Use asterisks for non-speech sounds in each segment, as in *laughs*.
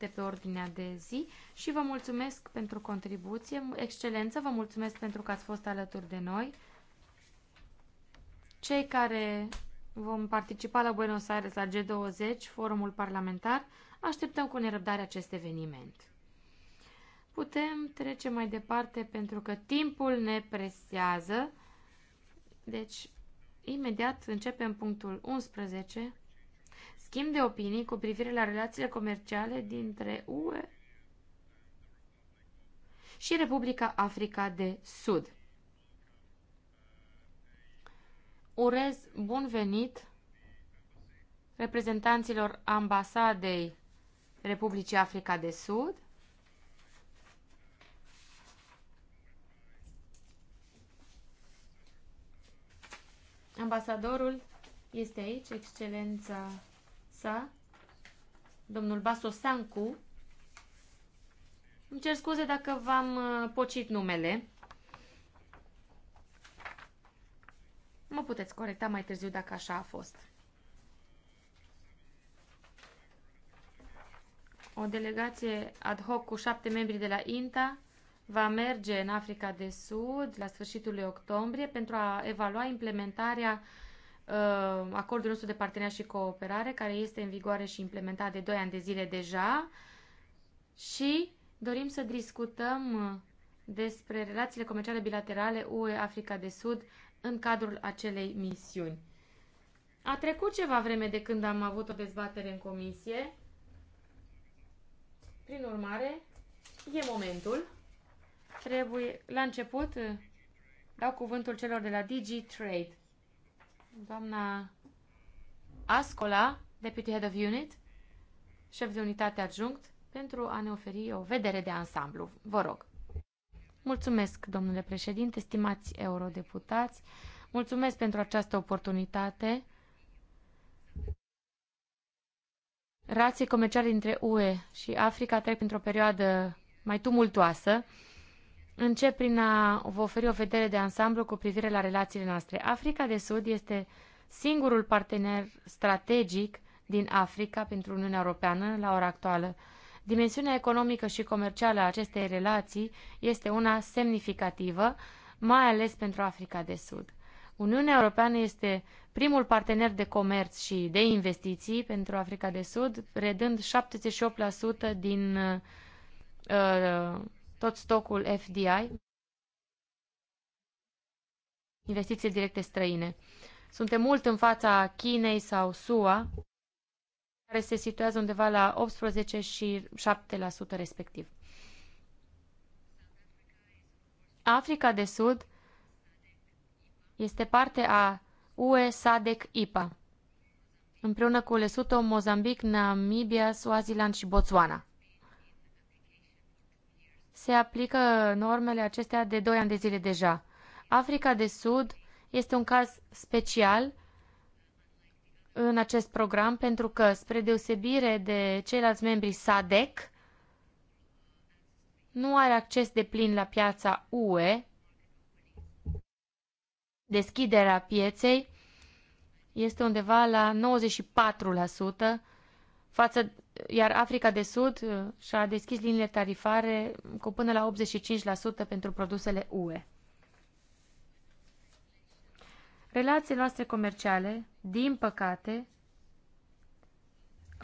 de pe ordinea de zi și vă mulțumesc pentru contribuție. Excelență, vă mulțumesc pentru că ați fost alături de noi. Cei care vom participa la Buenos Aires la G20, forumul parlamentar, așteptăm cu nerăbdare acest eveniment. Putem trece mai departe pentru că timpul ne presează. Deci, imediat începem punctul 11 schimb de opinii cu privire la relațiile comerciale dintre UE și Republica Africa de Sud. Urez bun venit reprezentanților ambasadei Republicii Africa de Sud, Ambasadorul este aici, excelența sa, domnul Basosancu. Îmi cer scuze dacă v-am uh, pocit numele. Mă puteți corecta mai târziu dacă așa a fost. O delegație ad hoc cu șapte membri de la INTA va merge în Africa de Sud la sfârșitul lui octombrie pentru a evalua implementarea uh, Uh, acordul nostru de parteneriat și cooperare, care este în vigoare și implementat de 2 ani de zile deja și dorim să discutăm uh, despre relațiile comerciale bilaterale UE-Africa de Sud în cadrul acelei misiuni. A trecut ceva vreme de când am avut o dezbatere în comisie. Prin urmare, e momentul. Trebuie, la început, uh, dau cuvântul celor de la DigiTrade doamna Ascola, Deputy Head of Unit, șef de unitate adjunct, pentru a ne oferi o vedere de ansamblu. Vă rog. Mulțumesc, domnule președinte, stimați eurodeputați. Mulțumesc pentru această oportunitate. Rații comerciale dintre UE și Africa trec printr-o perioadă mai tumultoasă. Încep prin a vă oferi o vedere de ansamblu cu privire la relațiile noastre. Africa de Sud este singurul partener strategic din Africa pentru Uniunea Europeană la ora actuală. Dimensiunea economică și comercială a acestei relații este una semnificativă, mai ales pentru Africa de Sud. Uniunea Europeană este primul partener de comerț și de investiții pentru Africa de Sud, redând 78% din uh, tot stocul FDI, investiții directe străine. Suntem mult în fața Chinei sau SUA, care se situează undeva la 18 și 7% respectiv. Africa de Sud este parte a UE SADC IPA, împreună cu Lesotho, Mozambic, Namibia, Swaziland și Botswana se aplică normele acestea de 2 ani de zile deja. Africa de Sud este un caz special în acest program pentru că, spre deosebire de ceilalți membri SADEC, nu are acces de plin la piața UE, deschiderea pieței este undeva la 94% față iar Africa de Sud uh, și-a deschis liniile tarifare cu până la 85% pentru produsele UE. Relațiile noastre comerciale, din păcate,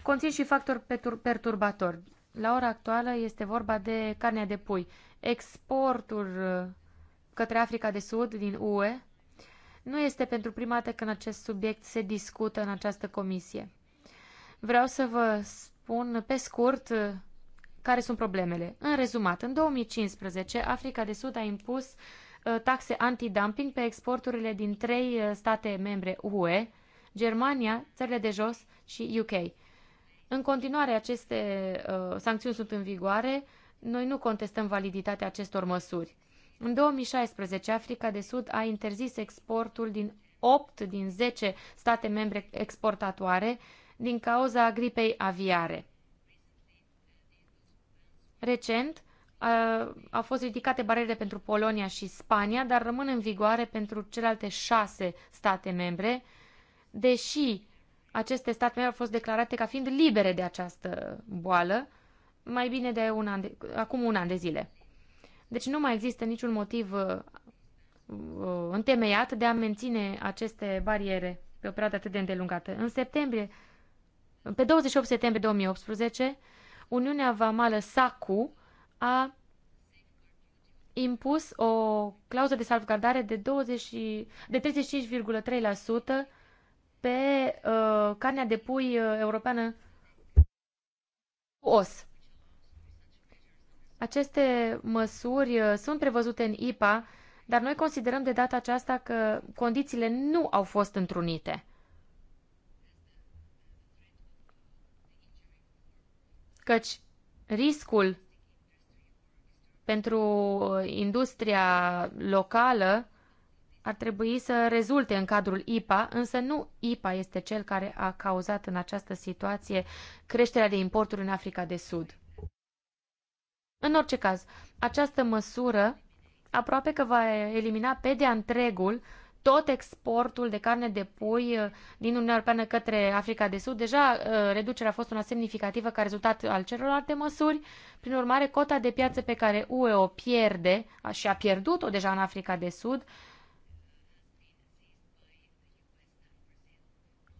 conțin și factori perturbatori. La ora actuală este vorba de carnea de pui. Exportul uh, către Africa de Sud din UE nu este pentru prima dată când acest subiect se discută în această comisie. Vreau să vă spun pe scurt uh, care sunt problemele. În rezumat, în 2015, Africa de Sud a impus uh, taxe antidumping pe exporturile din trei uh, state membre UE, Germania, țările de jos și UK. În continuare, aceste uh, sancțiuni sunt în vigoare. Noi nu contestăm validitatea acestor măsuri. În 2016, Africa de Sud a interzis exportul din 8 din 10 state membre exportatoare din cauza gripei aviare. Recent au fost ridicate barierele pentru Polonia și Spania, dar rămân în vigoare pentru celelalte șase state membre, deși aceste state membre au fost declarate ca fiind libere de această boală mai bine de, un an de acum un an de zile. Deci nu mai există niciun motiv uh, uh întemeiat de a menține aceste bariere pe o perioadă atât de îndelungată. În septembrie pe 28 septembrie 2018, Uniunea Vamală SACU a impus o clauză de salvgardare de, 20, de 35,3% pe uh, carnea de pui uh, europeană cu os. Aceste măsuri uh, sunt prevăzute în IPA, dar noi considerăm de data aceasta că condițiile nu au fost întrunite. căci riscul pentru industria locală ar trebui să rezulte în cadrul IPA, însă nu IPA este cel care a cauzat în această situație creșterea de importuri în Africa de Sud. În orice caz, această măsură aproape că va elimina pe de întregul tot exportul de carne de pui uh, din Uniunea Europeană către Africa de Sud. Deja uh, reducerea a fost una semnificativă ca rezultat al celorlalte măsuri. Prin urmare, cota de piață pe care UE o pierde și a pierdut-o deja în Africa de Sud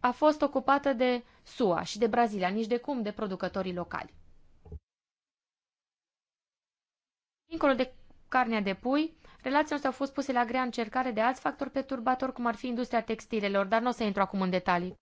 a fost ocupată de SUA și de Brazilia, nici de cum de producătorii locali. Dincolo de carnea de pui, Relațiile au fost puse la grea încercare de alți factori perturbatori, cum ar fi industria textilelor, dar nu o să intru acum în detalii.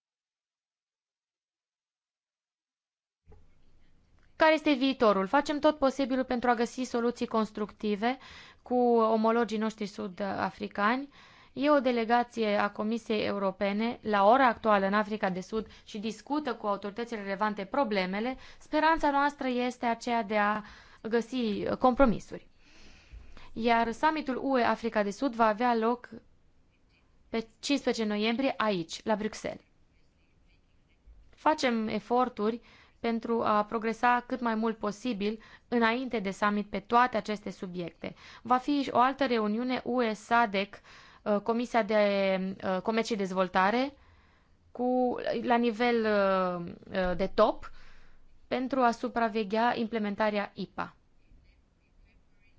Care este viitorul? Facem tot posibilul pentru a găsi soluții constructive cu omologii noștri sud-africani. E o delegație a Comisiei Europene la ora actuală în Africa de Sud și discută cu autoritățile relevante problemele. Speranța noastră este aceea de a găsi compromisuri iar summitul UE-Africa de Sud va avea loc pe 15 noiembrie aici, la Bruxelles. Facem eforturi pentru a progresa cât mai mult posibil înainte de summit pe toate aceste subiecte. Va fi o altă reuniune UE-SADEC, uh, Comisia de uh, Comerț și Dezvoltare, cu, la nivel uh, de top, pentru a supraveghea implementarea IPA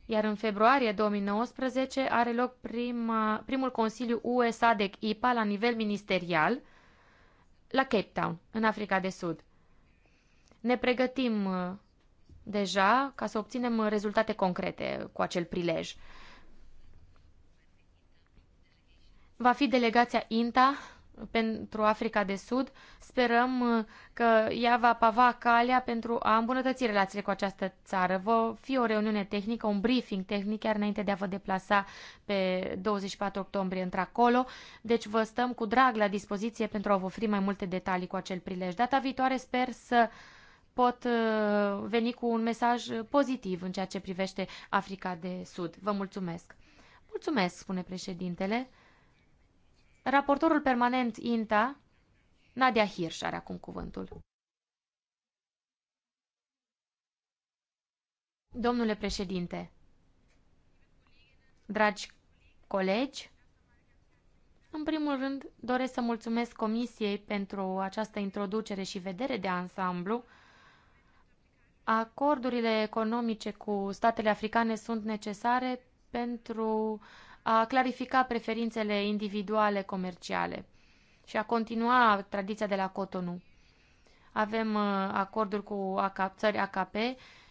iar în februarie 2019 are loc prima, primul Consiliu UE SADC-IPA la nivel ministerial la Cape Town, în Africa de Sud. Ne pregătim uh, deja ca să obținem uh, rezultate concrete cu acel prilej. Va fi delegația INTA pentru Africa de Sud. Sperăm uh, că ea va pava calea pentru a îmbunătăți relațiile cu această țară. Va fi o reuniune tehnică, un briefing tehnic, chiar înainte de a vă deplasa pe 24 octombrie într-acolo. Deci vă stăm cu drag la dispoziție pentru a vă oferi mai multe detalii cu acel prilej. Data viitoare sper să pot uh, veni cu un mesaj pozitiv în ceea ce privește Africa de Sud. Vă mulțumesc! Mulțumesc, spune președintele. Raportorul permanent INTA, Nadia Hirsch, are acum cuvântul. Domnule președinte, dragi colegi, în primul rând doresc să mulțumesc Comisiei pentru această introducere și vedere de ansamblu. Acordurile economice cu statele africane sunt necesare pentru a clarifica preferințele individuale comerciale și a continua tradiția de la Cotonou. Avem uh, acorduri cu AKP, țări AKP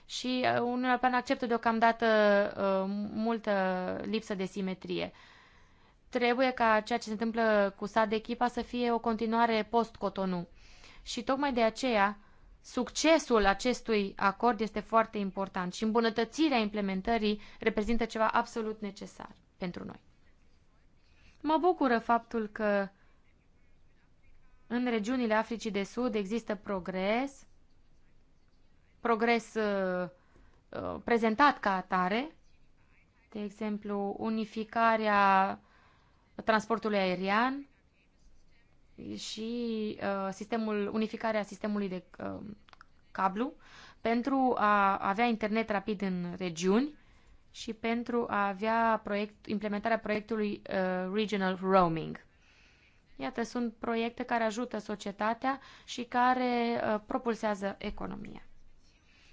și uh, Uniunea Europeană acceptă deocamdată uh, multă lipsă de simetrie. Trebuie ca ceea ce se întâmplă cu SAD echipa să fie o continuare post-Cotonou. Și tocmai de aceea, succesul acestui acord este foarte important și îmbunătățirea implementării reprezintă ceva absolut necesar pentru noi. Mă bucură faptul că în regiunile Africii de Sud există progres, progres uh, uh, prezentat ca atare, de exemplu, unificarea transportului aerian și uh, sistemul, unificarea sistemului de cablu pentru a avea internet rapid în regiuni și pentru a avea proiect, implementarea proiectului uh, Regional Roaming. Iată, sunt proiecte care ajută societatea și care uh, propulsează economia.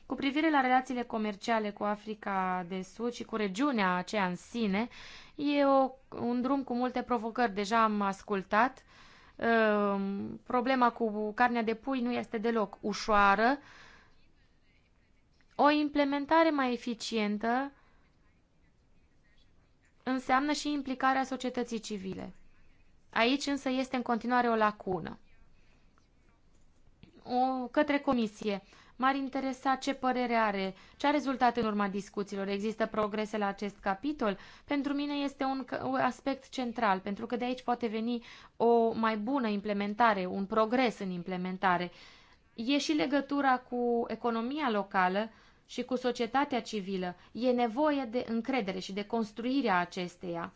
Cu privire la relațiile comerciale cu Africa de Sud și cu regiunea aceea în sine, e o, un drum cu multe provocări. Deja am ascultat. Uh, problema cu carnea de pui nu este deloc ușoară. O implementare mai eficientă înseamnă și implicarea societății civile. Aici însă este în continuare o lacună. O, către comisie. M-ar interesa ce părere are, ce a rezultat în urma discuțiilor. Există progrese la acest capitol? Pentru mine este un aspect central, pentru că de aici poate veni o mai bună implementare, un progres în implementare. E și legătura cu economia locală, și cu societatea civilă. E nevoie de încredere și de construirea acesteia.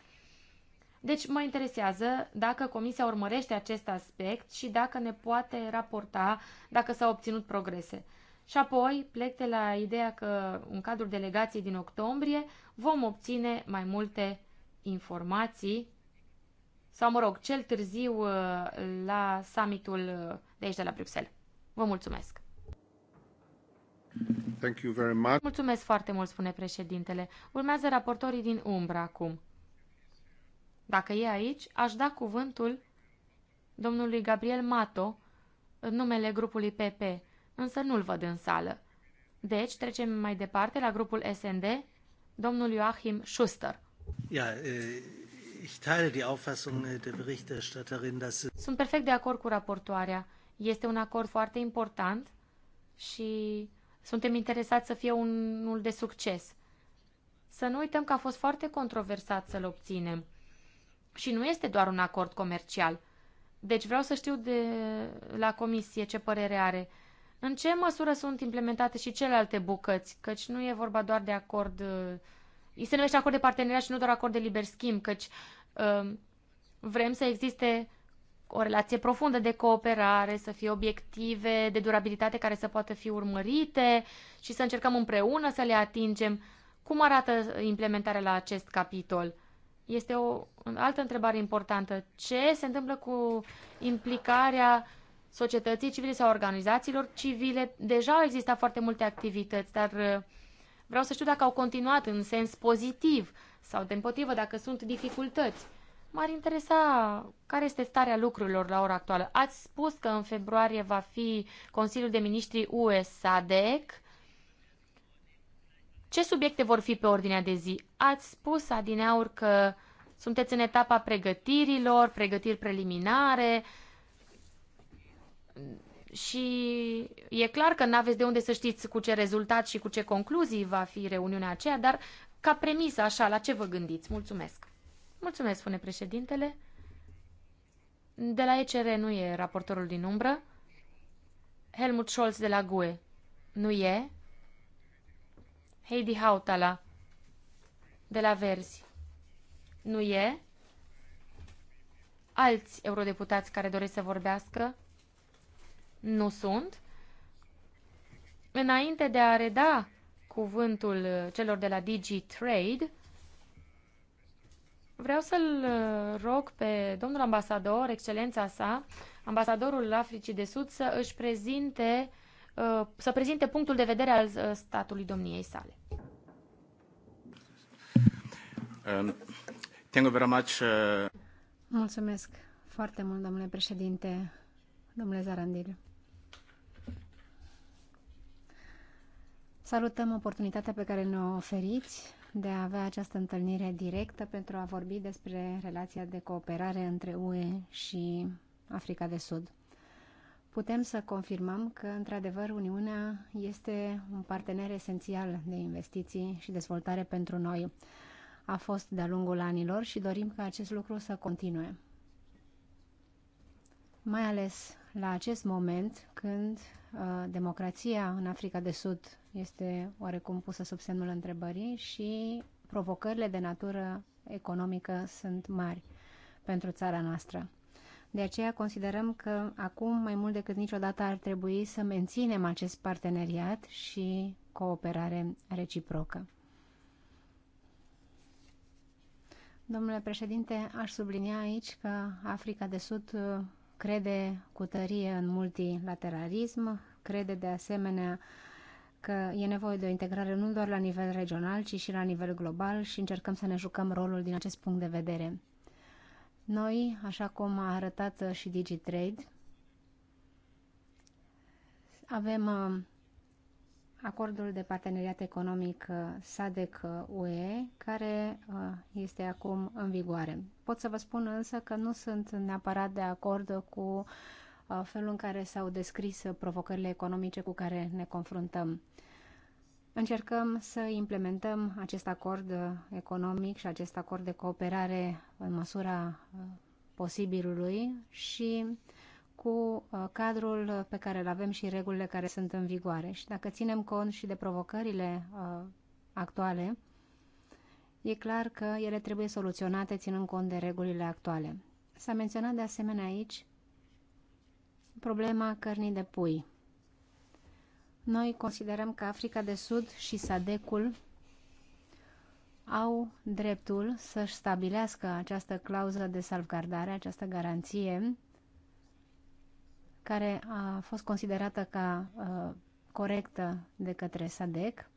Deci mă interesează dacă Comisia urmărește acest aspect și dacă ne poate raporta dacă s-au obținut progrese. Și apoi plec de la ideea că în cadrul delegației din octombrie vom obține mai multe informații sau, mă rog, cel târziu uh, la summitul uh, de aici de la Bruxelles. Vă mulțumesc! Mulțumesc foarte mult, spune președintele. Urmează raportorii din umbră acum. Dacă e aici, aș da cuvântul domnului Gabriel Mato în numele grupului PP, însă nu-l văd în sală. Deci trecem mai departe la grupul SND, domnul Joachim Schuster. Eh, eh, Sunt perfect de acord cu raportoarea. Este un acord foarte important și suntem interesați să fie unul de succes. Să nu uităm că a fost foarte controversat să-l obținem. Și nu este doar un acord comercial. Deci vreau să știu de la comisie ce părere are. În ce măsură sunt implementate și celelalte bucăți? Căci nu e vorba doar de acord... Uh, se numește acord de parteneriat și nu doar acord de liber schimb, căci uh, vrem să existe o relație profundă de cooperare, să fie obiective de durabilitate care să poată fi urmărite și să încercăm împreună să le atingem. Cum arată implementarea la acest capitol? Este o altă întrebare importantă. Ce se întâmplă cu implicarea societății civile sau organizațiilor civile? Deja au existat foarte multe activități, dar uh, vreau să știu dacă au continuat în sens pozitiv sau, de împotrivă, dacă sunt dificultăți. M-ar interesa care este starea lucrurilor la ora actuală. Ați spus că în februarie va fi Consiliul de Ministri ue Ce subiecte vor fi pe ordinea de zi? Ați spus, Adineaur, că sunteți în etapa pregătirilor, pregătiri preliminare și e clar că nu aveți de unde să știți cu ce rezultat și cu ce concluzii va fi reuniunea aceea, dar ca premisă așa, la ce vă gândiți? Mulțumesc! Mulțumesc, spune președintele. De la ECR nu e raportorul din umbră. Helmut Scholz de la GUE nu e. Heidi Hautala de la Verzi nu e. Alți eurodeputați care doresc să vorbească nu sunt. Înainte de a reda cuvântul celor de la DG Trade, Vreau să-l uh, rog pe domnul ambasador, excelența sa, ambasadorul Africii de Sud, să își prezinte, uh, să prezinte punctul de vedere al uh, statului domniei sale. Um, Mulțumesc foarte mult, domnule președinte, domnule Zarandil. Salutăm oportunitatea pe care ne-o oferiți de a avea această întâlnire directă pentru a vorbi despre relația de cooperare între UE și Africa de Sud. Putem să confirmăm că, într-adevăr, Uniunea este un partener esențial de investiții și dezvoltare pentru noi. A fost de-a lungul anilor și dorim ca acest lucru să continue. Mai ales la acest moment când uh, democrația în Africa de Sud este oarecum pusă sub semnul întrebării și provocările de natură economică sunt mari pentru țara noastră. De aceea considerăm că acum, mai mult decât niciodată, ar trebui să menținem acest parteneriat și cooperare reciprocă. Domnule președinte, aș sublinia aici că Africa de Sud uh, crede cu tărie în multilateralism, crede de asemenea că e nevoie de o integrare nu doar la nivel regional, ci și la nivel global și încercăm să ne jucăm rolul din acest punct de vedere. Noi, așa cum a arătat și DigiTrade, avem uh, acordul de parteneriat economic uh, SADC-UE, care uh, este acum în vigoare. Pot să vă spun însă că nu sunt neapărat de acord cu uh, Uh, felul în care s-au descris uh, provocările economice cu care ne confruntăm. Încercăm să implementăm acest acord uh, economic și acest acord de cooperare în măsura posibilului și cu cadrul pe care îl avem și regulile care sunt în vigoare. Și dacă ținem cont și de provocările actuale, e clar că ele trebuie soluționate ținând cont de regulile actuale. S-a menționat de asemenea aici problema cărnii de pui. Noi considerăm că Africa de Sud și SADECul au dreptul să-și stabilească această clauză de salvgardare, această garanție, care a fost considerată ca uh, corectă de către SADEC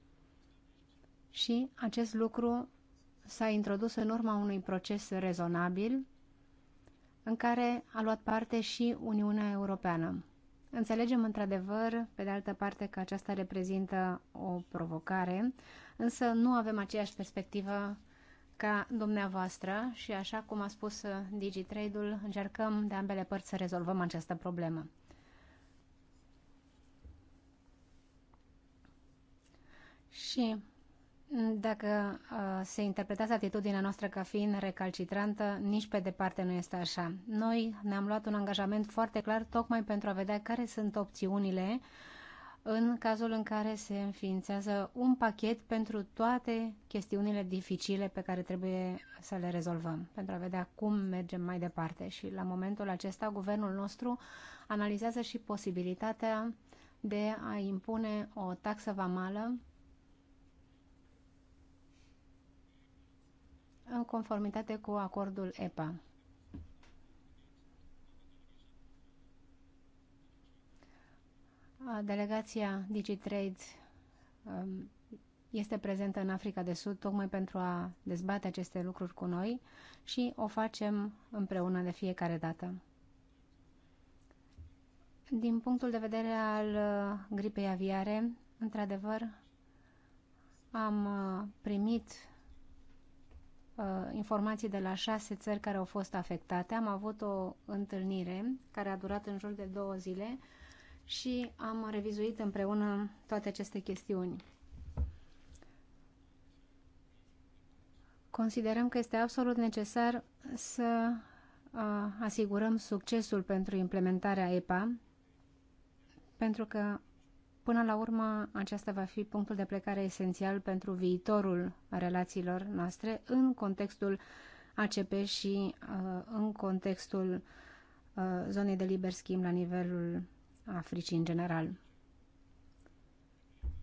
și acest lucru s-a introdus în urma unui proces rezonabil în care a luat parte și Uniunea Europeană. Înțelegem într-adevăr, pe de altă parte, că aceasta reprezintă o provocare, însă nu avem aceeași perspectivă ca dumneavoastră și așa cum a spus DigiTrade-ul, încercăm de ambele părți să rezolvăm această problemă. Și dacă uh, se interpretează atitudinea noastră ca fiind recalcitrantă, nici pe departe nu este așa. Noi ne-am luat un angajament foarte clar tocmai pentru a vedea care sunt opțiunile în cazul în care se înființează un pachet pentru toate chestiunile dificile pe care trebuie să le rezolvăm, pentru a vedea cum mergem mai departe. Și la momentul acesta, guvernul nostru analizează și posibilitatea de a impune o taxă vamală în conformitate cu acordul EPA. Delegația DigiTrade um, este prezentă în Africa de Sud tocmai pentru a dezbate aceste lucruri cu noi și o facem împreună de fiecare dată. Din punctul de vedere al uh, gripei aviare, într-adevăr, am uh, primit Uh, informații de la șase țări care au fost afectate. Am avut o întâlnire care a durat în jur de două zile și am revizuit împreună toate aceste chestiuni. Considerăm că este absolut necesar să uh, asigurăm succesul pentru implementarea EPA, pentru că Până la urmă, acesta va fi punctul de plecare esențial pentru viitorul relațiilor noastre în contextul ACP și uh, în contextul uh, zonei de liber schimb la nivelul Africii în general.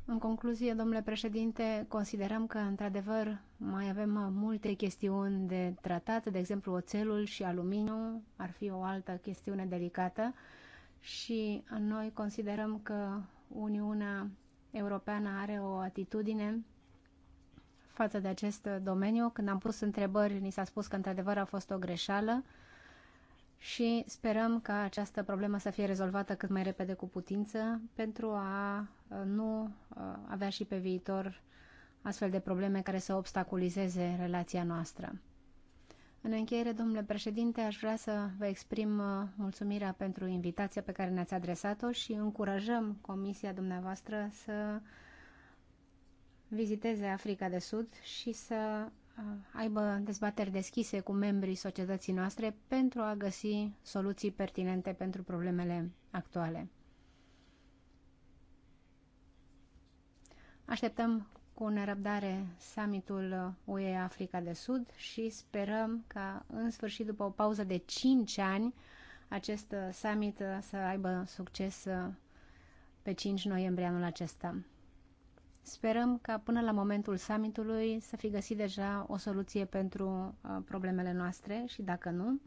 În concluzie, domnule președinte, considerăm că, într-adevăr, mai avem uh, multe chestiuni de tratat, de exemplu, oțelul și aluminiu ar fi o altă chestiune delicată și noi considerăm că Uniunea Europeană are o atitudine față de acest domeniu. Când am pus întrebări, ni s-a spus că într-adevăr a fost o greșeală și sperăm ca această problemă să fie rezolvată cât mai repede cu putință pentru a uh, nu uh, avea și pe viitor astfel de probleme care să obstaculizeze relația noastră. În încheiere, domnule președinte, aș vrea să vă exprim uh, mulțumirea pentru invitația pe care ne-ați adresat-o și încurajăm comisia dumneavoastră să viziteze Africa de Sud și să uh, aibă dezbateri deschise cu membrii societății noastre pentru a găsi soluții pertinente pentru problemele actuale. Așteptăm cu nerăbdare summitul UE Africa de Sud și sperăm ca în sfârșit după o pauză de 5 ani acest summit să aibă succes pe 5 noiembrie anul acesta. Sperăm ca până la momentul summitului să fi găsit deja o soluție pentru uh, problemele noastre și dacă nu,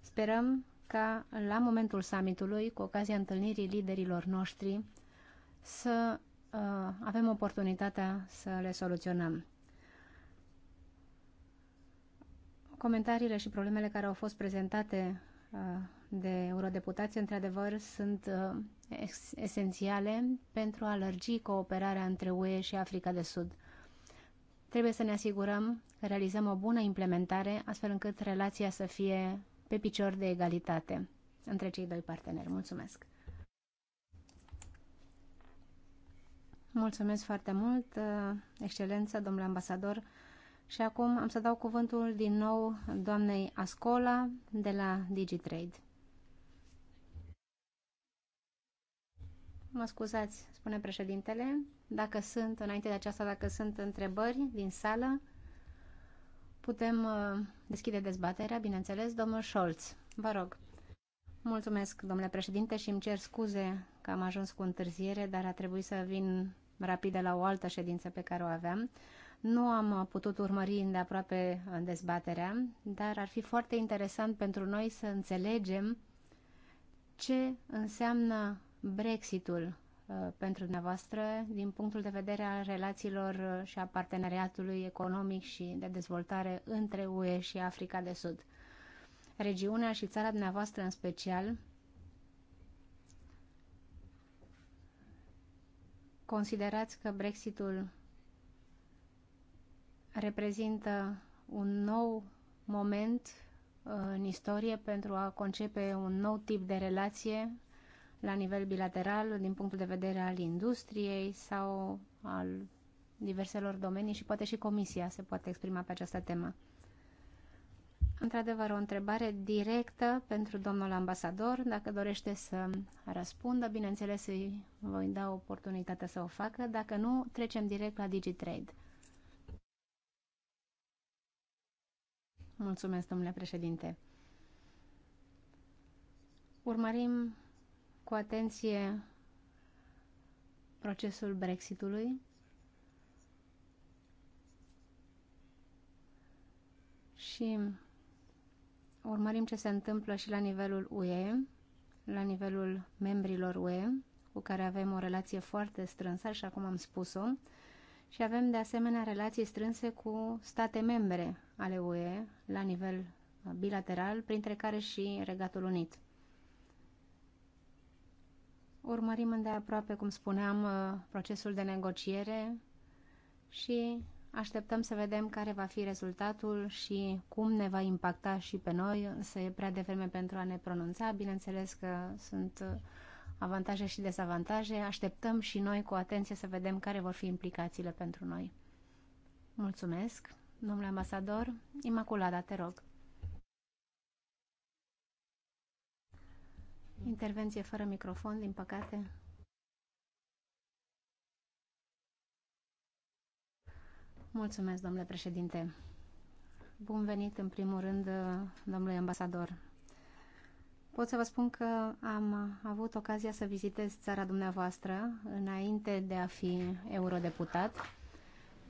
sperăm ca la momentul summitului, cu ocazia întâlnirii liderilor noștri, să Uh, avem oportunitatea să le soluționăm. Comentariile și problemele care au fost prezentate uh, de eurodeputații, într-adevăr, sunt uh, esențiale pentru a lărgi cooperarea între UE și Africa de Sud. Trebuie să ne asigurăm că realizăm o bună implementare, astfel încât relația să fie pe picior de egalitate între cei doi parteneri. Mulțumesc! Mulțumesc foarte mult, uh, excelență, domnule ambasador. Și acum am să dau cuvântul din nou doamnei Ascola de la DigiTrade. Mă scuzați, spune președintele, dacă sunt, înainte de aceasta, dacă sunt întrebări din sală, putem uh, deschide dezbaterea, bineînțeles. Domnul Scholz, vă rog. Mulțumesc, domnule președinte, și îmi cer scuze că am ajuns cu întârziere, dar a trebuit să vin rapide la o altă ședință pe care o aveam. Nu am putut urmări îndeaproape uh, dezbaterea, dar ar fi foarte interesant pentru noi să înțelegem ce înseamnă Brexitul uh, pentru dumneavoastră din punctul de vedere al relațiilor uh, și a parteneriatului economic și de dezvoltare între UE și Africa de Sud. Regiunea și țara dumneavoastră în special Considerați că Brexitul reprezintă un nou moment uh, în istorie pentru a concepe un nou tip de relație la nivel bilateral, din punctul de vedere al industriei sau al diverselor domenii și poate și Comisia se poate exprima pe această temă. Într-adevăr, o întrebare directă pentru domnul ambasador. Dacă dorește să răspundă, bineînțeles îi voi da oportunitatea să o facă. Dacă nu, trecem direct la DigiTrade. Mulțumesc, domnule președinte. Urmărim cu atenție procesul Brexitului și urmărim ce se întâmplă și la nivelul UE, la nivelul membrilor UE, cu care avem o relație foarte strânsă, așa cum am spus-o, și avem de asemenea relații strânse cu state membre ale UE, la nivel uh, bilateral, printre care și Regatul Unit. Urmărim îndeaproape, cum spuneam, uh, procesul de negociere și Așteptăm să vedem care va fi rezultatul și cum ne va impacta și pe noi. Să e prea devreme pentru a ne pronunța. Bineînțeles că sunt avantaje și dezavantaje. Așteptăm și noi cu atenție să vedem care vor fi implicațiile pentru noi. Mulțumesc, domnule ambasador. Imaculada, te rog. Intervenție fără microfon, din păcate. Mulțumesc, domnule președinte. Bun venit, în primul rând, domnului ambasador. Pot să vă spun că am avut ocazia să vizitez țara dumneavoastră înainte de a fi eurodeputat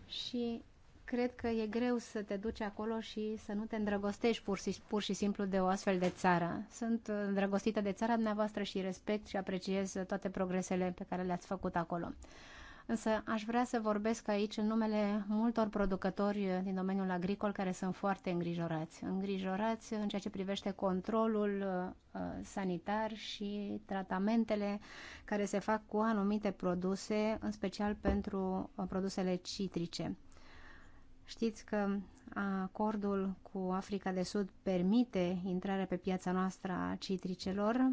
și cred că e greu să te duci acolo și să nu te îndrăgostești pur și, pur și simplu de o astfel de țară. Sunt îndrăgostită de țara dumneavoastră și respect și apreciez toate progresele pe care le-ați făcut acolo însă aș vrea să vorbesc aici în numele multor producători din domeniul agricol care sunt foarte îngrijorați. Îngrijorați în ceea ce privește controlul uh, sanitar și tratamentele care se fac cu anumite produse, în special pentru uh, produsele citrice. Știți că acordul cu Africa de Sud permite intrarea pe piața noastră a citricelor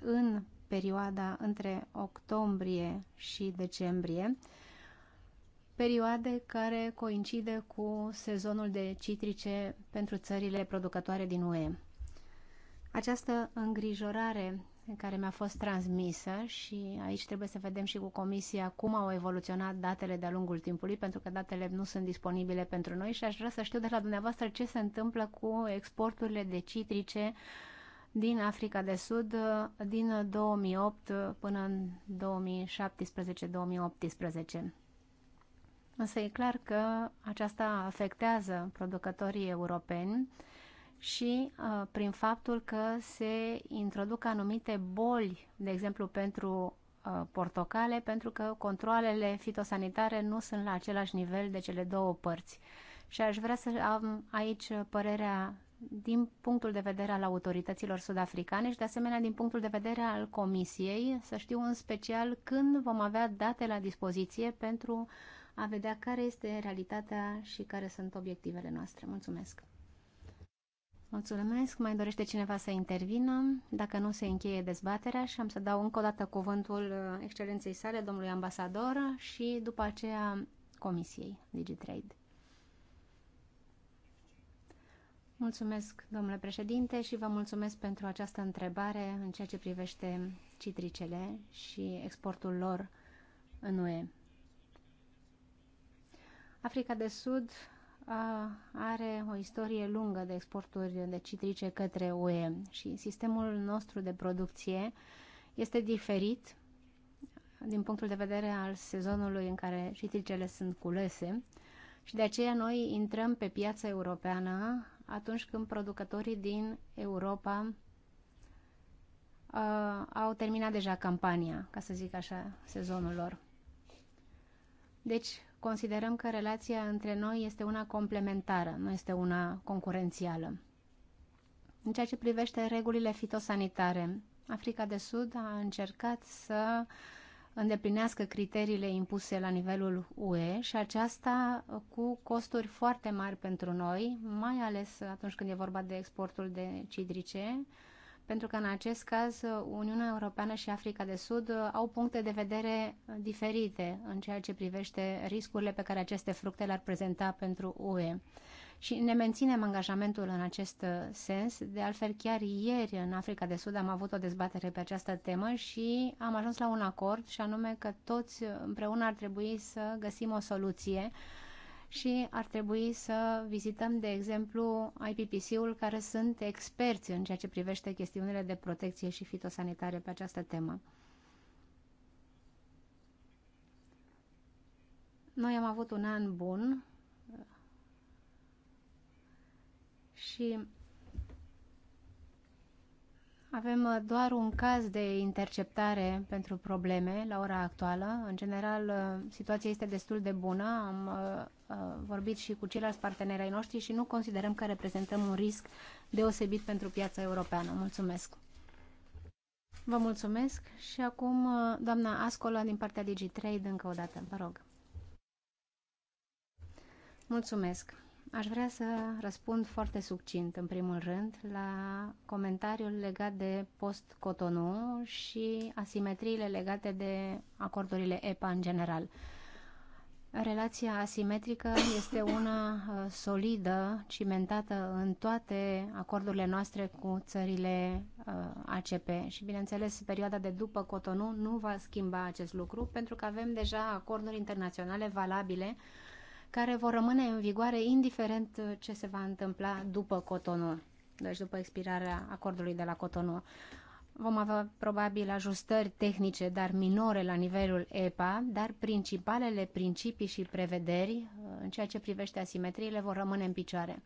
în perioada între octombrie și decembrie, perioade care coincide cu sezonul de citrice pentru țările producătoare din UE. Această îngrijorare care mi-a fost transmisă și aici trebuie să vedem și cu comisia cum au evoluționat datele de-a lungul timpului, pentru că datele nu sunt disponibile pentru noi și aș vrea să știu de la dumneavoastră ce se întâmplă cu exporturile de citrice din Africa de Sud uh, din 2008 uh, până în 2017-2018. Însă e clar că aceasta afectează producătorii europeni și uh, prin faptul că se introduc anumite boli, de exemplu pentru uh, portocale, pentru că controlele fitosanitare nu sunt la același nivel de cele două părți. Și aș vrea să am aici părerea din punctul de vedere al autorităților sudafricane și de asemenea din punctul de vedere al Comisiei, să știu în special când vom avea date la dispoziție pentru a vedea care este realitatea și care sunt obiectivele noastre. Mulțumesc! Mulțumesc! Mai dorește cineva să intervină? Dacă nu, se încheie dezbaterea și am să dau încă o dată cuvântul uh, excelenței sale, domnului ambasador și după aceea Comisiei DigiTrade. Mulțumesc, domnule președinte, și vă mulțumesc pentru această întrebare în ceea ce privește citricele și exportul lor în UE. Africa de Sud are o istorie lungă de exporturi de citrice către UE și sistemul nostru de producție este diferit din punctul de vedere al sezonului în care citricele sunt culese și de aceea noi intrăm pe piața europeană atunci când producătorii din Europa uh, au terminat deja campania, ca să zic așa, sezonul lor. Deci, considerăm că relația între noi este una complementară, nu este una concurențială. În ceea ce privește regulile fitosanitare, Africa de Sud a încercat să uh, îndeplinească criteriile impuse la nivelul UE și aceasta cu costuri foarte mari pentru noi, mai ales atunci când e vorba de exportul de cidrice, pentru că în acest caz Uniunea Europeană și Africa de Sud au puncte de vedere diferite în ceea ce privește riscurile pe care aceste fructe le-ar prezenta pentru UE și ne menținem angajamentul în acest uh, sens. De altfel, chiar ieri în Africa de Sud am avut o dezbatere pe această temă și am ajuns la un acord și anume că toți împreună ar trebui să găsim o soluție și ar trebui să vizităm, de exemplu, IPPC-ul, care sunt experți în ceea ce privește chestiunile de protecție și fitosanitare pe această temă. Noi am avut un an bun și avem uh, doar un caz de interceptare pentru probleme la ora actuală. În general, uh, situația este destul de bună. Am uh, vorbit și cu ceilalți parteneri ai noștri și nu considerăm că reprezentăm un risc deosebit pentru piața europeană. Mulțumesc! Vă mulțumesc și acum doamna Ascola din partea DigiTrade încă o dată. Vă rog! Mulțumesc! Aș vrea să răspund foarte succint, în primul rând, la comentariul legat de post-Cotonou și asimetriile legate de acordurile EPA în general. Relația asimetrică este una uh, solidă, cimentată în toate acordurile noastre cu țările uh, ACP și, bineînțeles, perioada de după Cotonou nu va schimba acest lucru pentru că avem deja acorduri internaționale valabile care vor rămâne în vigoare indiferent uh, ce se va întâmpla după Cotonou, deci după expirarea acordului de la Cotonou. Vom avea probabil ajustări tehnice, dar minore la nivelul EPA, dar principalele principii și prevederi uh, în ceea ce privește asimetriile vor rămâne în picioare.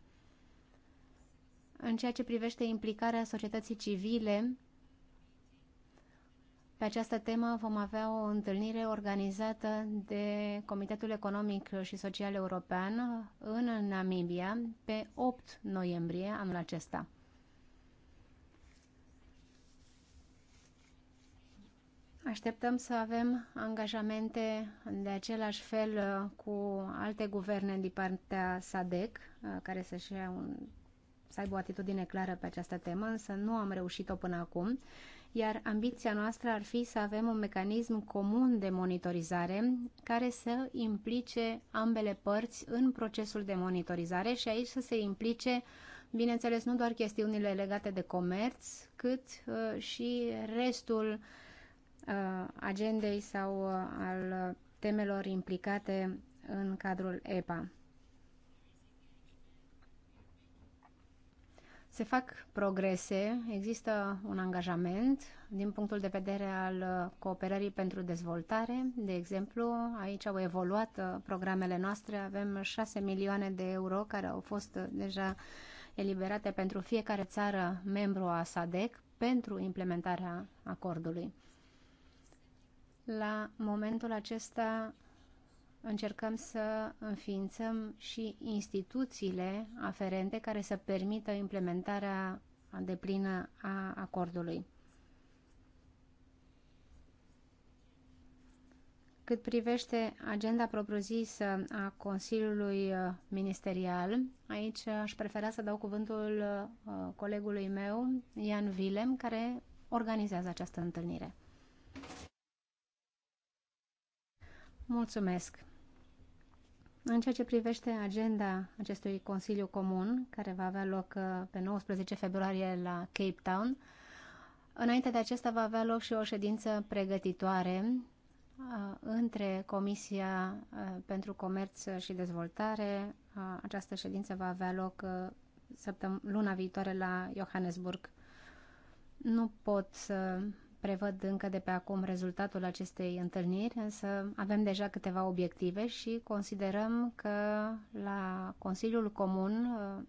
În ceea ce privește implicarea societății civile, pe această temă vom avea o întâlnire organizată de Comitetul Economic și Social European în Namibia pe 8 noiembrie anul acesta. Așteptăm să avem angajamente de același fel uh, cu alte guverne din partea SADEC, uh, care să-și un, să aibă o atitudine clară pe această temă, însă nu am reușit-o până acum iar ambiția noastră ar fi să avem un mecanism comun de monitorizare care să implice ambele părți în procesul de monitorizare și aici să se implice, bineînțeles, nu doar chestiunile legate de comerț, cât uh, și restul uh, agendei sau uh, al uh, temelor implicate în cadrul EPA. se fac progrese, există un angajament din punctul de vedere al cooperării pentru dezvoltare. De exemplu, aici au evoluat programele noastre, avem 6 milioane de euro care au fost deja eliberate pentru fiecare țară membru a SADEC pentru implementarea acordului. La momentul acesta încercăm să înființăm și instituțiile aferente care să permită implementarea deplină a acordului. Cât privește agenda propriu-zisă a Consiliului Ministerial, aici aș prefera să dau cuvântul uh, colegului meu, Ian Vilem, care organizează această întâlnire. Mulțumesc! În ceea ce privește agenda acestui Consiliu Comun, care va avea loc uh, pe 19 februarie la Cape Town, înainte de acesta va avea loc și o ședință pregătitoare uh, între Comisia uh, pentru Comerț și Dezvoltare. Această ședință va avea loc luna viitoare la Johannesburg. Nu pot să prevăd încă de pe acum rezultatul acestei întâlniri, însă avem deja câteva obiective și considerăm că la Consiliul Comun uh,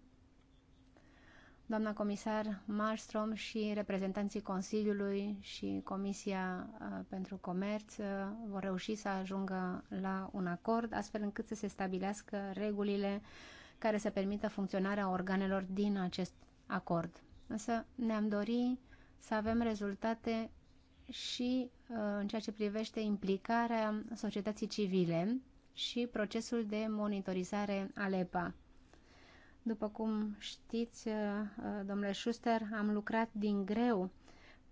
doamna comisar Malmström și reprezentanții Consiliului și Comisia uh, pentru Comerț uh, vor reuși să ajungă la un acord, astfel încât să se stabilească regulile care să permită funcționarea organelor din acest acord. Însă ne-am dorit să avem rezultate și uh, în ceea ce privește implicarea societății civile și procesul de monitorizare ALEPA. După cum știți, uh, uh, domnule Schuster, am lucrat din greu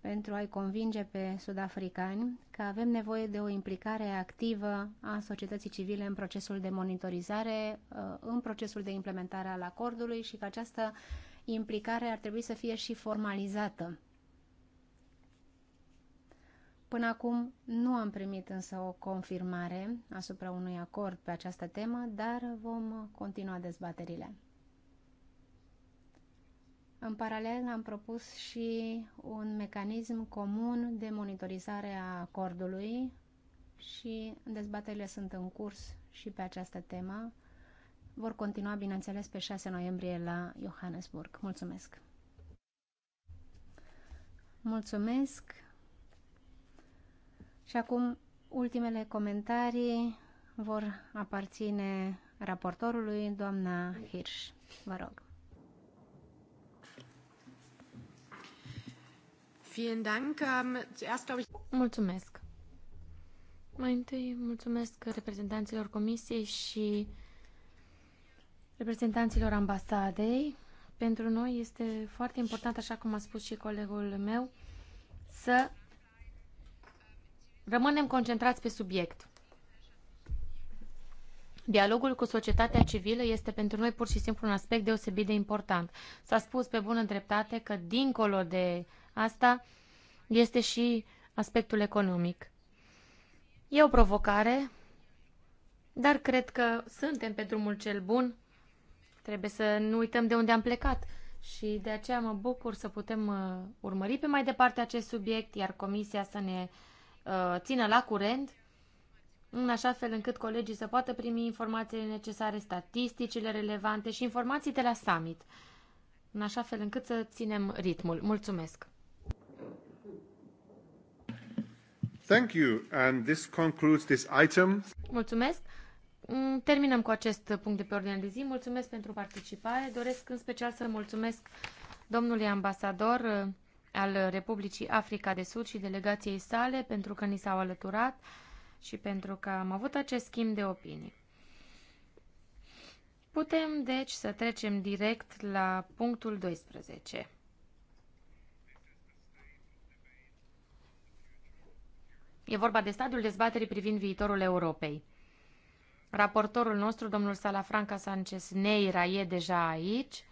pentru a-i convinge pe sudafricani că avem nevoie de o implicare activă a societății civile în procesul de monitorizare, în procesul de implementare al acordului și că această implicare ar trebui să fie și formalizată. Până acum nu am primit însă o confirmare asupra unui acord pe această temă, dar vom continua dezbaterile. În paralel am propus și un mecanism comun de monitorizare a acordului și dezbaterile sunt în curs și pe această temă. Vor continua, bineînțeles, pe 6 noiembrie la Johannesburg. Mulțumesc! Mulțumesc! Și acum ultimele comentarii vor aparține raportorului, doamna Hirsch. Vă rog. Ähm, mulțumesc. Mai întâi mulțumesc reprezentanților comisiei și reprezentanților ambasadei. Pentru noi este foarte important, așa cum a spus și colegul meu, să Rămânem concentrați pe subiect. Dialogul cu societatea civilă este pentru noi pur și simplu un aspect deosebit de important. S-a spus pe bună dreptate că, dincolo de asta, este și aspectul economic. E o provocare, dar cred că suntem pe drumul cel bun. Trebuie să nu uităm de unde am plecat și de aceea mă bucur să putem uh, urmări pe mai departe acest subiect, iar Comisia să ne Uh, țină la curent, în așa fel încât colegii să poată primi informațiile necesare, statisticile relevante și informații de la summit, în așa fel încât să ținem ritmul. Mulțumesc! Thank you. And this concludes this item. Mulțumesc! Mm, terminăm cu acest punct de pe ordine de zi. Mulțumesc pentru participare. Doresc în special să mulțumesc domnului ambasador uh, al Republicii Africa de Sud și delegației sale pentru că ni s-au alăturat și pentru că am avut acest schimb de opinii. Putem, deci, să trecem direct la punctul 12. E vorba de stadiul dezbaterii privind viitorul Europei. Raportorul nostru, domnul Salafranca Sanchez Neira, e deja aici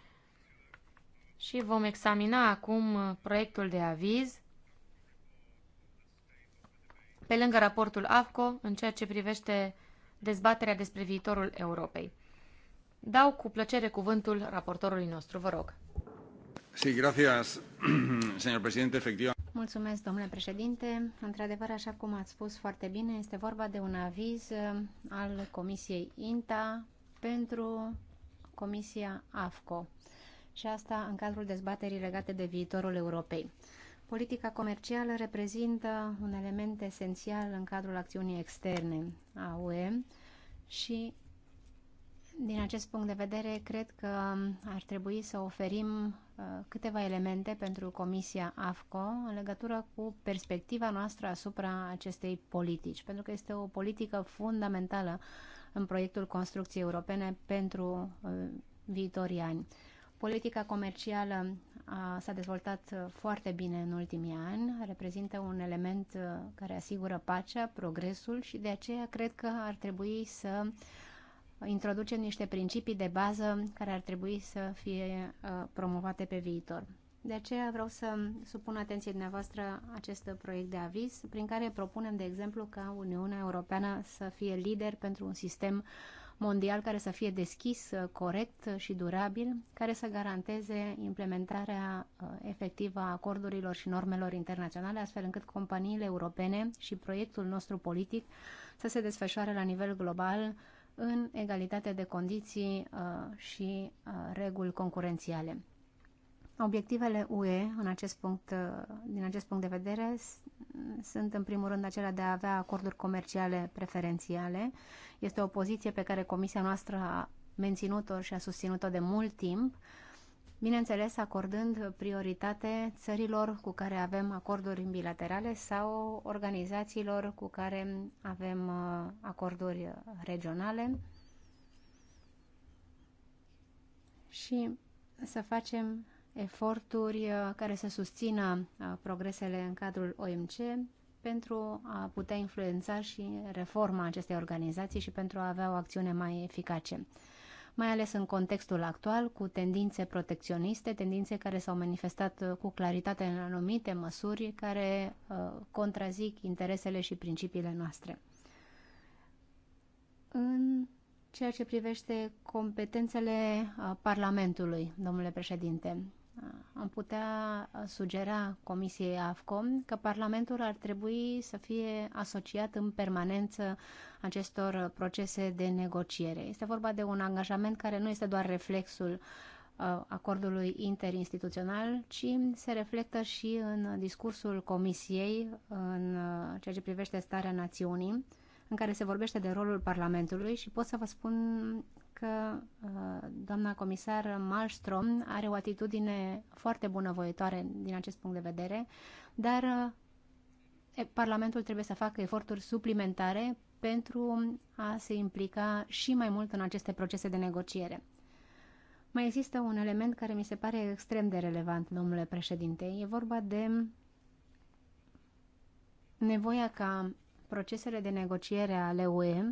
și vom examina acum uh, proiectul de aviz pe lângă raportul AFCO în ceea ce privește dezbaterea despre viitorul Europei. Dau cu plăcere cuvântul raportorului nostru, vă rog. Sí, gracias, *clears throat* señor presidente, Efectiv. Mulțumesc, domnule președinte. Într-adevăr, așa cum ați spus foarte bine, este vorba de un aviz uh, al Comisiei INTA pentru Comisia AFCO și asta în cadrul dezbaterii legate de viitorul Europei. Politica comercială reprezintă un element esențial în cadrul acțiunii externe a UE și din acest punct de vedere, cred că ar trebui să oferim uh, câteva elemente pentru Comisia AFCO în legătură cu perspectiva noastră asupra acestei politici, pentru că este o politică fundamentală în proiectul construcției europene pentru uh, viitorii ani. Politica comercială s-a dezvoltat uh, foarte bine în ultimii ani, reprezintă un element uh, care asigură pacea, progresul și de aceea cred că ar trebui să introducem niște principii de bază care ar trebui să fie uh, promovate pe viitor. De aceea vreau să supun atenției dumneavoastră acest proiect de aviz prin care propunem, de exemplu, ca Uniunea Europeană să fie lider pentru un sistem uh, mondial care să fie deschis, uh, corect și durabil, care să garanteze implementarea uh, efectivă a acordurilor și normelor internaționale, astfel încât companiile europene și proiectul nostru politic să se desfășoare la nivel global în egalitate de condiții uh, și reguli concurențiale. Obiectivele UE, în acest punct, uh, din acest punct de vedere, sunt în primul rând acelea de a avea acorduri comerciale preferențiale. Este o poziție pe care Comisia noastră a menținut-o și a susținut-o de mult timp, bineînțeles acordând prioritate țărilor cu care avem acorduri bilaterale sau organizațiilor cu care avem uh, acorduri regionale și să facem eforturi uh, care să susțină uh, progresele în cadrul OMC pentru a putea influența și reforma acestei organizații și pentru a avea o acțiune mai eficace mai ales în contextul actual, cu tendințe protecționiste, tendințe care s-au manifestat uh, cu claritate în anumite măsuri care contrazic interesele și principiile noastre. În ceea ce privește competențele Parlamentului, domnule președinte, am putea uh, sugera Comisiei AFCOM că Parlamentul ar trebui să fie asociat în permanență acestor procese de negociere. Este vorba de un angajament care nu este doar reflexul uh, acordului interinstituțional, ci se reflectă și în discursul Comisiei în uh, ceea ce privește starea națiunii, în care se vorbește de rolul Parlamentului și pot să vă spun că uh, doamna comisar Malmström are o atitudine foarte bunăvoitoare din acest punct de vedere, dar uh, Parlamentul trebuie să facă eforturi suplimentare pentru a se implica și mai mult în aceste procese de negociere. Mai există un element care mi se pare extrem de relevant, domnule președinte. E vorba de nevoia ca procesele de negociere ale UE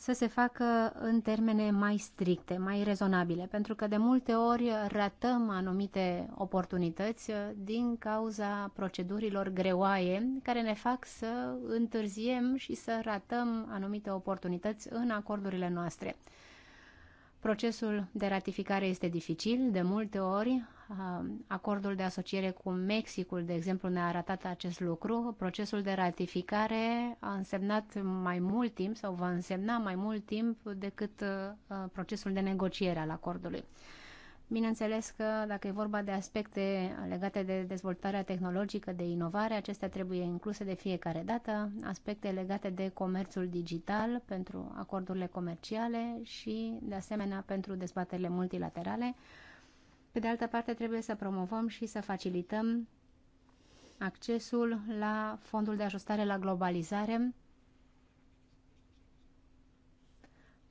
să se facă în termene mai stricte, mai rezonabile, pentru că de multe ori ratăm anumite oportunități uh, din cauza procedurilor greoaie care ne fac să întârziem și să ratăm anumite oportunități în acordurile noastre. Procesul de ratificare este dificil, de multe ori uh, acordul de asociere cu Mexicul, de exemplu, ne-a arătat acest lucru. Procesul de ratificare a însemnat mai mult timp sau va însemna mai mult timp decât uh, procesul de negociere al acordului. Bineînțeles că dacă e vorba de aspecte legate de dezvoltarea tehnologică, de inovare, acestea trebuie incluse de fiecare dată, aspecte legate de comerțul digital pentru acordurile comerciale și, de asemenea, pentru dezbaterile multilaterale. Pe de altă parte, trebuie să promovăm și să facilităm accesul la fondul de ajustare la globalizare,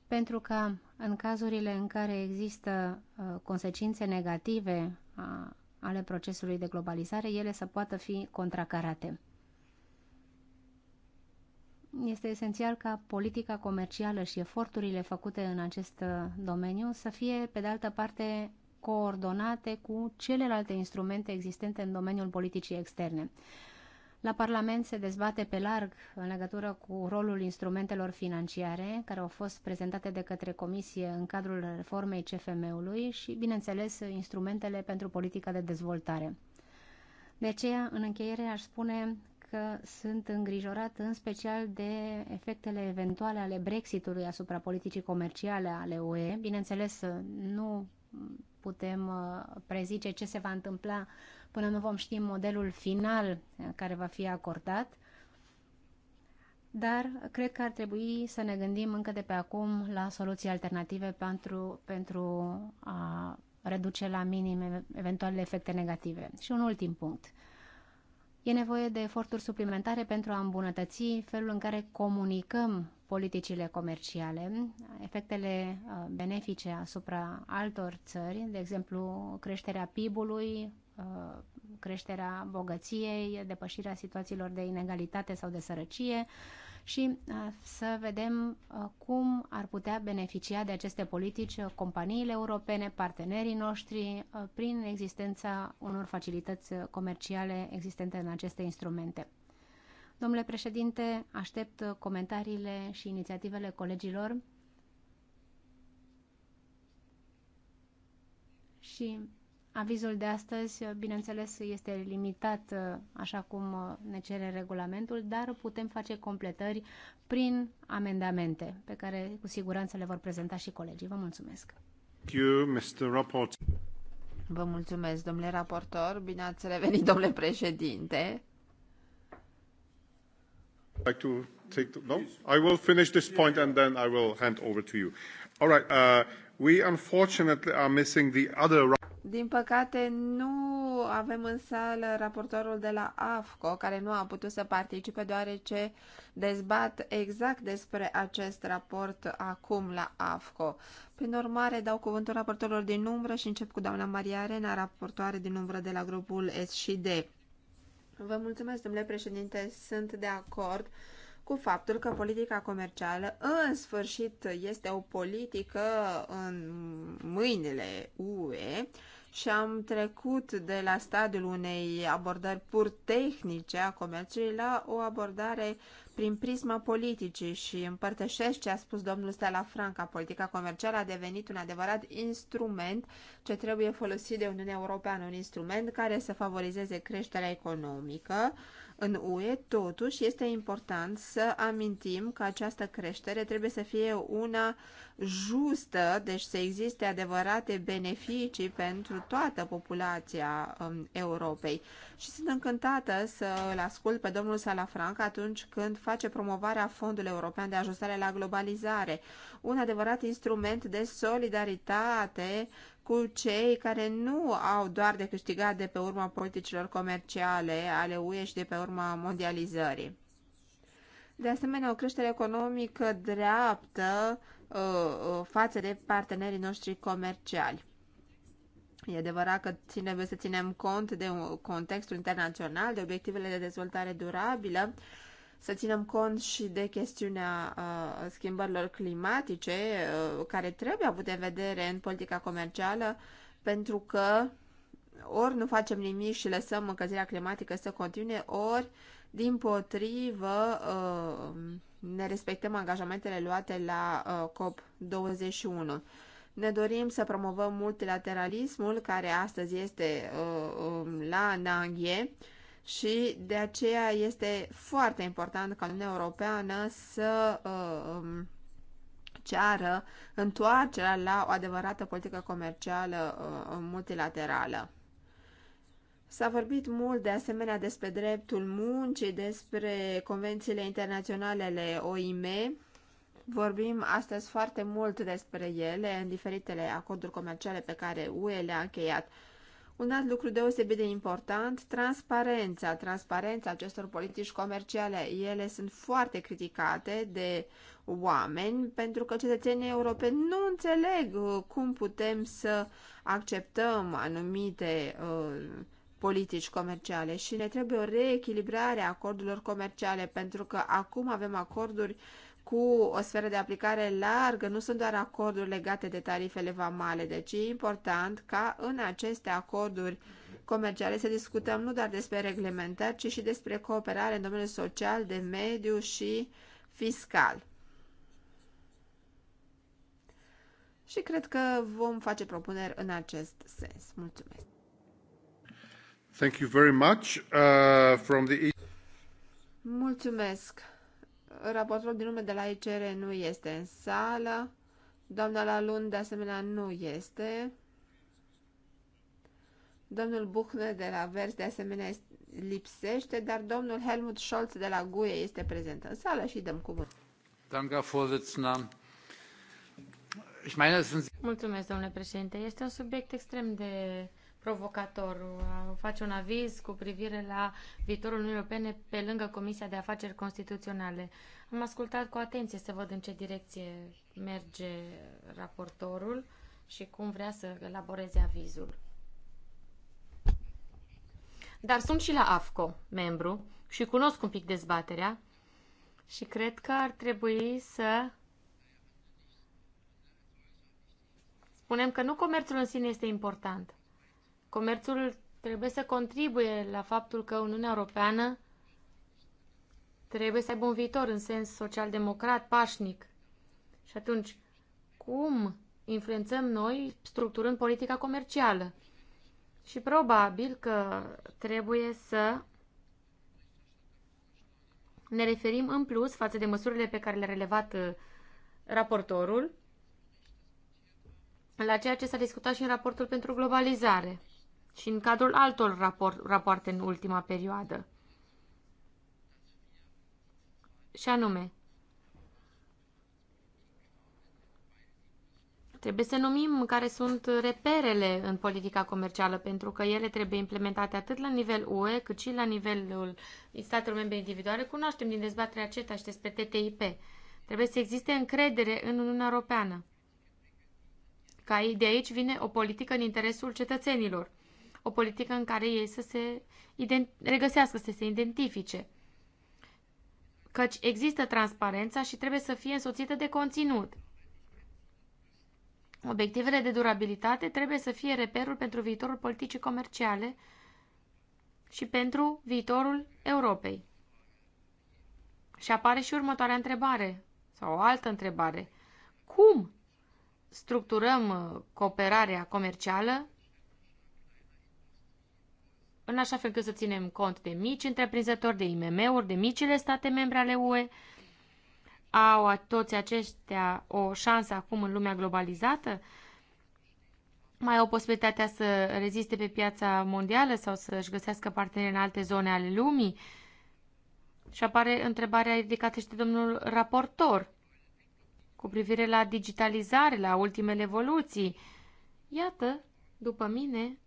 pentru că în cazurile în care există uh, consecințe negative a, uh, ale procesului de globalizare, ele să poată fi contracarate. Este esențial ca politica comercială și eforturile făcute în acest uh, domeniu să fie, pe de altă parte, coordonate cu celelalte instrumente existente în domeniul politicii externe. La Parlament se dezbate pe larg în legătură cu rolul instrumentelor financiare care au fost prezentate de către Comisie în cadrul reformei CFM-ului și, bineînțeles, instrumentele pentru politica de dezvoltare. De aceea, în încheiere, aș spune că sunt îngrijorat în special de efectele eventuale ale Brexitului asupra politicii comerciale ale UE. Bineînțeles, nu putem uh, prezice ce se va întâmpla până nu vom ști modelul final eh, care va fi acordat, dar cred că ar trebui să ne gândim încă de pe acum la soluții alternative pentru, pentru a reduce la minim eventualele efecte negative. Și un ultim punct. E nevoie de eforturi suplimentare pentru a îmbunătăți felul în care comunicăm politicile comerciale, efectele eh, benefice asupra altor țări, de exemplu creșterea PIB-ului, Uh, creșterea bogăției, depășirea situațiilor de inegalitate sau de sărăcie și uh, să vedem uh, cum ar putea beneficia de aceste politici companiile europene, partenerii noștri, prin existența unor facilități comerciale existente în aceste instrumente. Domnule președinte, aștept comentariile și inițiativele colegilor și Avizul de astăzi, bineînțeles, este limitat uh, așa cum uh, ne cere regulamentul, dar putem face completări prin amendamente pe care cu siguranță le vor prezenta și colegii. Vă mulțumesc! Vă mulțumesc, domnule raportor. Bine ați revenit, domnule președinte. Like to take the, no? I will finish this point and then I will hand over to you. All right. Uh, we unfortunately are missing the other. Din păcate, nu avem în sală raportorul de la AFCO, care nu a putut să participe, deoarece dezbat exact despre acest raport acum la AFCO. Prin urmare, dau cuvântul raportorilor din umbră și încep cu doamna Maria Arena, raportoare din umbră de la grupul D. Vă mulțumesc, domnule președinte, sunt de acord cu faptul că politica comercială în sfârșit este o politică în mâinile UE și am trecut de la stadiul unei abordări pur tehnice a comerțului la o abordare prin prisma politicii și împărtășesc ce a spus domnul Stella Franca. Politica comercială a devenit un adevărat instrument ce trebuie folosit de Uniunea Europeană, un instrument care să favorizeze creșterea economică, în UE, totuși este important să amintim că această creștere trebuie să fie una justă, deci să existe adevărate beneficii pentru toată populația um, Europei. Și sunt încântată să îl ascult pe domnul Salafranc atunci când face promovarea Fondului European de Ajustare la Globalizare, un adevărat instrument de solidaritate cu cei care nu au doar de câștigat de pe urma politicilor comerciale ale UE și de pe urma mondializării. De asemenea, o creștere economică dreaptă uh, uh față de partenerii noștri comerciali. E adevărat că trebuie să ținem cont de contextul internațional, de obiectivele de dezvoltare durabilă, să ținem cont și de chestiunea uh, schimbărilor climatice uh, care trebuie avut în vedere în politica comercială pentru că ori nu facem nimic și lăsăm încălzirea climatică să continue, ori din potrivă uh, ne respectăm angajamentele luate la uh, COP21. Ne dorim să promovăm multilateralismul care astăzi este uh, um, la Nanghie, și de aceea este foarte important ca Uniunea Europeană să uh, um, ceară întoarcerea la o adevărată politică comercială uh, multilaterală. S-a vorbit mult de asemenea despre dreptul muncii, despre convențiile internaționale ale OIM. Vorbim astăzi foarte mult despre ele în diferitele acorduri comerciale pe care UE le-a încheiat. Un alt lucru deosebit de important, transparența, transparența acestor politici comerciale. Ele sunt foarte criticate de oameni pentru că cetățenii europeni nu înțeleg uh, cum putem să acceptăm anumite uh, politici comerciale și ne trebuie o reechilibrare a acordurilor comerciale pentru că acum avem acorduri uh, cu o sferă de aplicare largă, nu sunt doar acorduri legate de tarifele vamale, deci e important ca în aceste acorduri comerciale să discutăm nu doar despre reglementări, ci și despre cooperare în domeniul social, de mediu și fiscal. Și cred că vom face propuneri în acest sens. Mulțumesc! Thank you very much uh, from the Mulțumesc! raportorul din lume de la ICR nu este în sală, doamna Lalun de asemenea nu este, domnul Buchner de la Vers de asemenea lipsește, dar domnul Helmut Scholz de la GUE este prezent în sală și dăm cuvânt. Mulțumesc, domnule președinte. Este un subiect extrem de provocator. Face un aviz cu privire la viitorul Uniunii Europene pe lângă Comisia de Afaceri Constituționale. Am ascultat cu atenție să văd în ce direcție merge raportorul și cum vrea să elaboreze avizul. Dar sunt și la AFCO membru și cunosc un pic dezbaterea și cred că ar trebui să spunem că nu comerțul în sine este important, Comerțul trebuie să contribuie la faptul că Uniunea Europeană trebuie să aibă un viitor în sens social-democrat, pașnic. Și atunci, cum influențăm noi structurând politica comercială? Și probabil că trebuie să ne referim în plus față de măsurile pe care le-a relevat uh, raportorul la ceea ce s-a discutat și în raportul pentru globalizare și în cadrul altor rapoarte în ultima perioadă. Și anume, Trebuie să numim care sunt reperele în politica comercială, pentru că ele trebuie implementate atât la nivel UE, cât și la nivelul statelor membre individuale. Cunoaștem din dezbaterea CETA și despre TTIP. Trebuie să existe încredere în Uniunea Europeană. Ca de aici vine o politică în interesul cetățenilor o politică în care ei să se regăsească, să se identifice. Căci există transparența și trebuie să fie însoțită de conținut. Obiectivele de durabilitate trebuie să fie reperul pentru viitorul politicii comerciale și pentru viitorul Europei. Și apare și următoarea întrebare, sau o altă întrebare. Cum structurăm uh, cooperarea comercială în așa fel că să ținem cont de mici întreprinzători, de IMM-uri, de micile state membre ale UE. Au toți aceștia o șansă acum în lumea globalizată? Mai au posibilitatea să reziste pe piața mondială sau să-și găsească parteneri în alte zone ale lumii? Și apare întrebarea ridicată și de domnul raportor cu privire la digitalizare, la ultimele evoluții. Iată, după mine,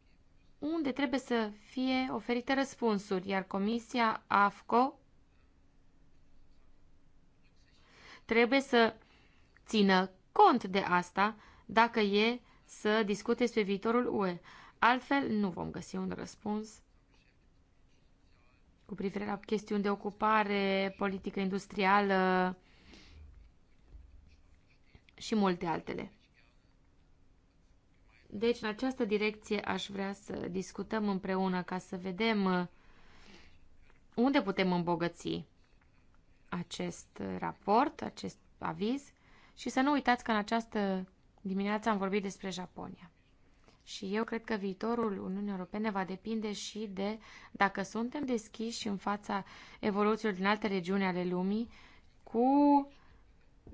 unde trebuie să fie oferite răspunsuri, iar Comisia AFCO trebuie să țină cont de asta dacă e să discute despre viitorul UE. Altfel, nu vom găsi un răspuns cu privire la chestiuni de ocupare, politică industrială și multe altele. Deci, în această direcție aș vrea să discutăm împreună ca să vedem uh, unde putem îmbogăți acest raport, acest aviz și să nu uitați că în această dimineață am vorbit despre Japonia. Și eu cred că viitorul Uniunii Europene va depinde și de dacă suntem deschiși în fața evoluțiilor din alte regiuni ale lumii cu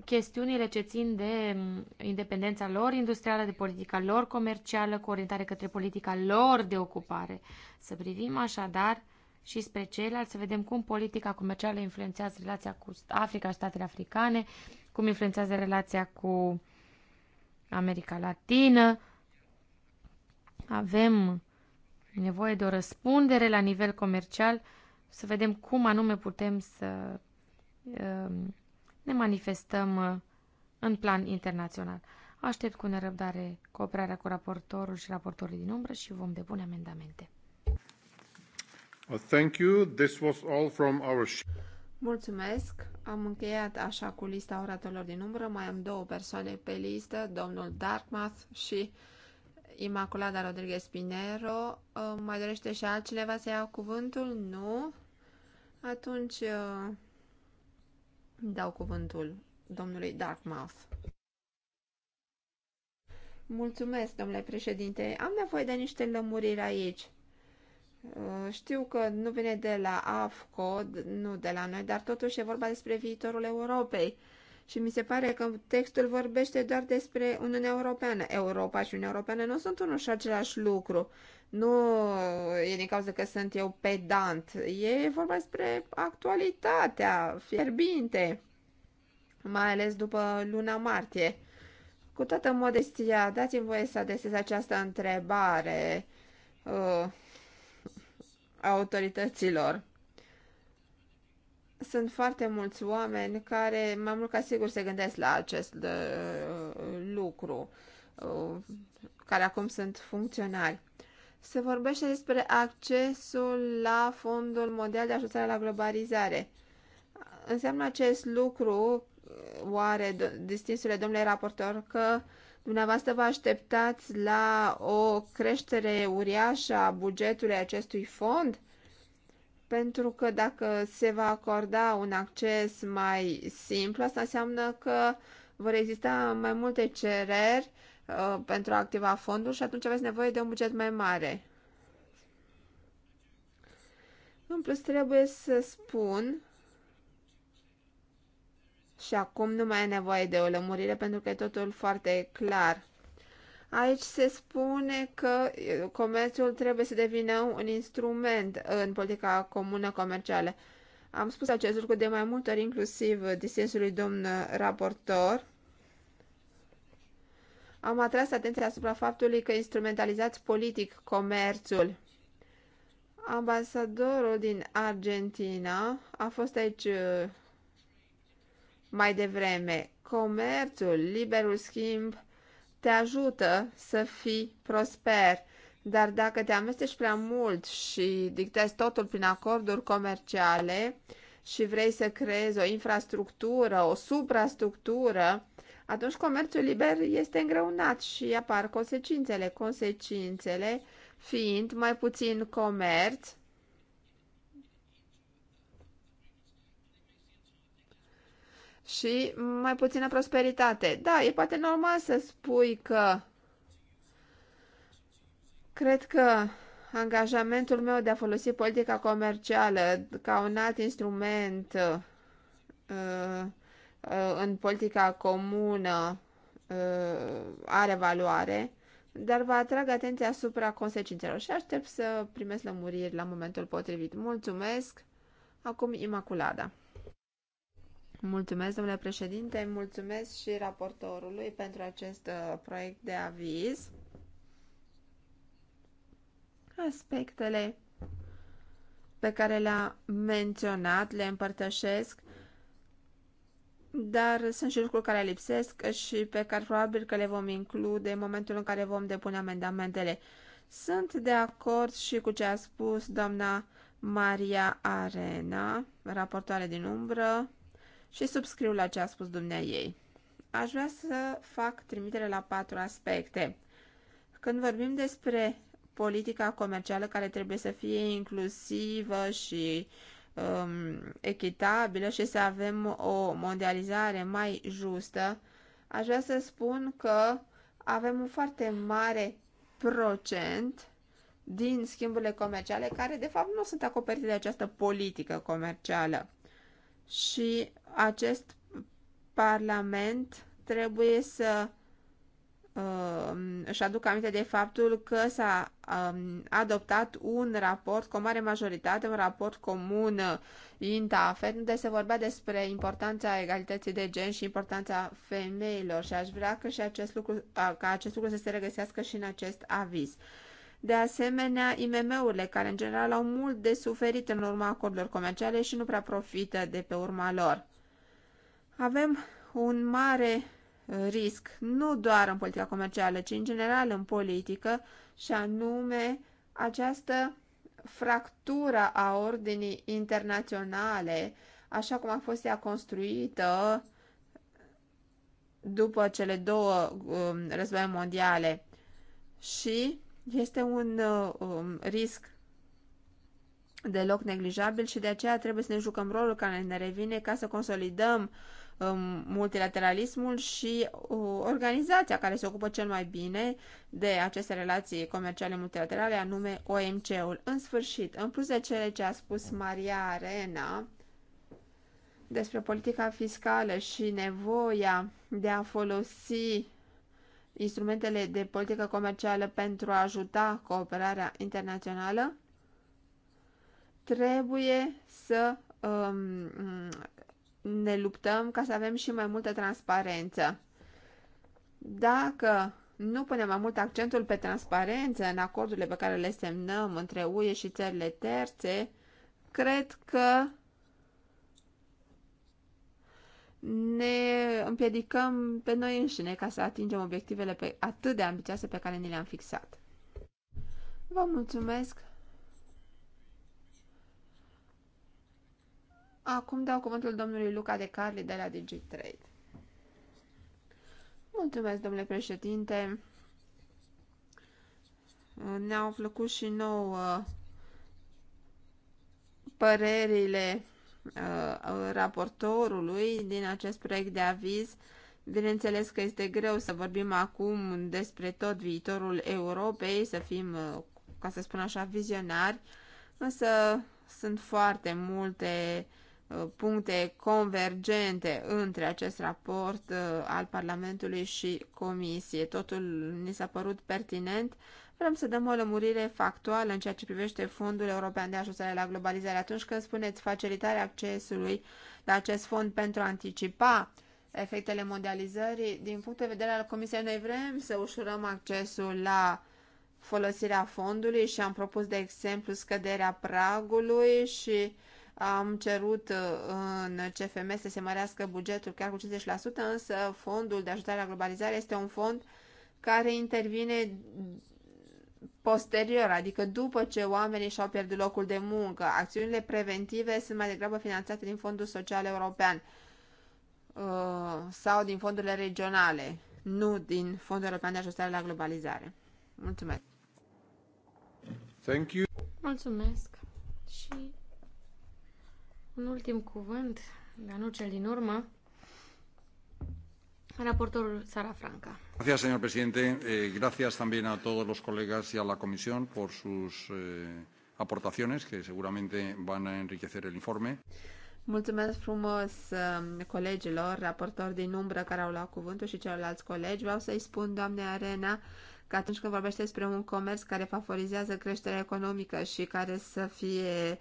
chestiunile ce țin de mm, independența lor industrială, de politica lor comercială, cu orientare către politica lor de ocupare. Să privim așadar și spre ceilalți, să vedem cum politica comercială influențează relația cu Africa, și statele africane, cum influențează relația cu America Latină. Avem nevoie de o răspundere la nivel comercial, să vedem cum anume putem să um, ne manifestăm uh, în plan internațional. Aștept cu nerăbdare cooperarea cu raportorul și raportorii din umbră și vom depune amendamente. Thank you. This was all from our... Mulțumesc. Am încheiat așa cu lista oratorilor din umbră. Mai am două persoane pe listă, domnul Darkmouth și Imaculada Rodriguez Pinero. Uh, mai dorește și altcineva să ia cuvântul? Nu? Atunci uh, Dau cuvântul domnului Darkmouth. Mulțumesc, domnule președinte. Am nevoie de niște lămuriri aici. Uh, știu că nu vine de la AFCO, nu de la noi, dar totuși e vorba despre viitorul Europei. Și mi se pare că textul vorbește doar despre Uniunea Europeană. Europa și Uniunea Europeană nu sunt unul și același lucru nu e din cauza că sunt eu pedant, e vorba despre actualitatea fierbinte, mai ales după luna martie. Cu toată modestia, dați-mi voie să adesez această întrebare uh, autorităților. Sunt foarte mulți oameni care, mai mult ca sigur, se gândesc la acest uh, lucru, uh, care acum sunt funcționari. Uh, se vorbește despre accesul la Fondul Mondial de Ajutare la Globalizare. Înseamnă acest lucru, oare, distinsule domnule raportor, că dumneavoastră vă așteptați la o creștere uriașă a bugetului acestui fond? Pentru că dacă se va acorda un acces mai simplu, asta înseamnă că vor exista mai multe cereri Uh, pentru a activa fondul și atunci aveți nevoie de un buget mai mare. În plus, trebuie să spun și acum nu mai e nevoie de o lămurire pentru că e totul foarte clar. Aici se spune că uh, comerțul trebuie să devină un instrument în politica comună comercială. Am spus acest lucru de mai multe ori, inclusiv disensului domn raportor am atras atenția asupra faptului că instrumentalizați politic comerțul. Ambasadorul din Argentina a fost aici uh, mai devreme. Comerțul, liberul schimb, te ajută să fii prosper, dar dacă te amesteci prea mult și dictezi totul prin acorduri comerciale și vrei să creezi o infrastructură, o suprastructură, atunci comerțul liber este îngreunat și apar consecințele. Consecințele fiind mai puțin comerț, și mai puțină prosperitate. Da, e poate normal să spui că cred că angajamentul meu de a folosi politica comercială ca un alt instrument uh, Uh, în politica comună uh, are valoare, dar vă atrag atenția asupra consecințelor și aștept să primesc lămuriri la momentul potrivit. Mulțumesc! Acum Imaculada. Mulțumesc, domnule președinte, mulțumesc și raportorului pentru acest uh, proiect de aviz. Aspectele pe care le-a menționat le împărtășesc dar sunt și lucruri care lipsesc și pe care probabil că le vom include în momentul în care vom depune amendamentele. Sunt de acord și cu ce a spus doamna Maria Arena, raportoare din umbră, și subscriu la ce a spus dumnea ei. Aș vrea să fac trimitere la patru aspecte. Când vorbim despre politica comercială care trebuie să fie inclusivă și um, echitabilă și să avem o mondializare mai justă, aș vrea să spun că avem un foarte mare procent din schimburile comerciale care de fapt nu sunt acoperite de această politică comercială. Și acest parlament trebuie să Um, își aduc aminte de faptul că s-a um, adoptat un raport cu o mare majoritate, un raport comun uh, INTAFET, unde se vorbea despre importanța egalității de gen și importanța femeilor și aș vrea că și acest lucru, ca acest lucru să se regăsească și în acest aviz. De asemenea, IMM-urile, care în general au mult de suferit în urma acordurilor comerciale și nu prea profită de pe urma lor. Avem un mare risc, nu doar în politica comercială, ci în general în politică, și anume această fractură a ordinii internaționale, așa cum a fost ea construită după cele două um, războaie mondiale. Și este un um, risc deloc neglijabil și de aceea trebuie să ne jucăm rolul care ne revine ca să consolidăm uh, Um, multilateralismul și uh, organizația care se ocupă cel mai bine de aceste relații comerciale multilaterale, anume OMC-ul. În sfârșit, în plus de cele ce a spus Maria Arena despre politica fiscală și nevoia de a folosi instrumentele de politică comercială pentru a ajuta cooperarea internațională, trebuie să um, ne luptăm ca să avem și mai multă transparență. Dacă nu punem mai mult accentul pe transparență în acordurile pe care le semnăm între UE și țările terțe, cred că ne împiedicăm pe noi înșine ca să atingem obiectivele pe atât de ambițioase pe care ni le-am fixat. Vă mulțumesc, Acum dau cuvântul domnului Luca de Carli de la DigiTrade. Mulțumesc, domnule președinte. Ne-au plăcut și nouă părerile uh, raportorului din acest proiect de aviz. Bineînțeles că este greu să vorbim acum despre tot viitorul Europei, să fim, uh, ca să spun așa, vizionari, însă sunt foarte multe uh, Uh, puncte convergente între acest raport uh, al Parlamentului și Comisie. Totul ni s-a părut pertinent. Vrem să dăm o lămurire factuală în ceea ce privește Fondul European de Ajustare la Globalizare. Atunci când spuneți facilitarea accesului la acest fond pentru a anticipa efectele mondializării, din punct de vedere al Comisiei, noi vrem să ușurăm accesul la folosirea fondului și am propus, de exemplu, scăderea pragului și uh, am cerut uh, în CFM să se mărească bugetul chiar cu 50%, însă fondul de ajutare la globalizare este un fond care intervine posterior, adică după ce oamenii și-au pierdut locul de muncă. Acțiunile preventive sunt mai degrabă finanțate din Fondul Social European uh, sau din fondurile regionale, nu din Fondul European de Ajustare la Globalizare. Mulțumesc! Thank you. Mulțumesc! Și un ultim cuvânt, dar nu cel din urmă, raportorul Sara Franca. Gracias, señor presidente. Eh, gracias también a todos los colegas y a la comisión por sus eh, aportaciones, que seguramente van a enriquecer el informe. Mulțumesc frumos um, colegilor, raportori din umbră care au luat cuvântul și celorlalți colegi. Vreau să-i spun, doamne Arena, că atunci când vorbește despre un comerț care favorizează creșterea economică și care să fie uh,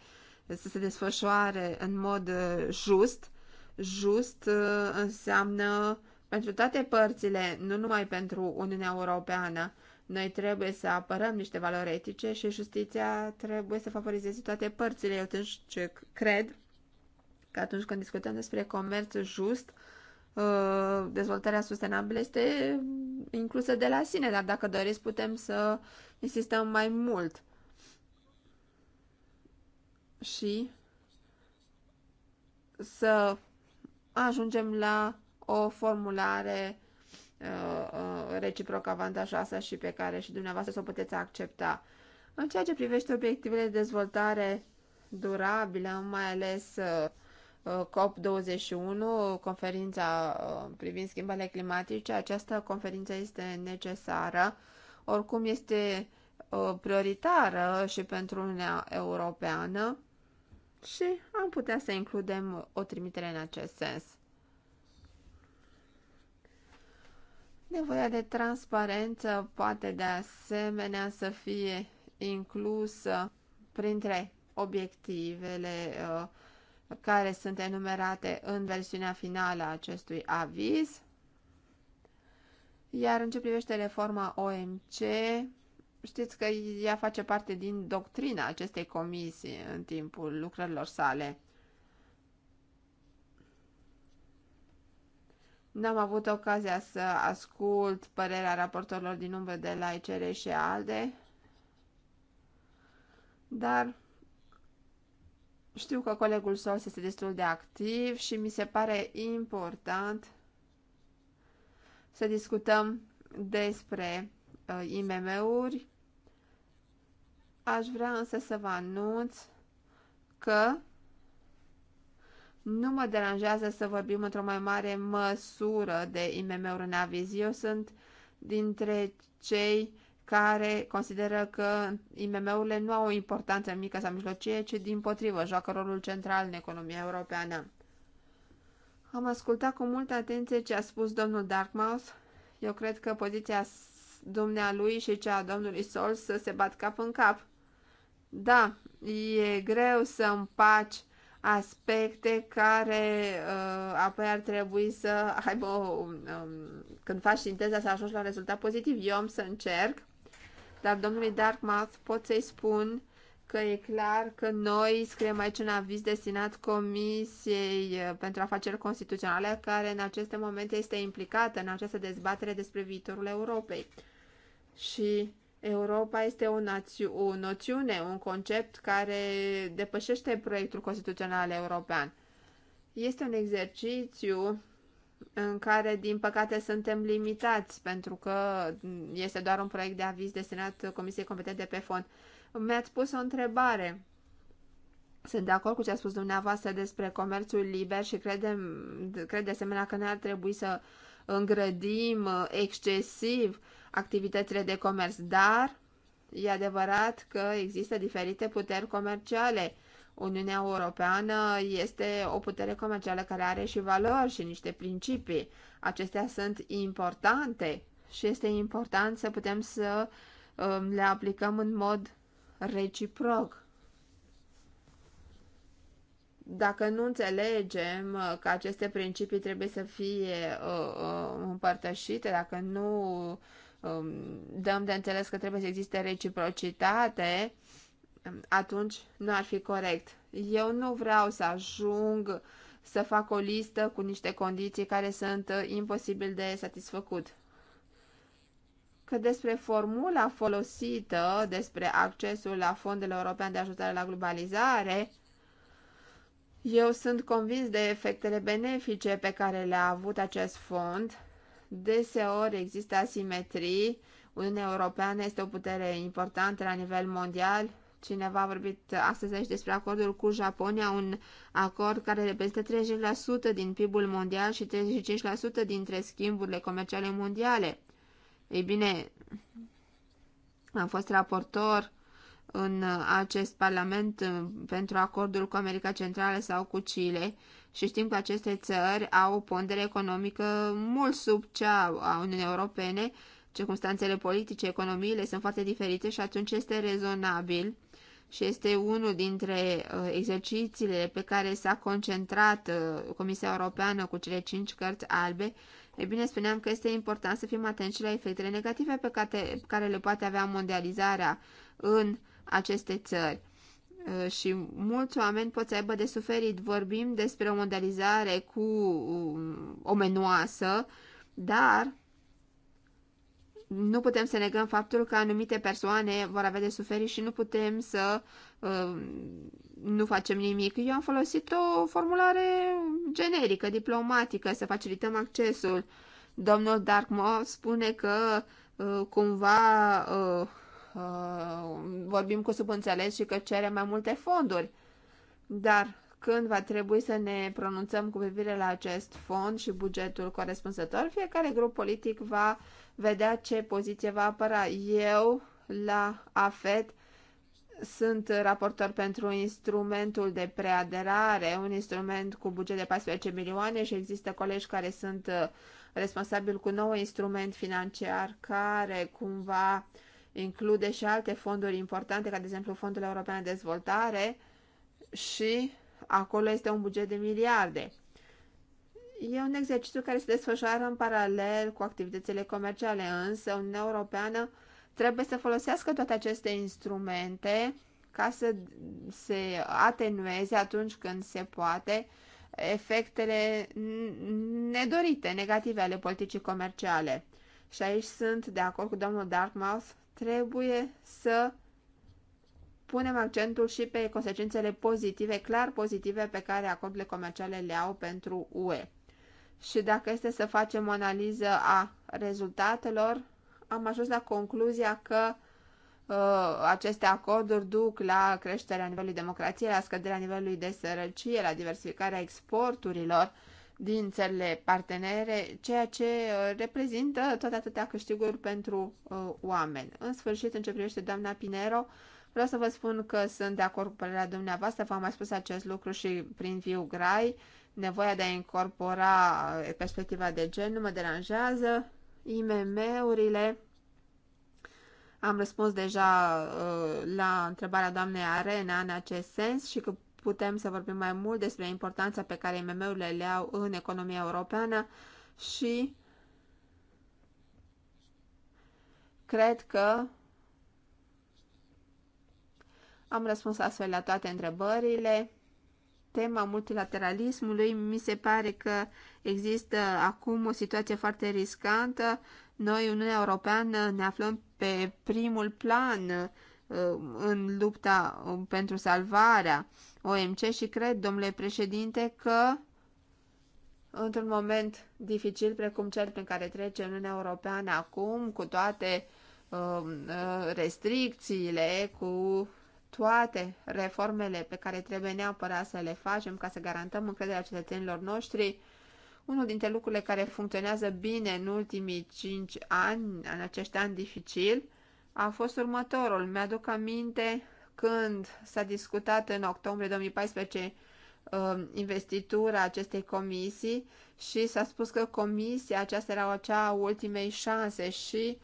să se desfășoare în mod uh, just. Just uh, înseamnă pentru toate părțile, nu numai pentru Uniunea Europeană. Noi trebuie să apărăm niște valori etice și justiția trebuie să favorizeze toate părțile. Eu atunci ce cred că atunci când discutăm despre comerț just, uh, dezvoltarea sustenabilă este inclusă de la sine, dar dacă doriți putem să insistăm mai mult și să ajungem la o formulare uh, uh, reciproc avantajoasă și pe care și dumneavoastră să o puteți accepta. În ceea ce privește obiectivele de dezvoltare durabilă, mai ales uh, COP21, conferința privind schimbările climatice, această conferință este necesară, oricum este prioritară și pentru Uniunea Europeană și am putea să includem o trimitere în acest sens. Nevoia de transparență poate de asemenea să fie inclusă printre obiectivele uh, care sunt enumerate în versiunea finală a acestui aviz. Iar în ce privește reforma OMC, Știți că ea face parte din doctrina acestei comisii în timpul lucrărilor sale. N-am avut ocazia să ascult părerea raportorilor din umbră de la ICR și ALDE, dar știu că colegul Sos este destul de activ și mi se pare important să discutăm despre uh, IMM-uri Aș vrea însă să vă anunț că nu mă deranjează să vorbim într-o mai mare măsură de IMM-uri în aviz. Eu sunt dintre cei care consideră că IMM-urile nu au o importanță mică sau mijlocie, ci din potrivă joacă rolul central în economia europeană. Am ascultat cu multă atenție ce a spus domnul Darkmouth. Eu cred că poziția dumnealui și cea a domnului Sol să se bat cap în cap. Da, e greu să împaci aspecte care uh, apoi ar trebui să aibă, uh, când faci sinteza, să ajungi la un rezultat pozitiv. Eu am să încerc, dar domnului Darkmouth pot să-i spun că e clar că noi scriem aici un aviz destinat Comisiei uh, pentru Afaceri Constituționale, care în aceste momente este implicată în această dezbatere despre viitorul Europei. Și Europa este o, o noțiune, un concept care depășește proiectul constituțional european. Este un exercițiu în care, din păcate, suntem limitați, pentru că este doar un proiect de aviz destinat Comisiei Competente pe fond. Mi-ați pus o întrebare. Sunt de acord cu ce a spus dumneavoastră despre comerțul liber și credem, cred de asemenea că ne-ar trebui să îngrădim uh, excesiv activitățile de comerț, dar e adevărat că există diferite puteri comerciale. Uniunea Europeană este o putere comercială care are și valori și niște principii. Acestea sunt importante și este important să putem să um, le aplicăm în mod reciproc. Dacă nu înțelegem uh, că aceste principii trebuie să fie uh, uh, împărtășite, dacă nu um, dăm de înțeles că trebuie să existe reciprocitate, um, atunci nu ar fi corect. Eu nu vreau să ajung să fac o listă cu niște condiții care sunt imposibil de satisfăcut. Că despre formula folosită despre accesul la Fondul European de Ajutare la Globalizare, eu sunt convins de efectele benefice pe care le-a avut acest fond. Deseori există asimetrii. Uniunea Europeană este o putere importantă la nivel mondial. Cineva a vorbit astăzi aici despre acordul cu Japonia, un acord care reprezintă 30% din PIB-ul mondial și 35% dintre schimburile comerciale mondiale. Ei bine, am fost raportor în acest Parlament pentru acordul cu America Centrală sau cu Chile și știm că aceste țări au o pondere economică mult sub cea a Uniunii Europene, circunstanțele politice, economiile sunt foarte diferite și atunci este rezonabil și este unul dintre uh, exercițiile pe care s-a concentrat uh, Comisia Europeană cu cele cinci cărți albe, e bine, spuneam că este important să fim atenți la efectele negative pe care le poate avea mondializarea în aceste țări uh, și mulți oameni pot să aibă de suferit. Vorbim despre o modalizare cu uh, omenoasă, dar nu putem să negăm faptul că anumite persoane vor avea de suferit și nu putem să uh, nu facem nimic. Eu am folosit o formulare generică, diplomatică, să facilităm accesul. Domnul Darkmo spune că uh, cumva uh, Uh, vorbim cu subînțeles și că cere mai multe fonduri. Dar când va trebui să ne pronunțăm cu privire la acest fond și bugetul corespunzător, fiecare grup politic va vedea ce poziție va apăra. Eu, la AFET, sunt raportor pentru instrumentul de preaderare, un instrument cu buget de 14 milioane și există colegi care sunt uh, responsabili cu nou instrument financiar care cumva include și alte fonduri importante, ca de exemplu Fondul European de Dezvoltare și acolo este un buget de miliarde. E un exercițiu care se desfășoară în paralel cu activitățile comerciale, însă Uniunea Europeană trebuie să folosească toate aceste instrumente ca să se atenueze atunci când se poate efectele nedorite, negative ale politicii comerciale. Și aici sunt de acord cu domnul Dartmouth trebuie să punem accentul și pe consecințele pozitive, clar pozitive, pe care acordurile comerciale le au pentru UE. Și dacă este să facem o analiză a rezultatelor, am ajuns la concluzia că uh, aceste acorduri duc la creșterea nivelului democrației, la scăderea nivelului de sărăcie, la diversificarea exporturilor din țările partenere, ceea ce uh, reprezintă tot atâtea câștiguri pentru uh, oameni. În sfârșit, în ce privește doamna Pinero, vreau să vă spun că sunt de acord cu părerea dumneavoastră, v-am mai spus acest lucru și prin viu grai, nevoia de a incorpora uh, perspectiva de gen nu mă deranjează, IMM-urile, am răspuns deja uh, la întrebarea doamnei Arena în acest sens și că putem să vorbim mai mult despre importanța pe care IMM-urile le au în economia europeană și cred că am răspuns astfel la toate întrebările. Tema multilateralismului mi se pare că există acum o situație foarte riscantă. Noi, Uniunea Europeană, ne aflăm pe primul plan Uh, în lupta um, pentru salvarea OMC și cred, domnule președinte, că într-un moment dificil precum cel prin care trece Uniunea Europeană acum, cu toate um, uh, restricțiile, cu toate reformele pe care trebuie neapărat să le facem ca să garantăm încrederea cetățenilor noștri, unul dintre lucrurile care funcționează bine în ultimii 5 ani, în acești ani dificili, a fost următorul. Mi-aduc aminte când s-a discutat în octombrie 2014 um, investitura acestei comisii și s-a spus că comisia aceasta era acea ultimei șanse și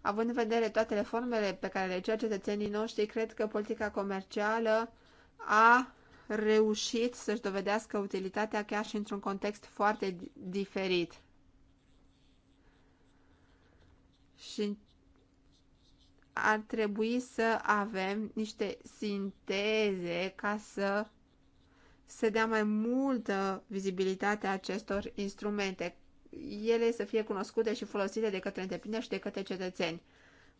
având în vedere toate reformele pe care le cer cetățenii noștri, cred că politica comercială a reușit să-și dovedească utilitatea chiar și într-un context foarte diferit. Și ar trebui să avem niște sinteze ca să se dea mai multă vizibilitate acestor instrumente, ele să fie cunoscute și folosite de către întreprinderi și de către cetățeni.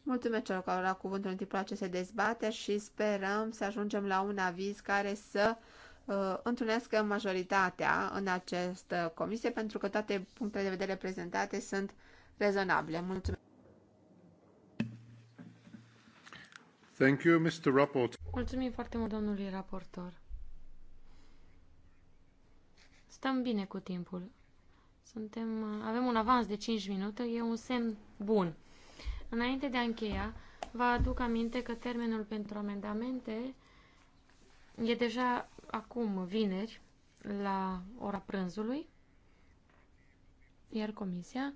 Mulțumesc celor care au luat cuvântul în timpul acestei dezbateri și sperăm să ajungem la un aviz care să uh, întâlnească majoritatea în această comisie, pentru că toate punctele de vedere prezentate sunt rezonabile. Mulțumesc! Thank you, Mr. Mulțumim foarte mult, domnului raportor. Stăm bine cu timpul. Suntem, avem un avans de 5 minute, e un semn bun. Înainte de a încheia, vă aduc aminte că termenul pentru amendamente e deja acum, vineri, la ora prânzului, iar comisia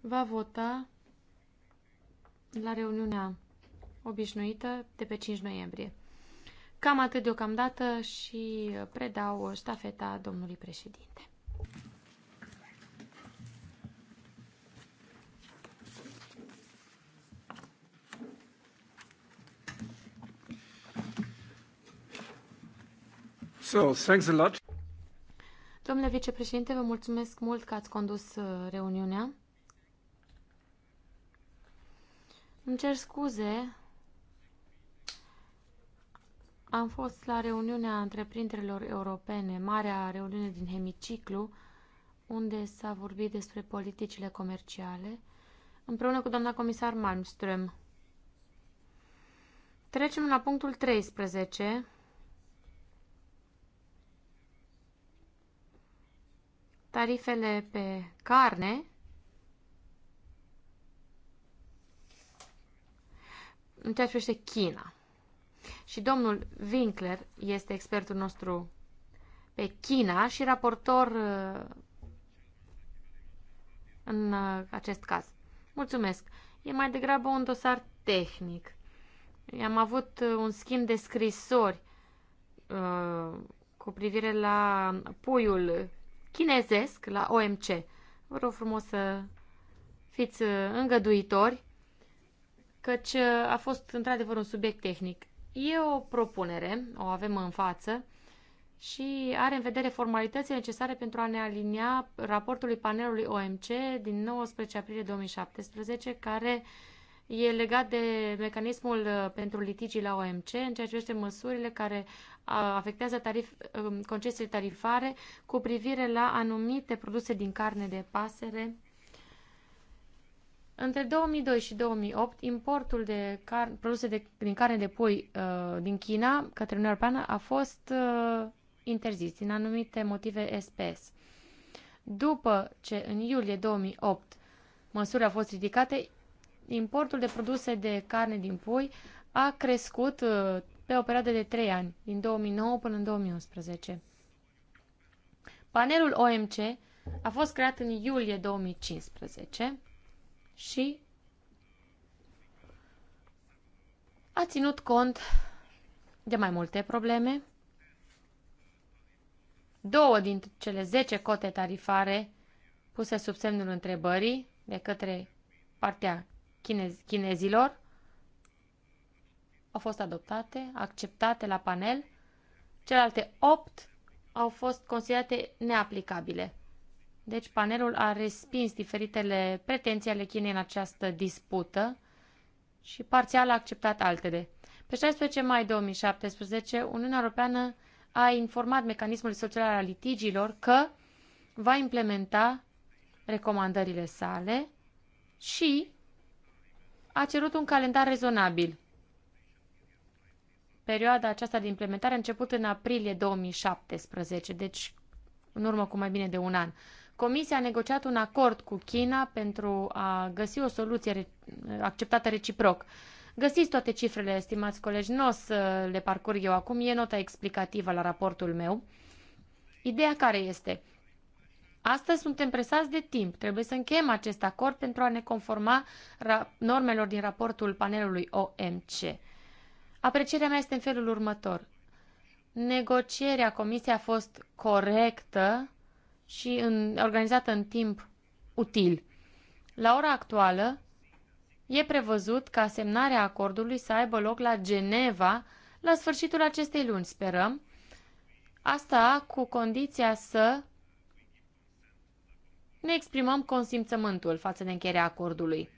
va vota la reuniunea obișnuită de pe 5 noiembrie. Cam atât deocamdată și predau ștafeta domnului președinte. So, thanks a lot. Domnule vicepreședinte, vă mulțumesc mult că ați condus uh, reuniunea. Îmi cer scuze am fost la reuniunea întreprinderilor europene, marea reuniune din hemiciclu, unde s-a vorbit despre politicile comerciale, împreună cu doamna comisar Malmström. Trecem la punctul 13. Tarifele pe carne. În ceea ce privește China. Și domnul Winkler este expertul nostru pe China și raportor uh, în uh, acest caz. Mulțumesc. E mai degrabă un dosar tehnic. Am avut uh, un schimb de scrisori cu privire la puiul chinezesc la OMC. Vă rog frumos să fiți îngăduitori, căci a fost într-adevăr un subiect tehnic. E o propunere, o avem în față, și are în vedere formalitățile necesare pentru a ne alinia raportului panelului OMC din 19 aprilie 2017, care e legat de mecanismul uh, pentru litigii la OMC în ceea ce este măsurile care uh, afectează tarif, um, concesiile tarifare cu privire la anumite produse din carne de pasăre între 2002 și 2008, importul de car- produse de, din carne de pui uh, din China către Uniunea Europeană a fost uh, interzis din anumite motive SPS. După ce în iulie 2008 măsurile au fost ridicate, importul de produse de carne din pui a crescut uh, pe o perioadă de 3 ani, din 2009 până în 2011. Panelul OMC a fost creat în iulie 2015 și a ținut cont de mai multe probleme. Două din cele 10 cote tarifare puse sub semnul întrebării de către partea chinez chinezilor au fost adoptate, acceptate la panel. Celelalte 8 au fost considerate neaplicabile. Deci panelul a respins diferitele pretenții ale Chinei în această dispută și parțial a acceptat altele. Pe 16 mai 2017, Uniunea Europeană a informat mecanismul social al litigiilor că va implementa recomandările sale și a cerut un calendar rezonabil. Perioada aceasta de implementare a început în aprilie 2017, deci în urmă cu mai bine de un an. Comisia a negociat un acord cu China pentru a găsi o soluție acceptată reciproc. Găsiți toate cifrele, estimați colegi, nu o să le parcurg eu acum, e nota explicativă la raportul meu. Ideea care este? Astăzi suntem presați de timp. Trebuie să încheiem acest acord pentru a ne conforma normelor din raportul panelului OMC. Aprecierea mea este în felul următor. Negocierea comisiei a fost corectă și în, organizată în timp util. La ora actuală, e prevăzut ca semnarea acordului să aibă loc la Geneva la sfârșitul acestei luni, sperăm. Asta cu condiția să ne exprimăm consimțământul față de încheierea acordului.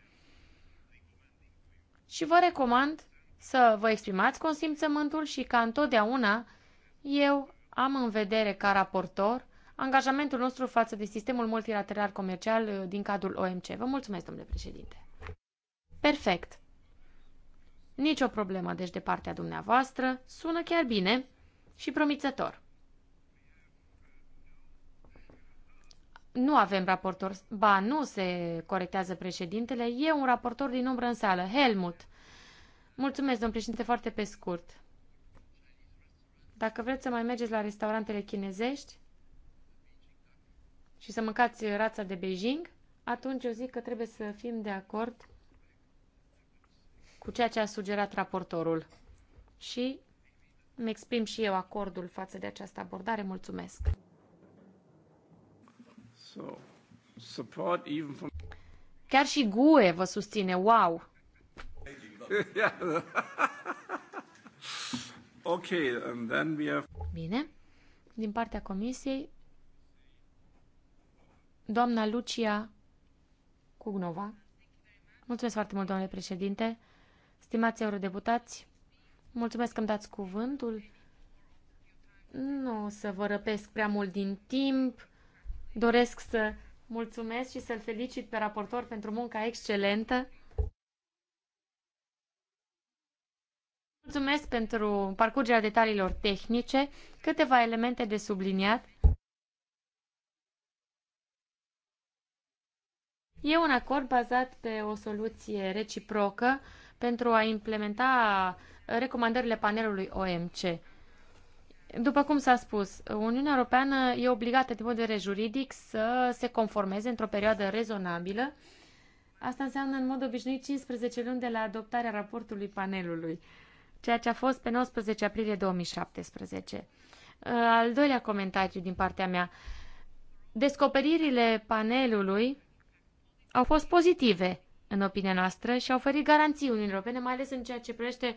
Și vă recomand să vă exprimați consimțământul și ca întotdeauna eu am în vedere ca raportor angajamentul nostru față de sistemul multilateral comercial uh, din cadrul OMC. Vă mulțumesc, domnule președinte. Perfect. Nici o problemă, deci, de partea dumneavoastră. Sună chiar bine și promițător. Nu avem raportor. Ba, nu se corectează președintele. E un raportor din umbră în sală. Helmut. Mulțumesc, domn președinte, foarte pe scurt. Dacă vreți să mai mergeți la restaurantele chinezești, și să mâncați rața de Beijing, atunci eu zic că trebuie să fim de acord cu ceea ce a sugerat raportorul. Și îmi exprim și eu acordul față de această abordare. Mulțumesc! So, support even from... Chiar și GUE vă susține. Wow! *laughs* okay, and then we have... Bine. Din partea comisiei Doamna Lucia Cugnova. Mulțumesc foarte mult, domnule președinte. Stimați eurodeputați, mulțumesc că îmi dați cuvântul. Nu o să vă răpesc prea mult din timp. Doresc să mulțumesc și să-l felicit pe raportor pentru munca excelentă. Mulțumesc pentru parcurgerea detaliilor tehnice, câteva elemente de subliniat. E un acord bazat pe o soluție reciprocă pentru a implementa recomandările panelului OMC. După cum s-a spus, Uniunea Europeană e obligată din punct de vedere juridic să se conformeze într-o perioadă rezonabilă. Asta înseamnă în mod obișnuit 15 luni de la adoptarea raportului panelului, ceea ce a fost pe 19 aprilie 2017. Al doilea comentariu din partea mea. Descoperirile panelului au fost pozitive, în opinia noastră, și au oferit garanții Uniunii Europene, mai ales în ceea ce privește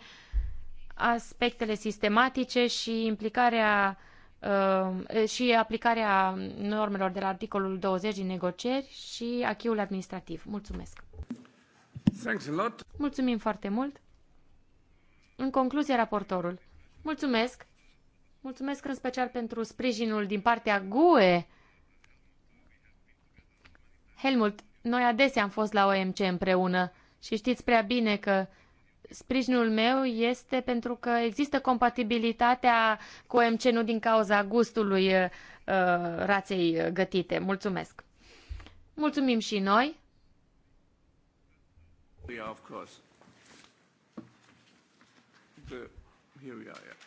aspectele sistematice și implicarea uh, și aplicarea normelor de la articolul 20 din negocieri și achiul administrativ. Mulțumesc! Mulțumim foarte mult! În concluzie, raportorul. Mulțumesc! Mulțumesc în special pentru sprijinul din partea GUE. Helmut, noi adesea am fost la OMC împreună și știți prea bine că sprijinul meu este pentru că există compatibilitatea cu OMC nu din cauza gustului uh, raței gătite. Mulțumesc! Mulțumim și noi! Yeah, of course. The, here we are, yeah.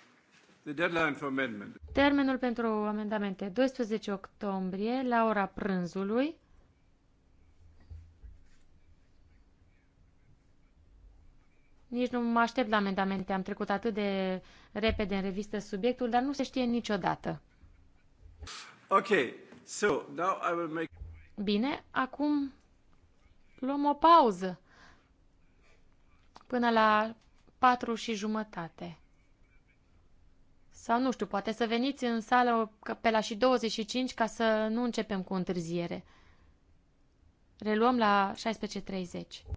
The deadline for amendment. Termenul pentru amendamente 12 octombrie la ora prânzului. Nici nu mă aștept la amendamente, am trecut atât de repede în revistă subiectul, dar nu se știe niciodată. Ok, so now I will make... Bine, acum luăm o pauză până la patru și jumătate. Sau nu știu, poate să veniți în sală pe la și 25 ca să nu începem cu întârziere. Reluăm la 16.30.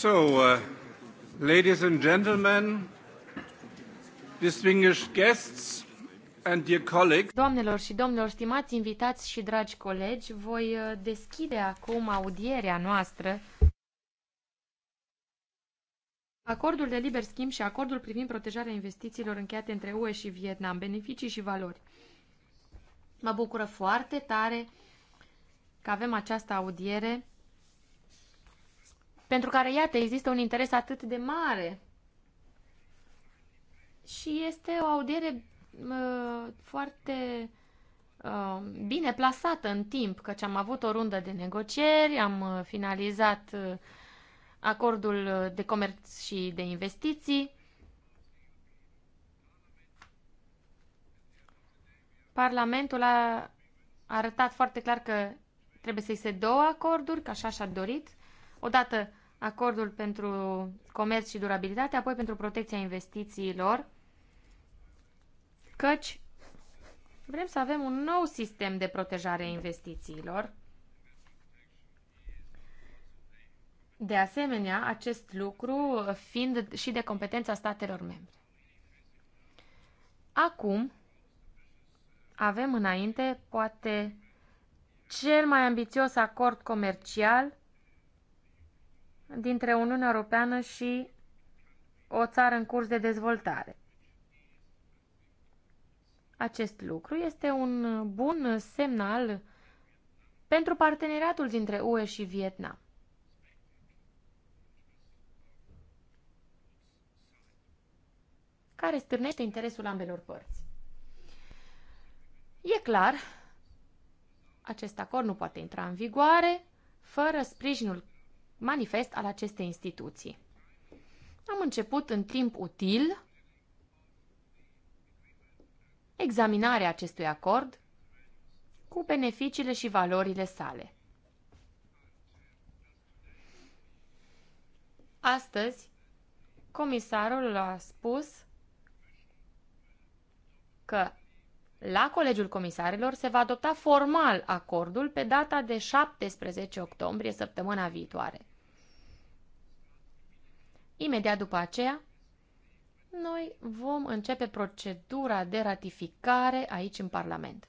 So, uh, ladies and gentlemen, distinguished guests and dear colleagues. Doamnelor și domnilor, stimați invitați și dragi colegi, voi uh, deschide acum audierea noastră. Acordul de liber schimb și acordul privind protejarea investițiilor încheiate între UE și Vietnam, beneficii și valori. Mă bucură foarte tare că avem această audiere pentru care, iată, există un interes atât de mare. Și este o audiere uh, foarte uh, bine plasată în timp, căci am avut o rundă de negocieri, am uh, finalizat uh, acordul de comerț și de investiții. Parlamentul a arătat foarte clar că trebuie să-i se două acorduri, că așa și-a dorit. Odată acordul pentru comerț și durabilitate, apoi pentru protecția investițiilor, căci vrem să avem un nou sistem de protejare a investițiilor. De asemenea, acest lucru fiind și de competența statelor membre. Acum avem înainte poate cel mai ambițios acord comercial dintre Uniunea Europeană și o țară în curs de dezvoltare. Acest lucru este un bun semnal pentru parteneriatul dintre UE și Vietnam. care stârnește interesul ambelor părți. E clar, acest acord nu poate intra în vigoare fără sprijinul manifest al acestei instituții. Am început în timp util examinarea acestui acord cu beneficiile și valorile sale. Astăzi, comisarul a spus că la Colegiul Comisarilor se va adopta formal acordul pe data de 17 octombrie, săptămâna viitoare. Imediat după aceea, noi vom începe procedura de ratificare aici în Parlament.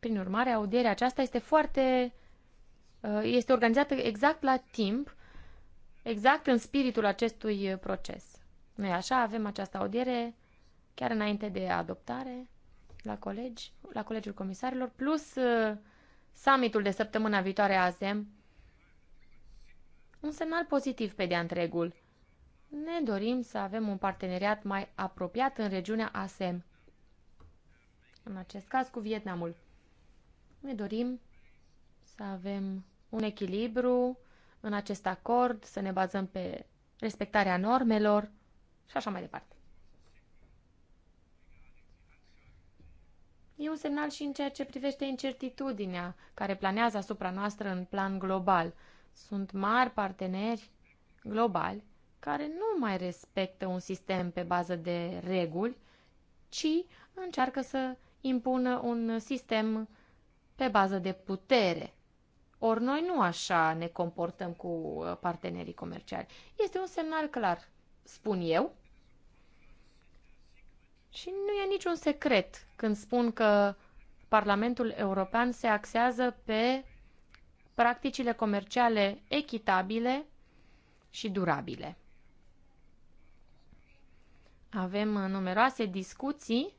Prin urmare, audierea aceasta este foarte. Uh, este organizată exact la timp, exact în spiritul acestui proces. Noi așa avem această audiere chiar înainte de adoptare la colegi, la Colegiul Comisarilor, plus uh, summitul de săptămâna viitoare a ASEM, un semnal pozitiv pe de-a întregul. Ne dorim să avem un parteneriat mai apropiat în regiunea ASEM, în acest caz cu Vietnamul. Ne dorim să avem un echilibru în acest acord, să ne bazăm pe respectarea normelor și așa mai departe. E un semnal și în ceea ce privește incertitudinea care planează asupra noastră în plan global – sunt mari parteneri globali care nu mai respectă un sistem pe bază de reguli, ci încearcă să impună un sistem pe bază de putere. Ori noi nu așa ne comportăm cu uh, partenerii comerciali. Este un semnal clar, spun eu. Și nu e niciun secret când spun că Parlamentul European se axează pe practicile comerciale echitabile și durabile. Avem numeroase discuții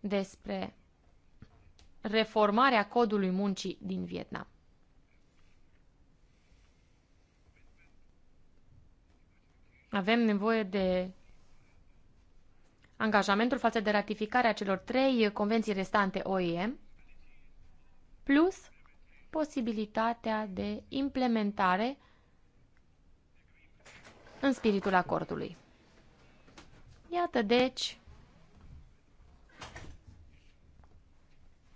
despre reformarea codului muncii din Vietnam. Avem nevoie de angajamentul față de ratificarea celor trei convenții restante OIM, plus posibilitatea de implementare în spiritul acordului. Iată, deci,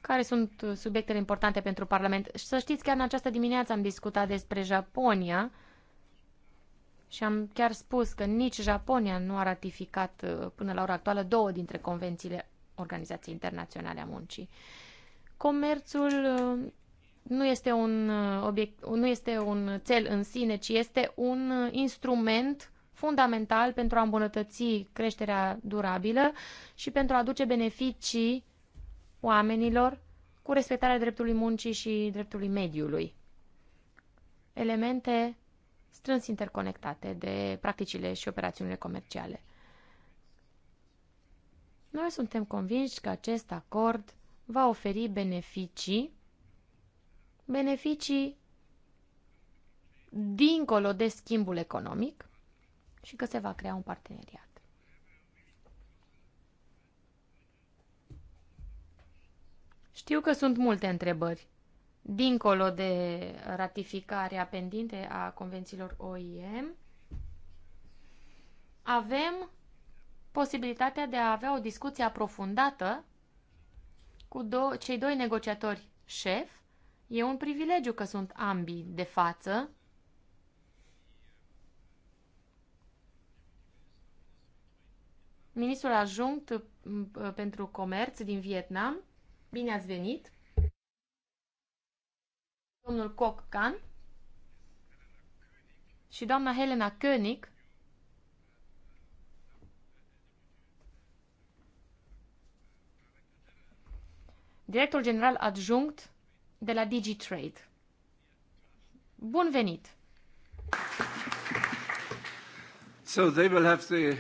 care sunt subiectele importante pentru Parlament. să știți, chiar în această dimineață am discutat despre Japonia și am chiar spus că nici Japonia nu a ratificat uh, până la ora actuală două dintre convențiile Organizației Internaționale a Muncii. Comerțul uh, nu este un, uh, obiect, nu este un cel în sine, ci este un uh, instrument fundamental pentru a îmbunătăți creșterea durabilă și pentru a aduce beneficii oamenilor cu respectarea dreptului muncii și dreptului mediului. Elemente strâns interconectate de practicile și operațiunile comerciale. Noi suntem convinși că acest acord va oferi beneficii beneficii dincolo de schimbul economic și că se va crea un parteneriat. Știu că sunt multe întrebări, dincolo de ratificarea pendinte a convențiilor OIM. Avem posibilitatea de a avea o discuție aprofundată cu do- cei doi negociatori șef E un privilegiu că sunt ambii de față. Ministrul ajunct pentru comerț din Vietnam, bine ați venit! Domnul Koch Kan și doamna Helena König, director general adjunct de la DigiTrade. Bun venit! So they will have the,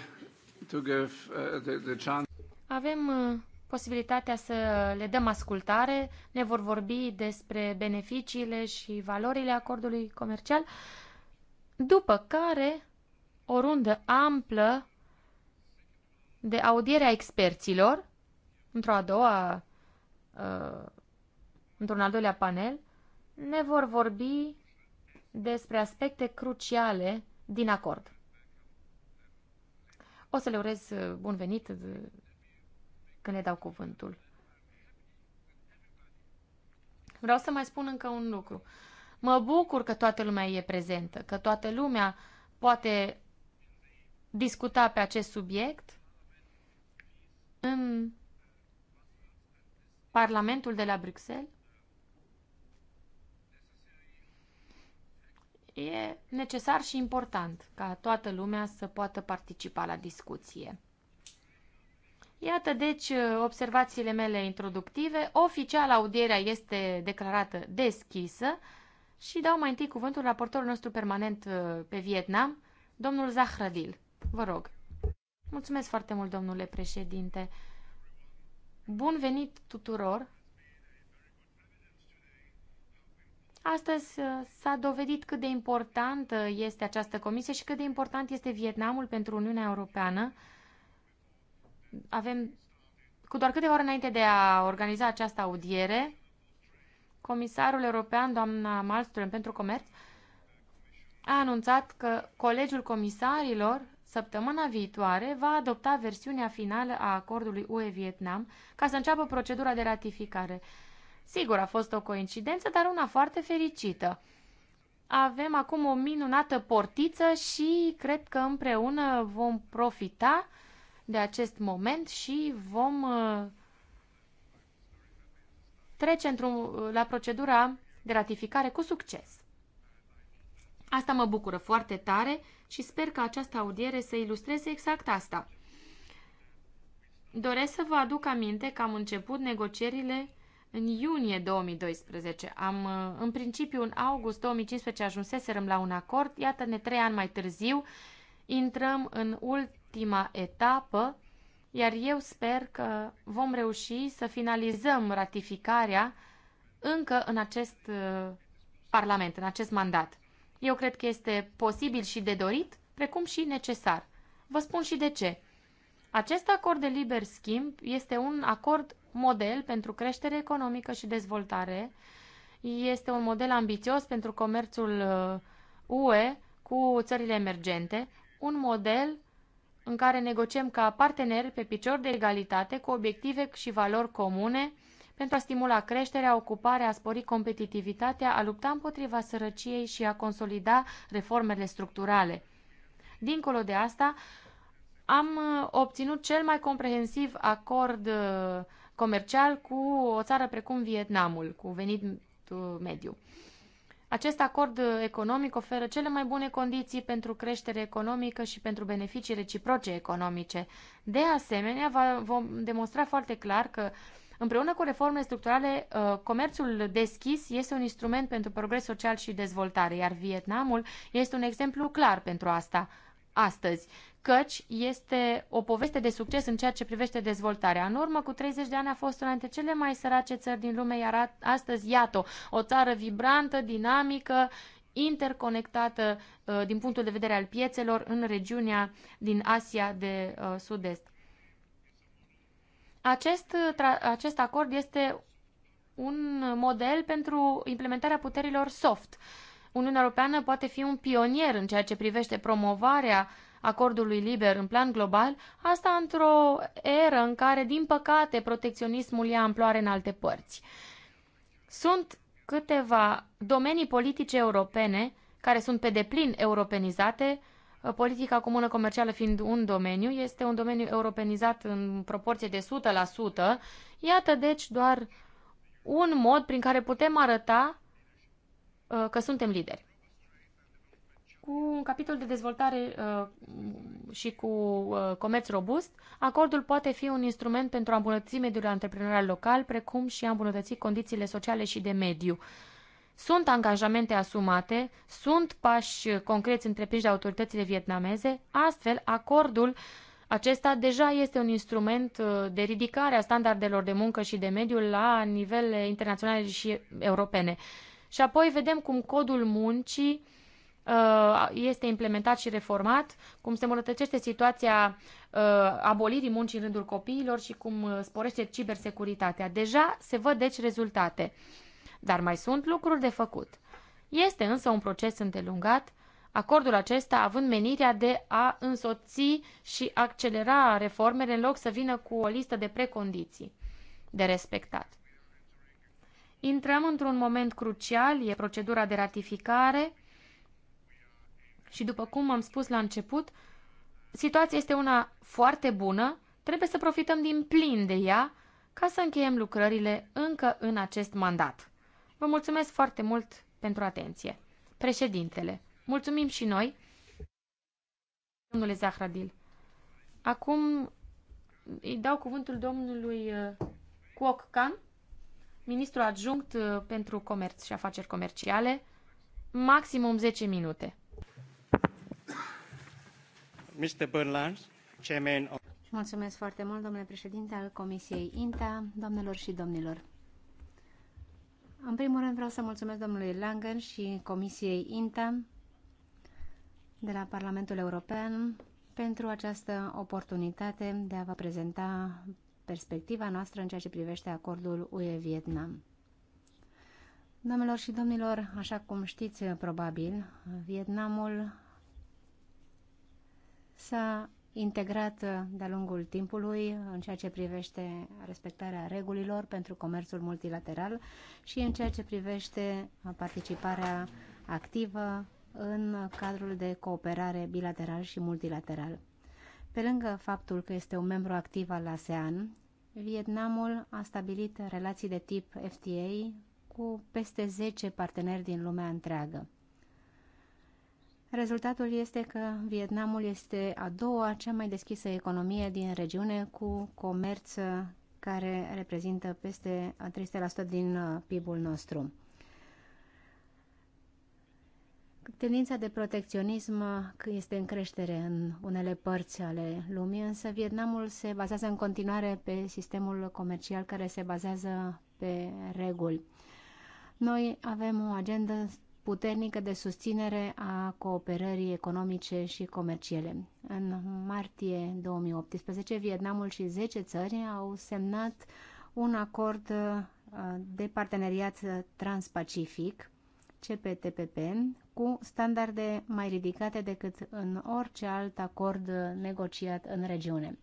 to give, uh, the, the chance. Avem uh, posibilitatea să le dăm ascultare, ne vor vorbi despre beneficiile și valorile acordului comercial, după care o rundă amplă de audiere a experților, într-o a doua uh, într-un al doilea panel, ne vor vorbi despre aspecte cruciale din acord. O să le urez uh, bun venit uh, când ne dau cuvântul. Vreau să mai spun încă un lucru. Mă bucur că toată lumea e prezentă, că toată lumea poate discuta pe acest subiect în Parlamentul de la Bruxelles e necesar și important ca toată lumea să poată participa la discuție. Iată deci observațiile mele introductive. Oficial audierea este declarată deschisă și dau mai întâi cuvântul raportorul nostru permanent uh, pe Vietnam, domnul Zahradil. Vă rog. Mulțumesc foarte mult, domnule președinte. Bun venit tuturor Astăzi uh, s-a dovedit cât de importantă este această comisie și cât de important este Vietnamul pentru Uniunea Europeană. Avem, cu doar câteva ore înainte de a organiza această audiere, comisarul european, doamna Malmström pentru Comerț, a anunțat că Colegiul Comisarilor săptămâna viitoare va adopta versiunea finală a acordului UE-Vietnam ca să înceapă procedura de ratificare. Sigur, a fost o coincidență, dar una foarte fericită. Avem acum o minunată portiță și cred că împreună vom profita de acest moment și vom uh, trece uh, la procedura de ratificare cu succes. Asta mă bucură foarte tare și sper că această audiere să ilustreze exact asta. Doresc să vă aduc aminte că am început negocierile în iunie 2012 am, uh, în principiu, în august 2015 ajunseserăm la un acord, iată ne trei ani mai târziu, intrăm în ultima etapă, iar eu sper că vom reuși să finalizăm ratificarea încă în acest uh, Parlament, în acest mandat. Eu cred că este posibil și de dorit, precum și necesar. Vă spun și de ce. Acest acord de liber schimb este un acord model pentru creștere economică și dezvoltare. Este un model ambițios pentru comerțul UE uh, cu țările emergente, un model în care negociem ca parteneri pe picior de egalitate cu obiective și valori comune pentru a stimula creșterea, ocuparea, a spori competitivitatea, a lupta împotriva sărăciei și a consolida reformele structurale. Dincolo de asta, am uh, obținut cel mai comprehensiv acord uh, comercial cu o țară precum Vietnamul, cu venit mediu. Acest acord economic oferă cele mai bune condiții pentru creștere economică și pentru beneficii reciproce economice. De asemenea, va, vom demonstra foarte clar că Împreună cu reformele structurale, uh, comerțul deschis este un instrument pentru progres social și dezvoltare, iar Vietnamul este un exemplu clar pentru asta astăzi, căci este o poveste de succes în ceea ce privește dezvoltarea. În urmă cu 30 de ani a fost una dintre cele mai sărace țări din lume, iar astăzi, iată, o țară vibrantă, dinamică, interconectată uh, din punctul de vedere al piețelor în regiunea din Asia de uh, Sud-Est. Acest, uh, acest acord este un model pentru implementarea puterilor soft. Uh, Uniunea Europeană poate fi un pionier în ceea ce privește promovarea acordului liber în plan global, asta într-o eră în care, din păcate, protecționismul ia amploare în alte părți. Sunt câteva domenii politice europene care sunt pe deplin europenizate, politica comună comercială fiind un domeniu, este un domeniu europenizat în proporție de 100%. Iată deci doar un mod prin care putem arăta Uh, că suntem lideri. Cu un capitol de dezvoltare uh, și cu uh, comerț robust, acordul poate fi un instrument pentru a îmbunătăți mediul antreprenorial local, precum și a îmbunătăți condițiile sociale și de mediu. Sunt angajamente asumate, sunt pași concreți întreprinși de autoritățile vietnameze, astfel acordul acesta deja este un instrument de ridicare a standardelor de muncă și de mediu la nivele internaționale și europene. Și apoi vedem cum codul muncii uh, este implementat și reformat, cum se îmbunătățește situația uh, abolirii muncii în rândul copiilor și cum uh, sporește cibersecuritatea. Deja se văd deci rezultate, dar mai sunt lucruri de făcut. Este însă un proces îndelungat, acordul acesta având menirea de a însoți și accelera reformele în loc să vină cu o listă de precondiții de respectat. Intrăm într-un moment crucial, e procedura de ratificare și după cum am spus la început, situația este una foarte bună, trebuie să profităm din plin de ea ca să încheiem lucrările încă în acest mandat. Vă mulțumesc foarte mult pentru atenție. Președintele, mulțumim și noi. Domnule Zahradil, acum îi dau cuvântul domnului uh, Cuoccan. Can ministru adjunct uh, pentru comerț și afaceri comerciale, maximum 10 minute. Mr. Bernard, chairman of... Mulțumesc foarte mult, domnule președinte al Comisiei INTA, doamnelor și domnilor. În primul rând vreau să mulțumesc domnului Langen și Comisiei INTA de la Parlamentul European pentru această oportunitate de a vă prezenta perspectiva noastră în ceea ce privește acordul UE-Vietnam. Domnilor și domnilor, așa cum știți probabil, Vietnamul s-a integrat de-a lungul timpului în ceea ce privește respectarea regulilor pentru comerțul multilateral și în ceea ce privește participarea activă în cadrul de cooperare bilateral și multilateral. Pe lângă faptul că este un membru activ al ASEAN, Vietnamul a stabilit relații de tip FTA cu peste 10 parteneri din lumea întreagă. Rezultatul este că Vietnamul este a doua cea mai deschisă economie din regiune cu comerț care reprezintă peste 300% din uh, PIB-ul nostru. Tendința de protecționism este în creștere în unele părți ale lumii, însă Vietnamul se bazează în continuare pe sistemul comercial care se bazează pe reguli. Noi avem o agendă puternică de susținere a cooperării economice și comerciale. În martie 2018, Vietnamul și 10 țări au semnat un acord uh, de parteneriat uh, transpacific CPTPP cu standarde mai ridicate decât în orice alt acord negociat în regiune.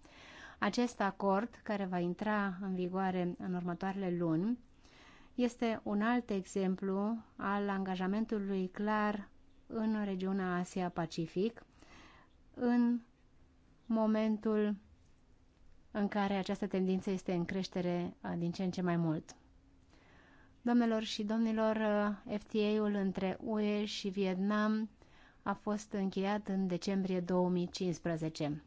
Acest acord, care va intra în vigoare în următoarele luni, este un alt exemplu al angajamentului clar în regiunea Asia-Pacific în momentul în care această tendință este în creștere uh, din ce în ce mai mult. Domnilor și domnilor, FTA-ul între UE și Vietnam a fost încheiat în decembrie 2015.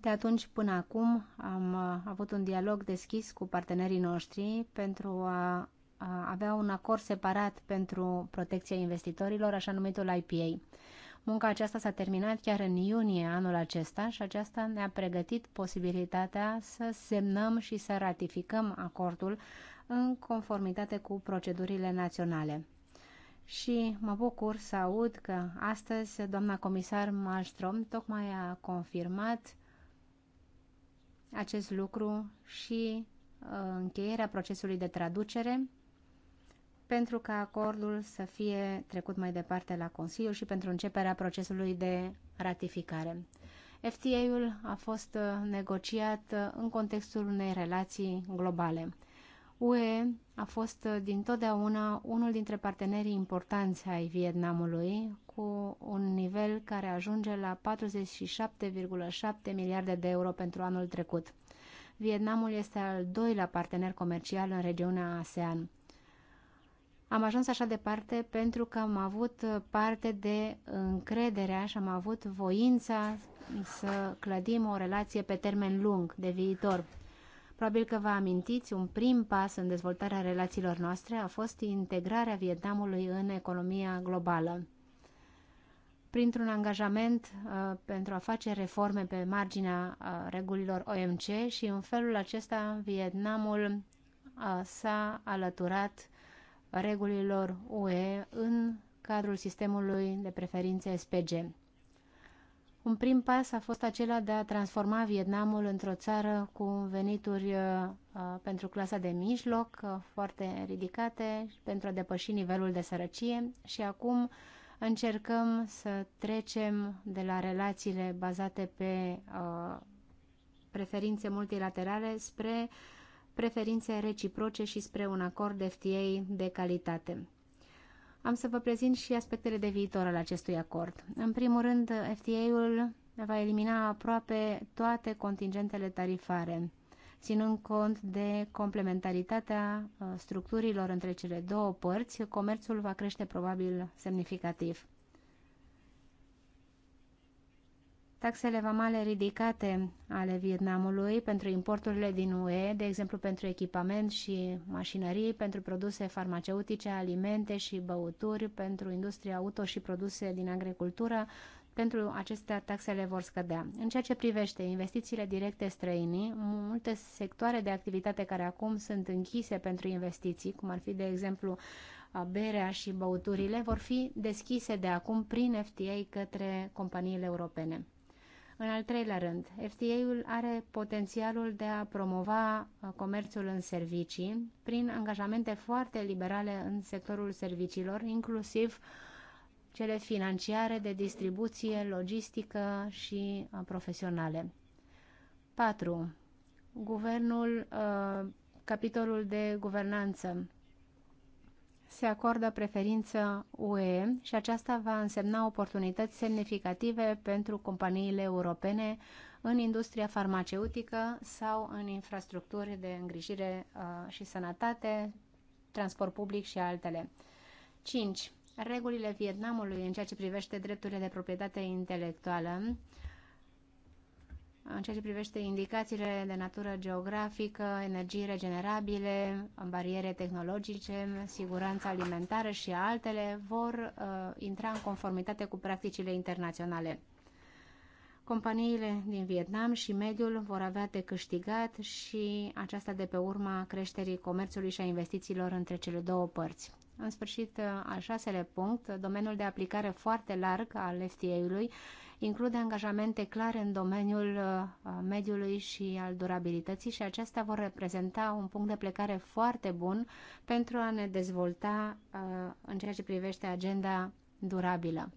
De atunci până acum am uh, avut un dialog deschis cu partenerii noștri pentru a avea un acord separat pentru protecția investitorilor, așa numitul IPA. Munca aceasta s-a terminat chiar în iunie anul acesta și aceasta ne-a pregătit posibilitatea să semnăm și să ratificăm acordul în conformitate cu procedurile naționale. Și mă bucur să aud că astăzi doamna comisar Malmström tocmai a confirmat acest lucru și uh, încheierea procesului de traducere pentru ca acordul să fie trecut mai departe la Consiliu și pentru începerea procesului de ratificare. FTA-ul a fost uh, negociat uh, în contextul unei relații globale. UE a fost uh, din totdeauna unul dintre partenerii importanți ai Vietnamului, cu un nivel care ajunge la 47,7 miliarde de euro pentru anul trecut. Vietnamul este al doilea partener comercial în regiunea ASEAN. Am ajuns așa departe pentru că am avut uh, parte de încrederea și am avut voința să clădim o relație pe termen lung de viitor. Probabil că vă amintiți, un prim pas în dezvoltarea relațiilor noastre a fost integrarea Vietnamului în economia globală printr-un angajament uh, pentru a face reforme pe marginea uh, regulilor OMC și în felul acesta Vietnamul uh, s-a alăturat regulilor UE în cadrul sistemului de preferințe SPG. Un prim pas a fost acela de a transforma Vietnamul într-o țară cu venituri uh, uh, pentru clasa de mijloc uh, foarte ridicate pentru a depăși nivelul de sărăcie și acum încercăm să trecem de la relațiile bazate pe preferințe multilaterale spre preferințe reciproce și spre un acord FTA de calitate am să vă prezint și aspectele de viitor al acestui acord. În primul rând, FTA-ul va elimina aproape toate contingentele tarifare, ținând cont de complementaritatea uh, structurilor între cele două părți, comerțul va crește probabil semnificativ. Taxele vamale ridicate ale Vietnamului pentru importurile din UE, de exemplu pentru echipament și mașinării, pentru produse farmaceutice, alimente și băuturi, pentru industria auto și produse din agricultură, pentru acestea taxele vor scădea. În ceea ce privește investițiile directe străinii, multe sectoare de activitate care acum sunt închise pentru investiții, cum ar fi, de exemplu, berea și băuturile, vor fi deschise de acum prin FTA către companiile europene. În al treilea rând, FTA-ul are potențialul de a promova uh, comerțul în servicii prin angajamente foarte liberale în sectorul serviciilor, inclusiv cele financiare, de distribuție, logistică și uh, profesionale. 4. Guvernul, uh, capitolul de guvernanță se acordă preferință UE și aceasta va însemna oportunități semnificative pentru companiile europene în industria farmaceutică sau în infrastructuri de îngrijire uh, și sănătate, transport public și altele. 5. Regulile Vietnamului în ceea ce privește drepturile de proprietate intelectuală în ceea ce privește indicațiile de natură geografică, energii regenerabile, bariere tehnologice, siguranța alimentară și altele vor uh, intra în conformitate cu practicile internaționale. Companiile din Vietnam și mediul vor avea de câștigat și aceasta de pe urma creșterii comerțului și a investițiilor între cele două părți. În sfârșit, uh, al șaselea punct, domeniul de aplicare foarte larg al FTA-ului include angajamente clare în domeniul uh, mediului și al durabilității și acestea vor reprezenta un punct de plecare foarte bun pentru a ne dezvolta uh, în ceea ce privește agenda durabilă.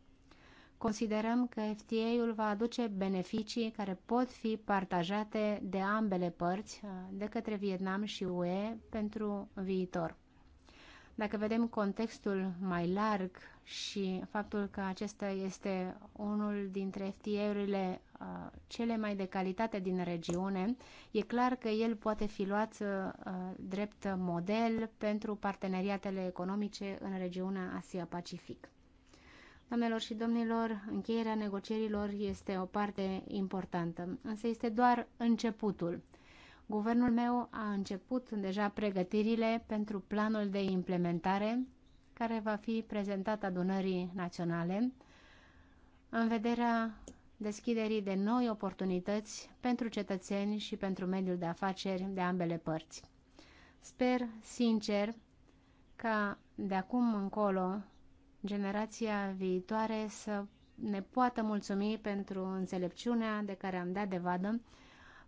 Considerăm că FTA-ul va aduce beneficii care pot fi partajate de ambele părți, uh, de către Vietnam și UE, pentru viitor. Dacă vedem contextul mai larg și faptul că acesta este unul dintre FTA-urile uh, cele mai de calitate din regiune, e clar că el poate fi luat uh, drept model pentru parteneriatele economice în regiunea Asia-Pacific. Doamnelor și domnilor, încheierea negocierilor este o parte importantă, însă este doar începutul. Guvernul meu a început deja pregătirile pentru planul de implementare care va fi prezentat adunării naționale în vederea deschiderii de noi oportunități pentru cetățeni și pentru mediul de afaceri de ambele părți. Sper sincer ca de acum încolo generația viitoare să ne poată mulțumi pentru înțelepciunea de care am dat de vadă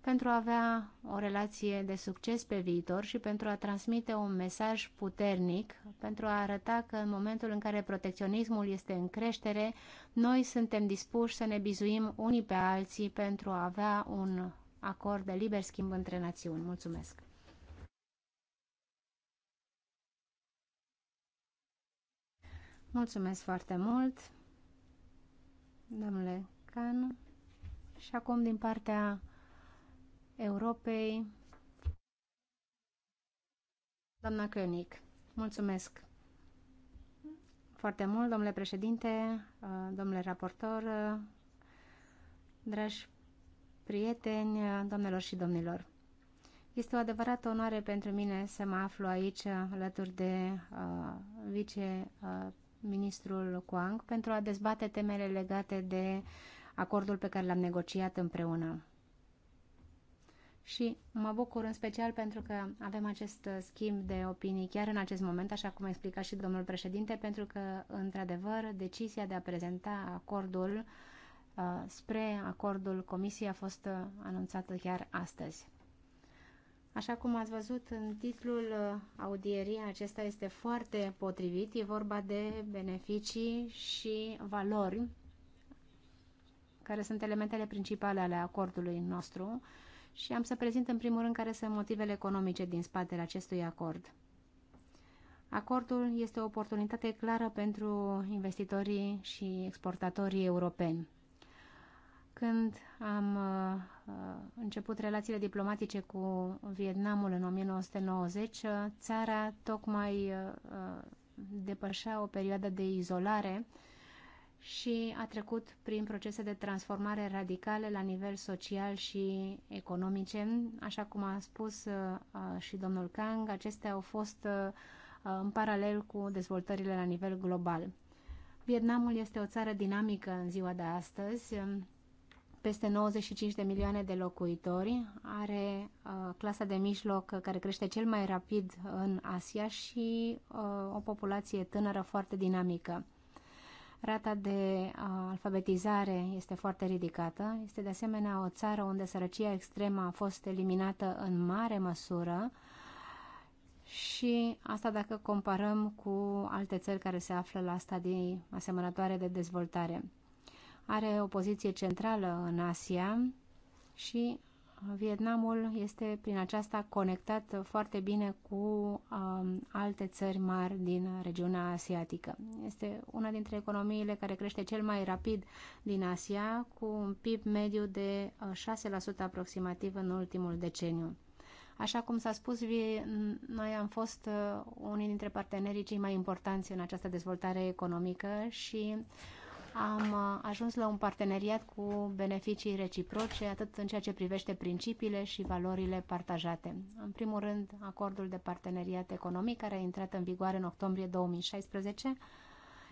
pentru a avea o relație de succes pe viitor și pentru a transmite un mesaj puternic, pentru a arăta că în momentul în care protecționismul este în creștere, noi suntem dispuși să ne bizuim unii pe alții pentru a avea un acord de liber schimb între națiuni. Mulțumesc! Mulțumesc foarte mult, domnule Can. Și acum din partea Europei. Doamna König, mulțumesc foarte mult, domnule președinte, domnule raportor, dragi prieteni, domnilor și domnilor. Este o adevărată onoare pentru mine să mă aflu aici alături de uh, viceministrul uh, Kuang pentru a dezbate temele legate de acordul pe care l-am negociat împreună și mă bucur în special pentru că avem acest schimb de opinii chiar în acest moment, așa cum a explicat și domnul președinte, pentru că, într-adevăr, decizia de a prezenta acordul uh, spre acordul comisiei a fost uh, anunțată chiar astăzi. Așa cum ați văzut în titlul uh, audierii, acesta este foarte potrivit. E vorba de beneficii și valori, care sunt elementele principale ale acordului nostru, și am să prezint în primul rând care sunt motivele economice din spatele acestui acord. Acordul este o oportunitate clară pentru investitorii și exportatorii europeni. Când am uh, uh, început relațiile diplomatice cu Vietnamul în 1990, uh, țara tocmai depășea o perioadă de izolare și a trecut prin procese de transformare radicale la nivel social și economice. Așa cum a spus uh, și domnul Kang, acestea au fost uh, în paralel cu dezvoltările la nivel global. Vietnamul este o țară dinamică în ziua de astăzi, peste 95 de milioane de locuitori, are uh, clasa de mijloc care crește cel mai rapid în Asia și uh, o populație tânără foarte dinamică. Rata de alfabetizare este foarte ridicată. Este de asemenea o țară unde sărăcia extremă a fost eliminată în mare măsură și asta dacă comparăm cu alte țări care se află la stadii asemănătoare de dezvoltare. Are o poziție centrală în Asia și Vietnamul este prin aceasta conectat foarte bine cu um, alte țări mari din regiunea asiatică. Este una dintre economiile care crește cel mai rapid din Asia, cu un PIB mediu de 6% uh, aproximativ în ultimul deceniu. Așa cum s-a spus, noi am fost uh, unii dintre partenerii cei mai importanți în această dezvoltare economică și uh, am uh, ajuns la un parteneriat cu beneficii reciproce, atât în ceea ce privește principiile și valorile partajate. În primul rând, acordul de parteneriat economic, care a intrat în vigoare în octombrie 2016,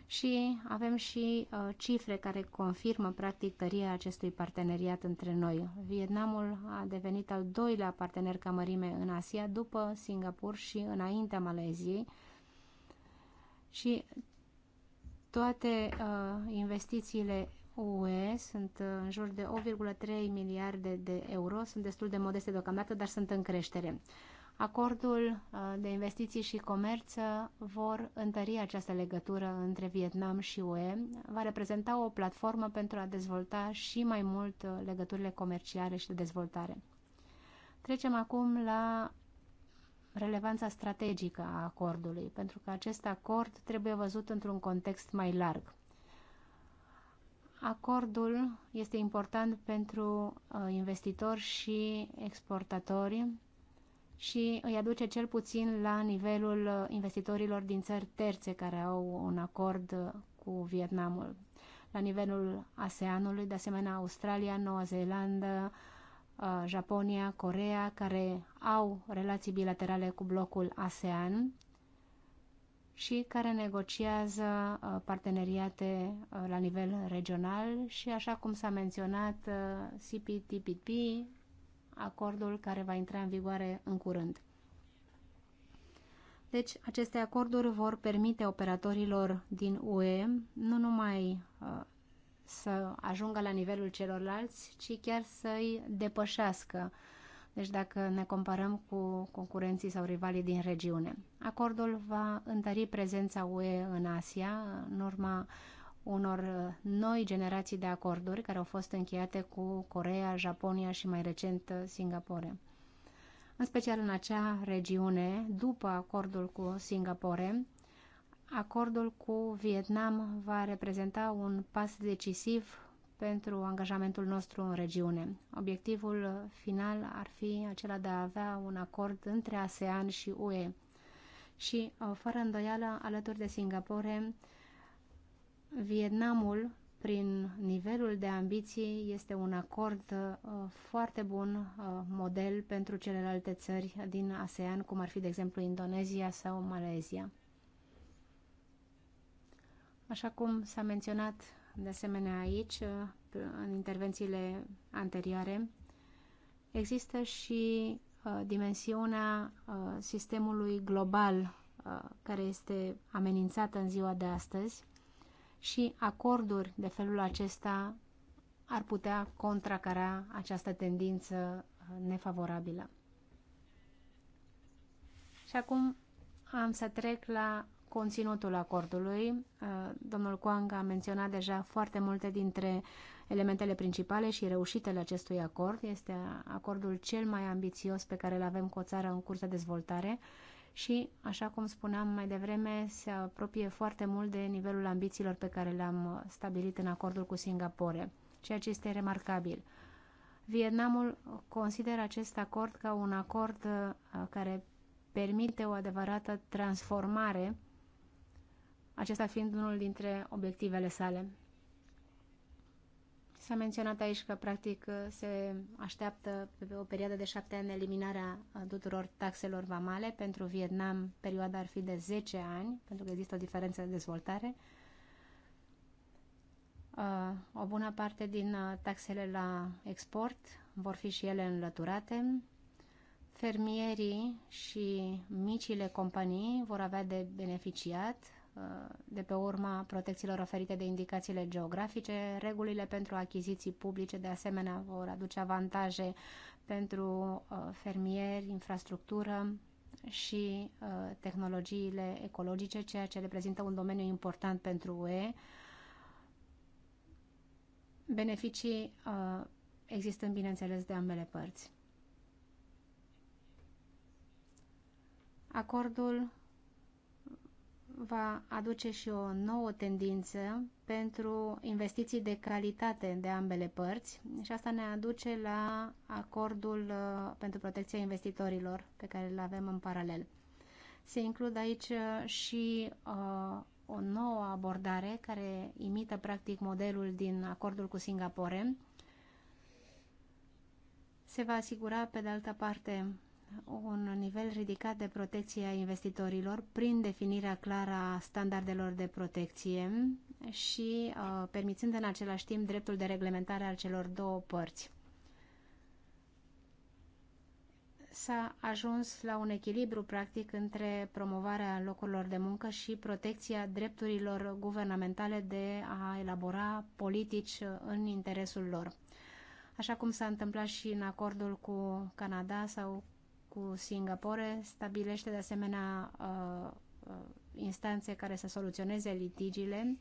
și avem și uh, cifre care confirmă practic tăria acestui parteneriat între noi. Vietnamul a devenit al doilea partener ca mărime în Asia după Singapur și înaintea Maleziei și toate uh, investițiile UE sunt uh, în jur de 8,3 miliarde de euro, sunt destul de modeste deocamdată, dar sunt în creștere. Acordul uh, de investiții și comerț uh, vor întări această legătură între Vietnam și UE, va reprezenta o platformă pentru a dezvolta și mai mult legăturile comerciale și de dezvoltare. Trecem acum la relevanța strategică a acordului, pentru că acest acord trebuie văzut într-un context mai larg. Acordul este important pentru uh, investitori și exportatori și îi aduce cel puțin la nivelul uh, investitorilor din țări terțe care au un acord uh, cu Vietnamul. La nivelul ASEANului, de asemenea Australia, Noua Zeelandă, Uh, Japonia, Corea, care au relații bilaterale cu blocul ASEAN și care negociază uh, parteneriate uh, la nivel regional și, așa cum s-a menționat, CPTPP, acordul care va intra în vigoare în curând. Deci, aceste acorduri vor permite operatorilor din UE nu numai să ajungă la nivelul celorlalți, ci chiar să-i depășească. Deci dacă ne comparăm cu concurenții sau rivalii din regiune. Acordul va întări prezența UE în Asia în urma unor noi generații de acorduri care au fost încheiate cu Corea, Japonia și mai recent Singapore. În special în acea regiune, după acordul cu Singapore, acordul cu Vietnam va reprezenta un pas decisiv pentru angajamentul nostru în regiune. Obiectivul final ar fi acela de a avea un acord între ASEAN și UE. Și, uh, fără îndoială, alături de Singapore, Vietnamul, prin nivelul de ambiții, este un acord uh, foarte bun uh, model pentru celelalte țări din ASEAN, cum ar fi, de exemplu, Indonezia sau Malezia. Așa cum s-a menționat de asemenea aici, uh, în intervențiile anterioare, există și uh, dimensiunea uh, sistemului global care este amenințată în ziua de astăzi și acorduri de felul acesta ar putea contracara această tendință nefavorabilă. Și acum am să trec la conținutul acordului. Uh, domnul Quang a menționat deja foarte multe dintre elementele principale și reușitele acestui acord. Este acordul cel mai ambițios pe care îl avem cu o țară în curs de dezvoltare și, așa cum spuneam mai devreme, se apropie foarte mult de nivelul ambițiilor pe care le-am stabilit în acordul cu Singapore, ceea ce este remarcabil. Vietnamul consideră acest acord ca un acord uh, care permite o adevărată transformare acesta fiind unul dintre obiectivele sale. S-a menționat aici că, practic, se așteaptă pe o perioadă de șapte ani eliminarea uh, tuturor taxelor vamale. Pentru Vietnam, perioada ar fi de 10 ani, pentru că există o diferență de dezvoltare. Uh, o bună parte din uh, taxele la export vor fi și ele înlăturate. Fermierii și micile companii vor avea de beneficiat de pe urma protecțiilor oferite de indicațiile geografice. Regulile pentru achiziții publice, de asemenea, vor aduce avantaje pentru uh, fermieri, infrastructură și uh, tehnologiile ecologice, ceea ce reprezintă un domeniu important pentru UE. Beneficii uh, există, bineînțeles, de ambele părți. Acordul va aduce și o nouă tendință pentru investiții de calitate de ambele părți și asta ne aduce la acordul uh, pentru protecția investitorilor pe care îl avem în paralel. Se includ aici uh, și uh, o nouă abordare care imită practic modelul din acordul cu Singapore. Se va asigura pe de altă parte un nivel ridicat de protecție a investitorilor prin definirea clară a standardelor de protecție și uh, permițând în același timp dreptul de reglementare al celor două părți. S-a ajuns la un echilibru practic între promovarea locurilor de muncă și protecția drepturilor guvernamentale de a elabora politici în interesul lor așa cum s-a întâmplat și în acordul cu Canada sau cu Singapore stabilește de asemenea uh, uh, instanțe care să soluționeze litigiile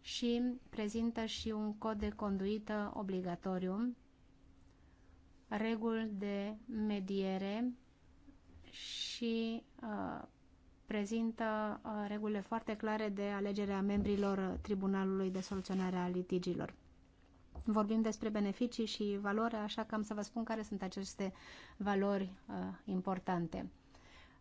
și prezintă și un cod de conduită obligatoriu, reguli de mediere și uh, prezintă uh, regulile foarte clare de alegerea membrilor Tribunalului de Soluționare a Litigilor vorbim despre beneficii și valori, așa că am să vă spun care sunt aceste valori uh, importante.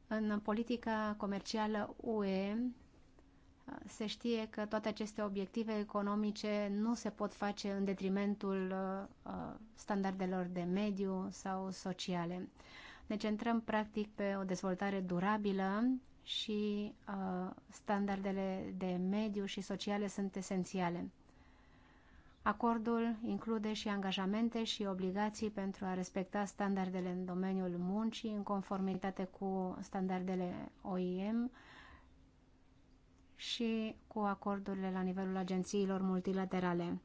În politica comercială UE uh, se știe că toate aceste obiective economice nu se pot face în detrimentul uh, uh, standardelor de mediu sau sociale. Ne deci centrăm practic pe o dezvoltare durabilă și standardele de mediu și sociale sunt esențiale. Acordul include și angajamente și obligații pentru a respecta standardele în domeniul muncii în conformitate cu standardele OIM și cu acordurile la nivelul agențiilor multilaterale.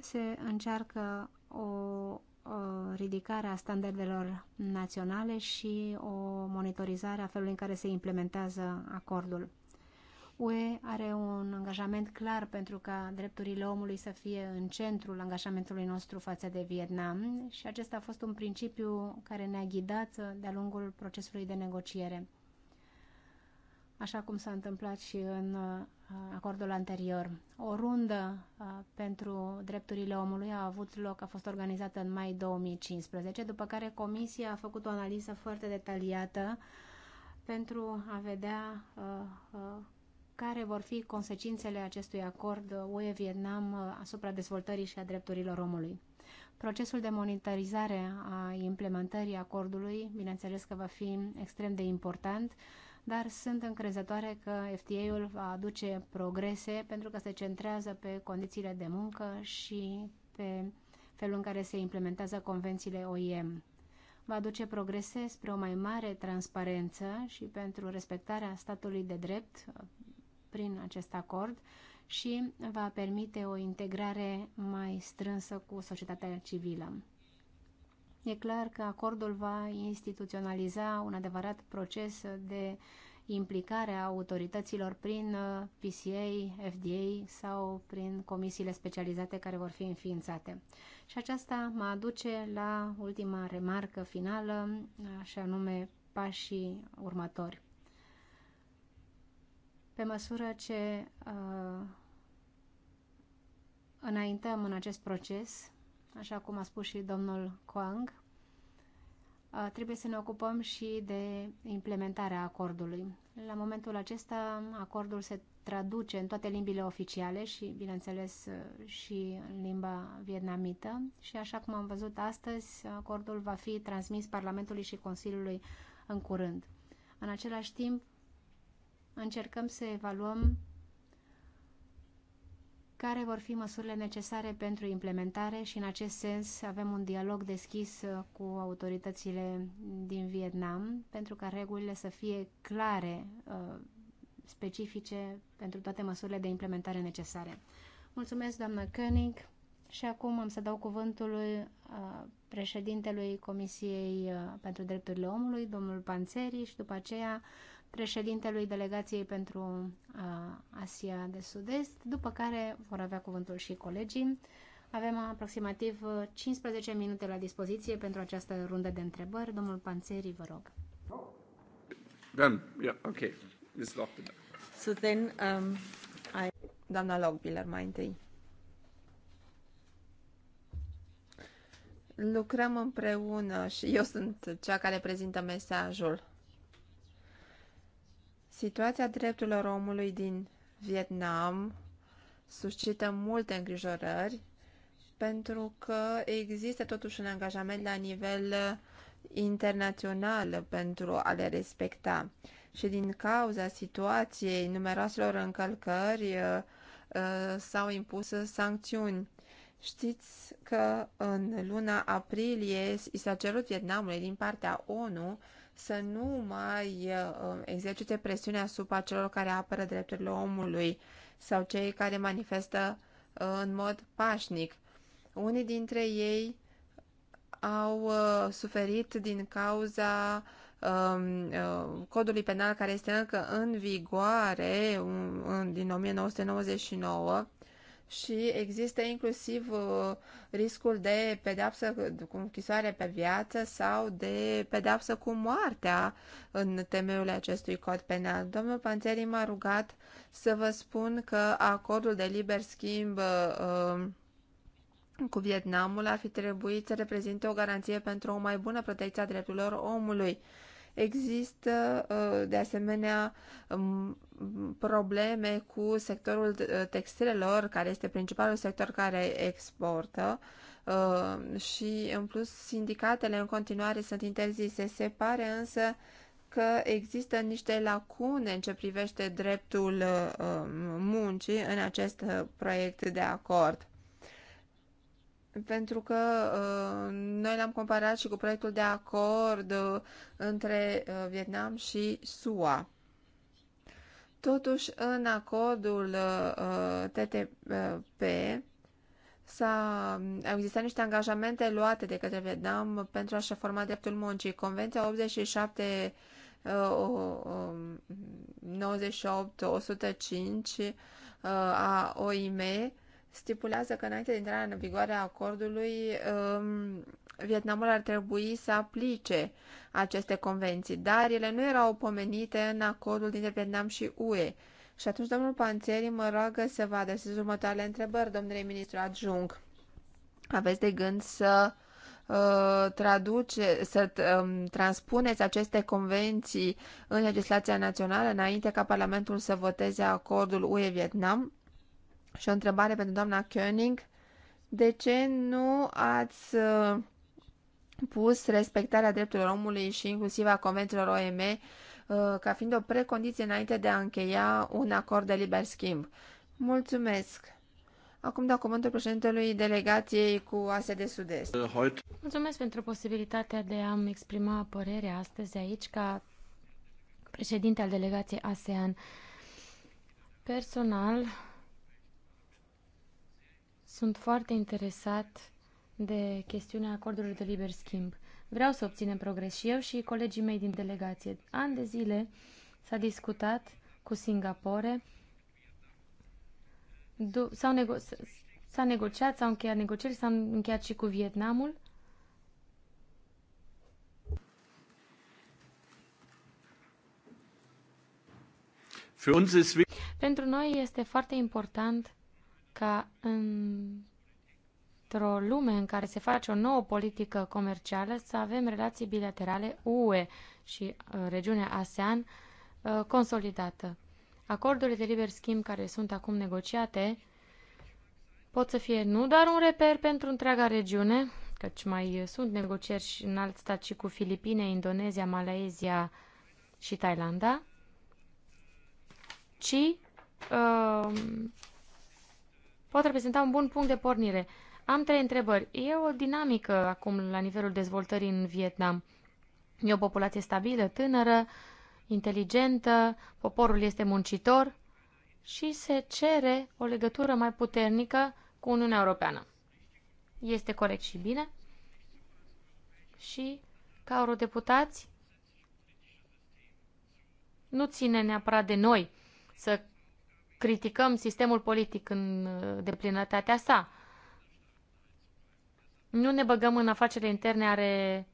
Se încearcă o ridicare a standardelor naționale și o monitorizare a felului în care se implementează acordul. UE are un angajament clar pentru ca drepturile omului să fie în centrul angajamentului nostru față de Vietnam și acesta a fost un principiu care ne-a ghidat de-a lungul procesului de negociere, așa cum s-a întâmplat și în uh, acordul anterior. O rundă uh, pentru drepturile omului a avut loc, a fost organizată în mai 2015, după care Comisia a făcut o analiză foarte detaliată pentru a vedea uh, uh, care vor fi consecințele acestui acord UE-Vietnam uh, asupra dezvoltării și a drepturilor omului. Procesul de monitorizare a implementării acordului, bineînțeles că va fi extrem de important, dar sunt încrezătoare că FTA-ul va aduce progrese pentru că se centrează pe condițiile de muncă și pe felul în care se implementează convențiile OIM. Va aduce progrese spre o mai mare transparență și pentru respectarea statului de drept prin acest acord și va permite o integrare mai strânsă cu societatea civilă. E clar că acordul va instituționaliza un adevărat proces de implicare a autorităților prin uh, PCA, FDA sau prin comisiile specializate care vor fi înființate. Și aceasta mă aduce la ultima remarcă finală, și anume pașii următori. Pe măsură ce uh, înaintăm în acest proces, așa cum a spus și domnul Coang, uh, trebuie să ne ocupăm și de implementarea acordului. La momentul acesta, acordul se traduce în toate limbile oficiale și, bineînțeles, uh, și în limba vietnamită. Și așa cum am văzut astăzi, acordul va fi transmis Parlamentului și Consiliului în curând. În același timp, încercăm să evaluăm care vor fi măsurile necesare pentru implementare și în acest sens avem un dialog deschis uh, cu autoritățile din Vietnam pentru ca regulile să fie clare, uh, specifice pentru toate măsurile de implementare necesare. Mulțumesc, doamnă König, și acum am să dau cuvântul uh, președintelui Comisiei pentru Drepturile Omului, domnul Panțeri, și după aceea președintelui delegației pentru Asia de Sud-Est, după care vor avea cuvântul și colegii. Avem aproximativ 15 uh, minute la dispoziție pentru această rundă de întrebări. Domnul Panțeri, vă rog. Dan, yeah, ok. This so then, um, I... Doamna Logbiller, mai întâi. Lucrăm împreună și eu sunt cea care prezintă mesajul. Situația drepturilor omului din Vietnam suscită multe îngrijorări pentru că există totuși un angajament la nivel internațional pentru a le respecta. Și din cauza situației numeroaselor încălcări uh, uh, s-au impus sancțiuni. Știți că în luna aprilie i s-a cerut Vietnamului din partea ONU să nu mai uh, uh, exercite presiunea asupra celor care apără drepturile omului sau cei care manifestă uh, în mod pașnic. Unii dintre ei au suferit din cauza um, codului penal care este încă în vigoare din 1999 și există inclusiv uh, riscul de pedeapsă cu închisoare pe viață sau de pedeapsă cu moartea în temeiul acestui cod penal. Domnul Panțeri m-a rugat să vă spun că acordul de liber schimb uh, um, cu Vietnamul ar fi trebuit să reprezinte o garanție pentru o mai bună protecție a drepturilor omului Există, uh, de asemenea, um, probleme cu sectorul uh, textilelor, care este principalul sector care exportă uh, și, în plus, sindicatele în continuare sunt interzise. Se pare însă că există niște lacune în ce privește dreptul muncii în acest proiect de acord pentru că uh, noi l-am comparat și cu proiectul de acord uh, între uh, Vietnam și SUA. Totuși, în acordul uh, uh TTP s-a, au existat niște angajamente luate de către Vietnam pentru a-și forma dreptul muncii. Convenția 87 98 105 a OIM stipulează că înainte de intrarea în vigoare a acordului, um, Vietnamul ar trebui să aplice aceste convenții, dar ele nu erau pomenite în acordul dintre Vietnam și UE. Și atunci domnul Panțeri mă roagă să vă adresez următoarele întrebări, domnule ministru adjunct. Aveți de gând să uh, traduce, să um, transpuneți aceste convenții în legislația națională înainte ca Parlamentul să voteze acordul UE-Vietnam? Și o întrebare pentru doamna Koenig. De ce nu ați uh, pus respectarea drepturilor omului și inclusiv a convențiilor OME uh, ca fiind o precondiție înainte de a încheia un acord de liber schimb? Mulțumesc! Acum dau cuvântul președintelui delegației cu ASE de Sud-Est. Mulțumesc pentru posibilitatea de a-mi exprima părerea astăzi aici ca președinte al delegației ASEAN. Personal, sunt foarte interesat de chestiunea acordurilor de liber schimb. Vreau să obținem progres și eu și colegii mei din delegație. An de zile s-a discutat cu Singapore, s-au nego s-a negociat, s-au încheiat negocieri, s-au încheiat și cu Vietnamul. Pentru noi este foarte important ca într-o lume în care se face o nouă politică comercială să avem relații bilaterale UE și uh, regiunea ASEAN uh, consolidată. Acordurile de liber schimb care sunt acum negociate pot să fie nu doar un reper pentru întreaga regiune, căci mai sunt negocieri și în alt stat și cu Filipine, Indonezia, Malaezia și Thailanda, ci uh, pot reprezenta un bun punct de pornire. Am trei întrebări. E o dinamică acum la nivelul dezvoltării în Vietnam. E o populație stabilă, tânără, inteligentă, poporul este muncitor și se cere o legătură mai puternică cu Uniunea Europeană. Este corect și bine? Și, ca eurodeputați, nu ține neapărat de noi să criticăm sistemul politic în uh, deplinătatea sa. Nu ne băgăm în afacerile interne ale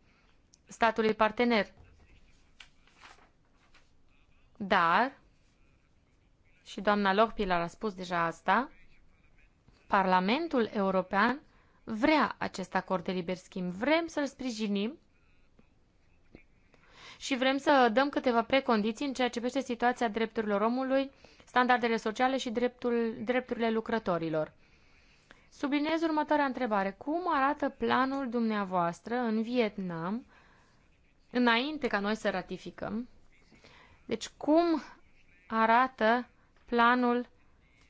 statului partener. Dar, și doamna Lochpilar a spus deja asta, Parlamentul European vrea acest acord de liber schimb. Vrem să-l sprijinim și vrem să dăm câteva precondiții în ceea ce privește situația drepturilor omului, standardele sociale și dreptul, drepturile lucrătorilor. Subliniez următoarea întrebare. Cum arată planul dumneavoastră în Vietnam înainte ca noi să ratificăm? Deci cum arată planul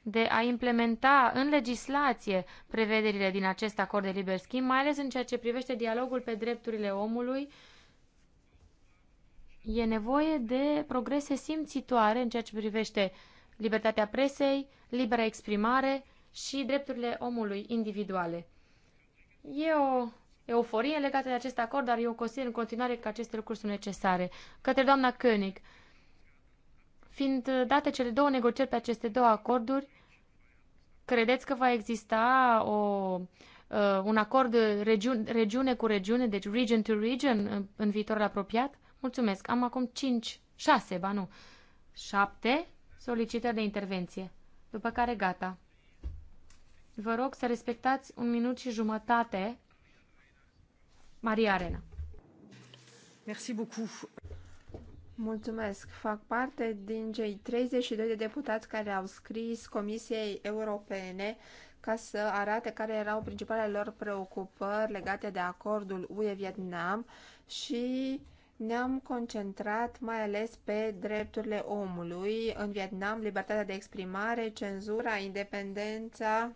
de a implementa în legislație prevederile din acest acord de liber schimb, mai ales în ceea ce privește dialogul pe drepturile omului E nevoie de progrese simțitoare în ceea ce privește libertatea presei, libera exprimare și drepturile omului individuale. E o euforie legată de acest acord, dar eu consider în continuare că aceste lucruri sunt necesare. Către doamna König, fiind date cele două negocieri pe aceste două acorduri, credeți că va exista o, uh, un acord regiune, regiune cu regiune, deci region to region, în viitorul apropiat? Mulțumesc. Am acum cinci, șase, ba nu, șapte solicitări de intervenție. După care gata. Vă rog să respectați un minut și jumătate. Maria Arena. Merci beaucoup. Mulțumesc. Fac parte din cei 32 de deputați care au scris Comisiei Europene ca să arate care erau principalele lor preocupări legate de acordul UE-Vietnam și ne-am concentrat mai ales pe drepturile omului în Vietnam, libertatea de exprimare, cenzura, independența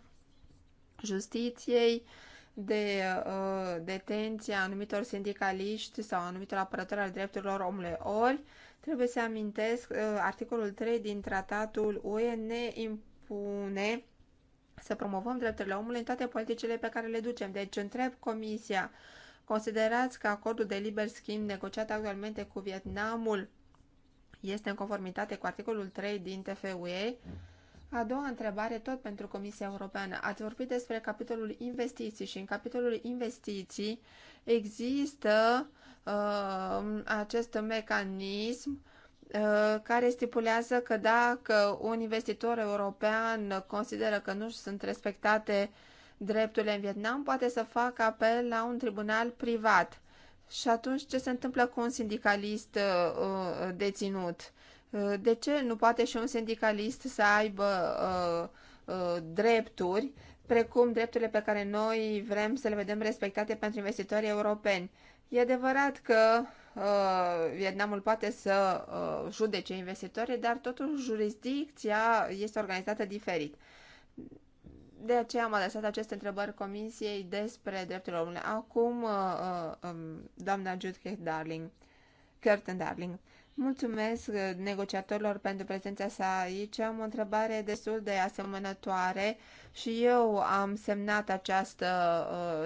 justiției, de uh, detenția anumitor sindicaliști sau anumitor apărători al drepturilor omului. Ori, trebuie să amintesc, uh, articolul 3 din tratatul UE ne impune să promovăm drepturile omului în toate politicile pe care le ducem. Deci, întreb Comisia, uh, Considerați că acordul de liber schimb negociat actualmente cu Vietnamul este în conformitate cu articolul 3 din TFUE? A doua întrebare, tot pentru Comisia Europeană. Ați vorbit despre capitolul investiții și în capitolul investiții există uh, acest mecanism uh, care stipulează că dacă un investitor european consideră că nu sunt respectate uh, drepturile în Vietnam, poate să facă apel la un tribunal privat. Și atunci ce se întâmplă cu un sindicalist uh, uh deținut? Uh, de ce nu poate și un sindicalist să aibă uh, uh, drepturi, precum drepturile pe care noi vrem să le vedem respectate pentru investitorii europeni? E adevărat că uh, Vietnamul poate să uh, judece investitorii, dar totuși jurisdicția este organizată diferit de aceea am adresat aceste întrebări Comisiei despre drepturile omului. Acum, uh, uh, um, doamna Judith Darling, Curtin Darling, mulțumesc uh, negociatorilor pentru prezența sa aici. Am o întrebare destul de asemănătoare și eu am semnat această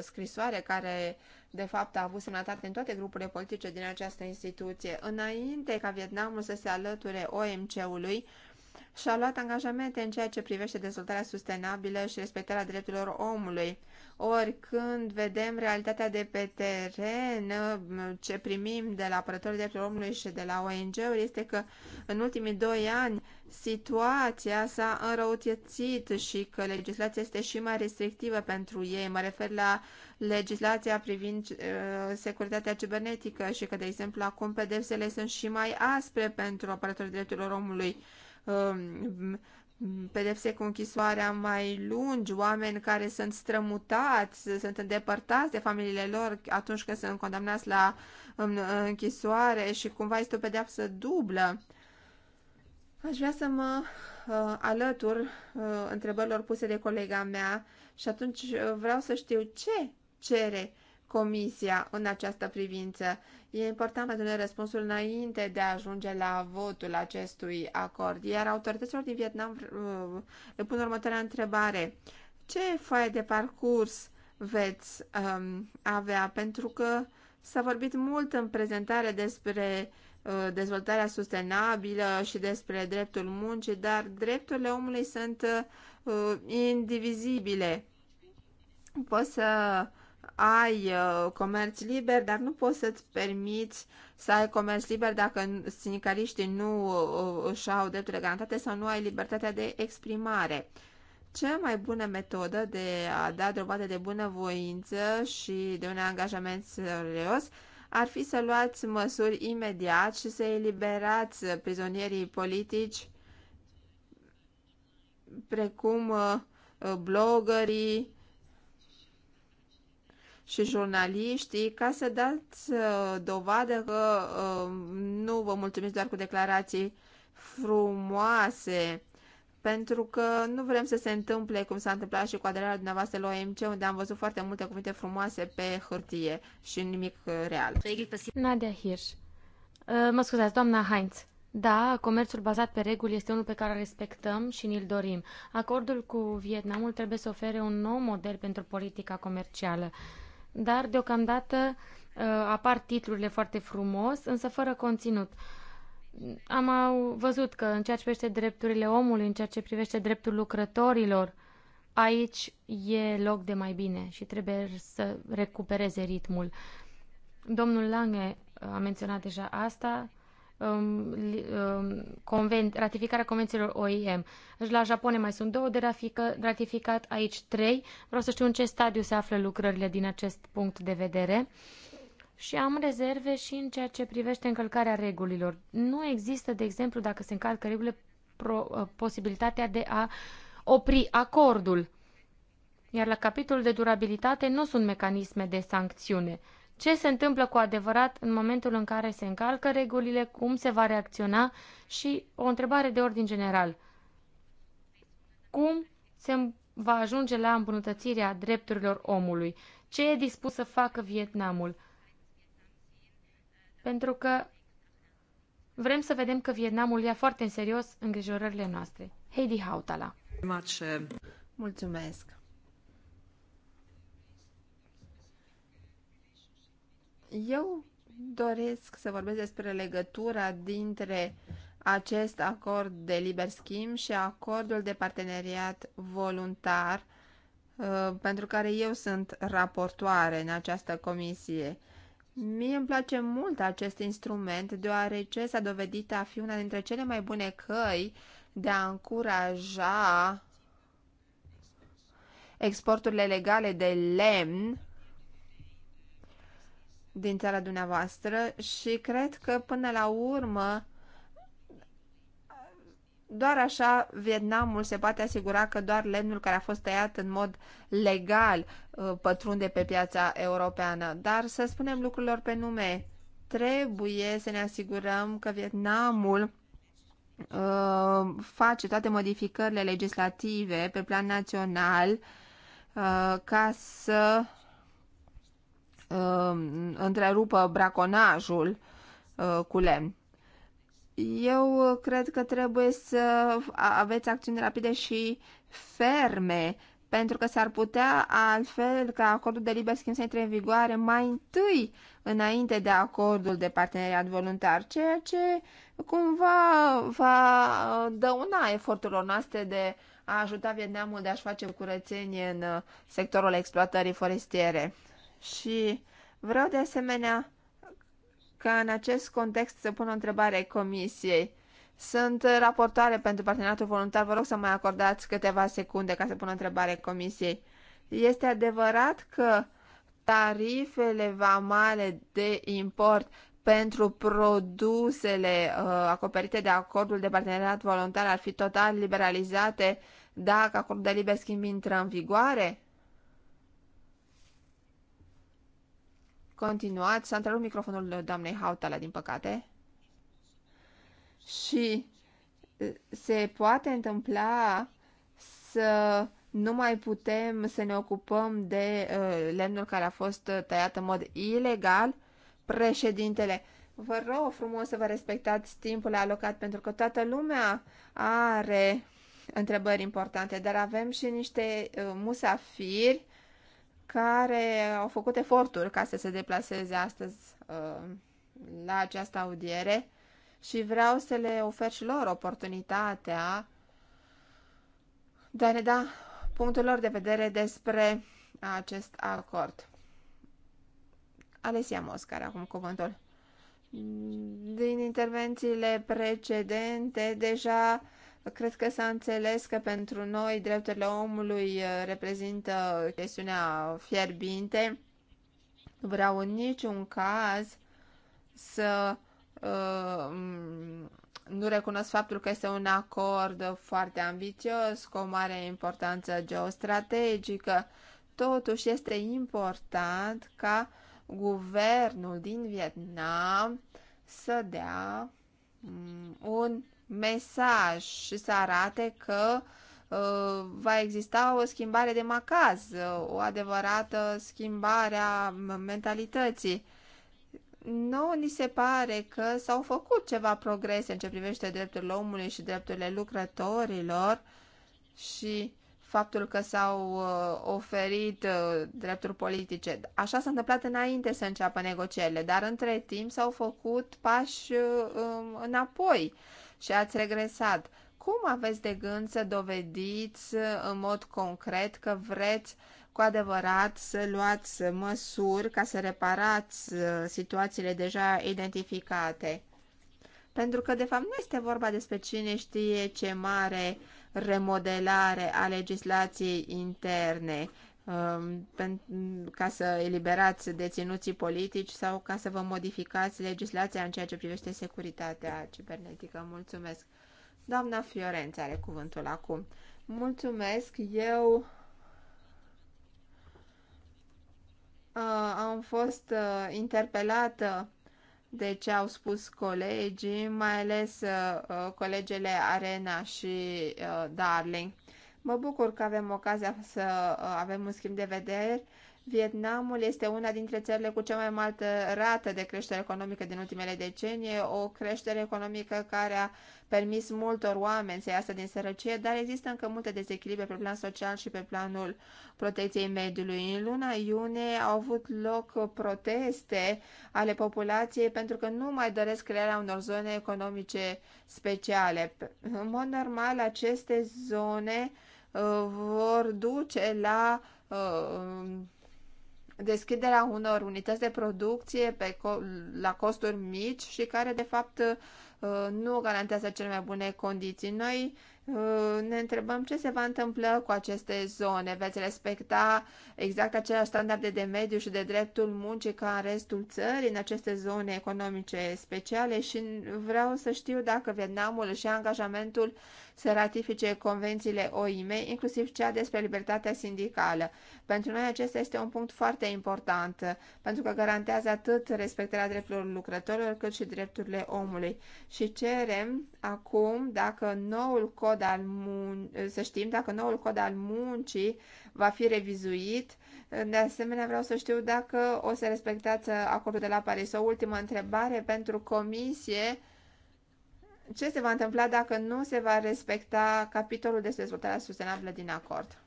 scrisoare care de fapt a avut semnătate în toate grupurile politice din această instituție. Înainte ca Vietnamul să se alăture OMC-ului, și-a luat angajamente în ceea ce privește dezvoltarea sustenabilă și respectarea drepturilor omului. Ori când vedem realitatea de pe teren, ce primim de la apărătorii drepturilor omului și de la ONG-uri, este că în ultimii doi ani situația s-a înrăutățit și că legislația este și mai restrictivă pentru ei. Mă refer la legislația privind uh, securitatea cibernetică și că, de exemplu, acum pedepsele sunt și mai aspre pentru apărătorii drepturilor omului Um, pedepse cu închisoarea mai lungi, oameni care sunt strămutați, sunt îndepărtați de familiile lor atunci când sunt condamnați la um, închisoare și cumva este o pedeapsă dublă. Aș vrea să mă uh, alătur uh, întrebărilor puse de colega mea și atunci uh, vreau să știu ce cere Comisia în această privință. E important să ne răspunsul înainte de a ajunge la votul acestui acord. Iar autorităților din Vietnam le uh, pun următoarea întrebare. Ce foaie de parcurs veți um, avea? Pentru că s-a vorbit mult în prezentare despre uh, dezvoltarea sustenabilă și despre dreptul muncii, dar drepturile omului sunt uh, indivizibile. Poți să uh, ai uh, comerț liber, dar nu poți să-ți permiți să ai comerț liber dacă sindicaliștii nu uh, își au drepturile garantate sau nu ai libertatea de exprimare. Cea mai bună metodă de a da dovadă de bunăvoință și de un angajament serios ar fi să luați măsuri imediat și să eliberați prizonierii politici precum uh, blogării, și jurnaliștii ca să dați uh, dovadă că uh, nu vă mulțumiți doar cu declarații frumoase, pentru că nu vrem să se întâmple cum s-a întâmplat și cu aderarea dumneavoastră la OMC, unde am văzut foarte multe cuvinte frumoase pe hârtie și nimic uh, real. Nadia Hirsch. Mă scuzați, doamna Heinz. Da, comerțul bazat pe reguli este unul pe care îl respectăm și ni-l dorim. Acordul cu Vietnamul trebuie să ofere un nou model pentru politica comercială dar deocamdată uh, apar titlurile foarte frumos, însă fără conținut. Am văzut că în ceea ce privește drepturile omului, în ceea ce privește dreptul lucrătorilor, aici e loc de mai bine și trebuie să recupereze ritmul. Domnul Lange a menționat deja asta, um, um, conven- ratificarea convențiilor OIM. Deci la Japonia mai sunt două de ratificat, aici trei. Vreau să știu în ce stadiu se află lucrările din acest punct de vedere. Și am rezerve și în ceea ce privește încălcarea regulilor. Nu există, de exemplu, dacă se încalcă regulile, pro, uh, posibilitatea de a opri acordul. Iar la capitolul de durabilitate nu sunt mecanisme de sancțiune ce se întâmplă cu adevărat în momentul în care se încalcă regulile, cum se va reacționa și o întrebare de ordin general. Cum se va ajunge la îmbunătățirea drepturilor omului? Ce e dispus să facă Vietnamul? Pentru că vrem să vedem că Vietnamul ia foarte în serios îngrijorările noastre. Heidi Hautala. Mulțumesc! Eu doresc să vorbesc despre legătura dintre acest acord de liber schimb și acordul de parteneriat voluntar uh, pentru care eu sunt raportoare în această comisie. Mie îmi place mult acest instrument, deoarece s-a dovedit a fi una dintre cele mai bune căi de a încuraja exporturile legale de lemn din țara dumneavoastră și cred că până la urmă doar așa Vietnamul se poate asigura că doar lemnul care a fost tăiat în mod legal uh, pătrunde pe piața europeană. Dar să spunem lucrurilor pe nume, trebuie să ne asigurăm că Vietnamul uh, face toate modificările legislative pe plan național uh, ca să Um, întrerupă braconajul uh, cu lemn. Eu cred că trebuie să aveți acțiuni rapide și ferme, pentru că s-ar putea altfel ca acordul de liber schimb să intre în vigoare mai întâi înainte de acordul de parteneriat voluntar, ceea ce cumva va uh, dăuna eforturilor noastre de a ajuta Vietnamul de a-și face curățenie în uh, sectorul exploatării forestiere. Și vreau de asemenea ca în acest context să pun o întrebare comisiei. Sunt raportoare pentru parteneriatul voluntar. Vă rog să mai acordați câteva secunde ca să pun o întrebare comisiei. Este adevărat că tarifele vamale de import pentru produsele uh, acoperite de acordul de parteneriat voluntar ar fi total liberalizate dacă acordul de liber schimb intră în vigoare? Continuați, s-a întrerupt microfonul doamnei Hautala, din păcate. Și uh, se poate întâmpla să nu mai putem să ne ocupăm de uh, lemnul care a fost uh, tăiat în mod ilegal. Președintele, vă rog frumos să vă respectați timpul alocat pentru că toată lumea are întrebări importante, dar avem și niște uh, musafiri care au făcut eforturi ca să se deplaseze astăzi uh, la această audiere și vreau să le ofer și lor oportunitatea de a ne da punctul lor de vedere despre acest acord. Alesia Moscar, acum cuvântul. Din intervențiile precedente, deja Cred că s-a înțeles că pentru noi drepturile omului uh, reprezintă chestiunea fierbinte. Nu vreau în niciun caz să uh, nu recunosc faptul că este un acord foarte ambițios, cu o mare importanță geostrategică. Totuși este important ca guvernul din Vietnam să dea mm, un mesaj și să arate că uh, va exista o schimbare de macaz, uh, o adevărată schimbare a mentalității. Nu ni se pare că s-au făcut ceva progrese în ce privește drepturile omului și drepturile lucrătorilor și faptul că s-au uh, oferit uh, drepturi politice. Așa s-a întâmplat înainte să înceapă negocierile, dar între timp s-au făcut pași înapoi și ați regresat. Cum aveți de gând să dovediți în mod concret că vreți cu adevărat să luați măsuri ca să reparați uh, situațiile deja identificate? Pentru că, de fapt, nu este vorba despre cine știe ce mare remodelare a legislației interne, Um, ca să eliberați deținuții politici sau ca să vă modificați legislația în ceea ce privește securitatea cibernetică. Mulțumesc. Doamna Fiorența are cuvântul acum. Mulțumesc. Eu uh, am fost uh, interpelată de ce au spus colegii, mai ales uh, colegele Arena și Darling Mă bucur că avem ocazia să uh, avem un schimb de vedere. Vietnamul este una dintre țările cu cea mai mare rată de creștere economică din ultimele decenii, o creștere economică care a permis multor oameni să iasă din sărăcie, dar există încă multe dezechilibre pe plan social și pe planul protecției mediului. În luna iunie au avut loc proteste ale populației pentru că nu mai doresc crearea unor zone economice speciale. În mod normal, aceste zone vor duce la uh, deschiderea unor unități de producție pe co- la costuri mici și care, de fapt, uh, nu garantează cele mai bune condiții. Noi uh, ne întrebăm ce se va întâmpla cu aceste zone. Veți respecta exact aceleași standarde de mediu și de dreptul muncii ca în restul țării, în aceste zone economice speciale și vreau să știu dacă Vietnamul și angajamentul să ratifice convențiile OIM, inclusiv cea despre libertatea sindicală. Pentru noi acesta este un punct foarte important, pentru că garantează atât respectarea drepturilor lucrătorilor, cât și drepturile omului. Și cerem acum dacă noul cod al mun- să știm dacă noul cod al muncii va fi revizuit. De asemenea, vreau să știu dacă o să respectați acordul de la Paris. O ultimă întrebare pentru comisie ce se va întâmpla dacă nu se va respecta capitolul despre dezvoltarea sustenabilă din acord.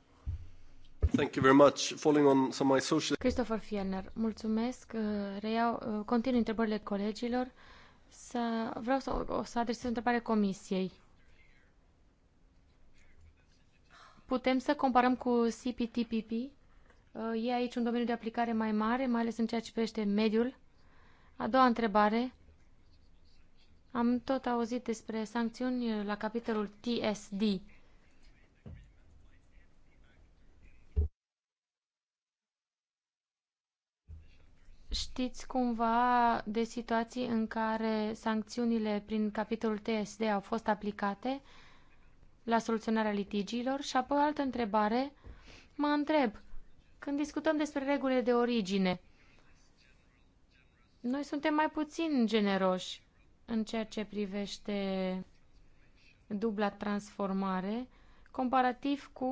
Thank you very much. Following on some my social... Christopher Fielner, mulțumesc. Uh, reiau, uh, continui întrebările colegilor. Să, vreau să, o să adresez o întrebare comisiei. Putem să comparăm cu CPTPP? Uh, e aici un domeniu de aplicare mai mare, mai ales în ceea ce privește mediul. A doua întrebare am tot auzit despre sancțiuni la capitolul TSD. Știți cumva de situații în care sancțiunile prin capitolul TSD au fost aplicate la soluționarea litigiilor? Și apoi o altă întrebare. Mă întreb, când discutăm despre regulile de origine, noi suntem mai puțin generoși în ceea ce privește dubla transformare, comparativ cu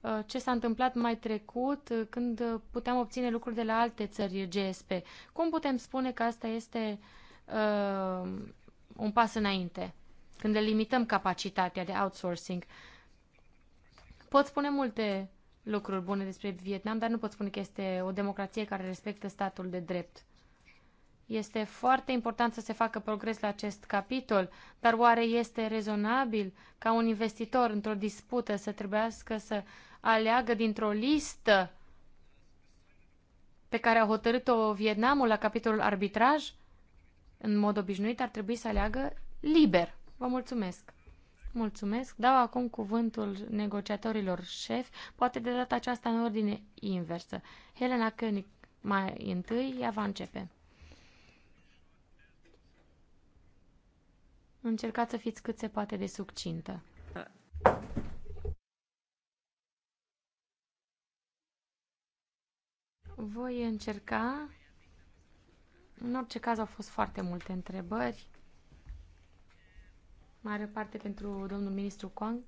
uh, ce s-a întâmplat mai trecut uh, când puteam obține lucruri de la alte țări GSP. Cum putem spune că asta este uh, un pas înainte, când le limităm capacitatea de outsourcing? Pot spune multe lucruri bune despre Vietnam, dar nu pot spune că este o democrație care respectă statul de drept. Este foarte important să se facă progres la acest capitol, dar oare este rezonabil ca un investitor într-o dispută să trebuiască să aleagă dintr-o listă pe care a hotărât-o Vietnamul la capitolul arbitraj? În mod obișnuit ar trebui să aleagă liber. Vă mulțumesc! Mulțumesc. Dau acum cuvântul negociatorilor șef, poate de data aceasta în ordine inversă. Helena König mai întâi, ea va începe. Încercați să fiți cât se poate de succintă. Voi încerca. În orice caz au fost foarte multe întrebări. Mare parte pentru domnul ministru Kong.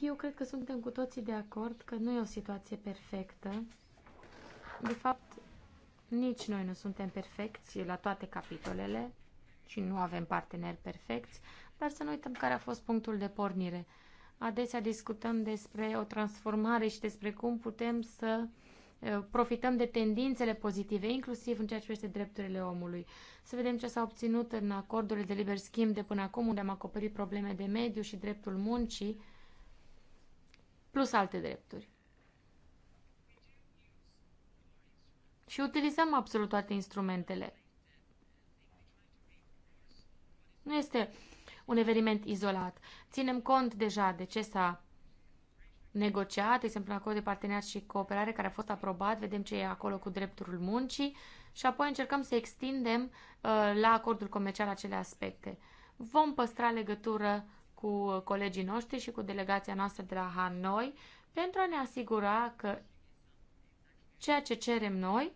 Eu cred că suntem cu toții de acord că nu e o situație perfectă. De fapt, nici noi nu suntem perfecți la toate capitolele și nu avem parteneri perfecți, dar să nu uităm care a fost punctul de pornire. Adesea discutăm despre o transformare și despre cum putem să uh, profităm de tendințele pozitive, inclusiv în ceea ce privește drepturile omului. Să vedem ce s-a obținut în acordurile de liber schimb de până acum, unde am acoperit probleme de mediu și dreptul muncii, plus alte drepturi. Și utilizăm absolut toate instrumentele. Nu este un eveniment izolat. Ținem cont deja de ce s-a negociat, de exemplu, un acord de parteneriat și cooperare care a fost aprobat, vedem ce e acolo cu drepturile muncii și apoi încercăm să extindem uh, la acordul comercial acele aspecte. Vom păstra legătură cu colegii noștri și cu delegația noastră de la Hanoi pentru a ne asigura că Ceea ce cerem noi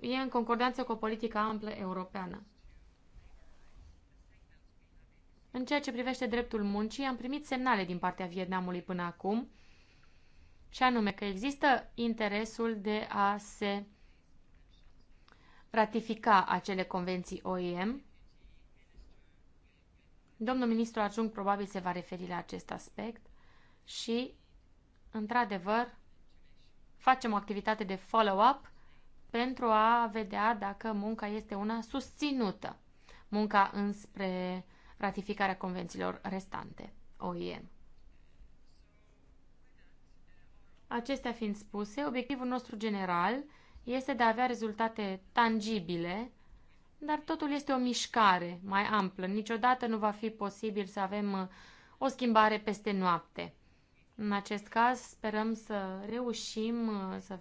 e în concordanță cu o politică amplă europeană. În ceea ce privește dreptul muncii, am primit semnale din partea Vietnamului până acum, și anume că există interesul de a se ratifica acele convenții OIM. Domnul ministru Ajung probabil se va referi la acest aspect și, într-adevăr, facem o activitate de follow-up pentru a vedea dacă munca este una susținută, munca înspre ratificarea convențiilor restante, OIM. Acestea fiind spuse, obiectivul nostru general este de a avea rezultate tangibile, dar totul este o mișcare mai amplă. Niciodată nu va fi posibil să avem uh, o schimbare peste noapte. În acest caz sperăm să reușim uh, să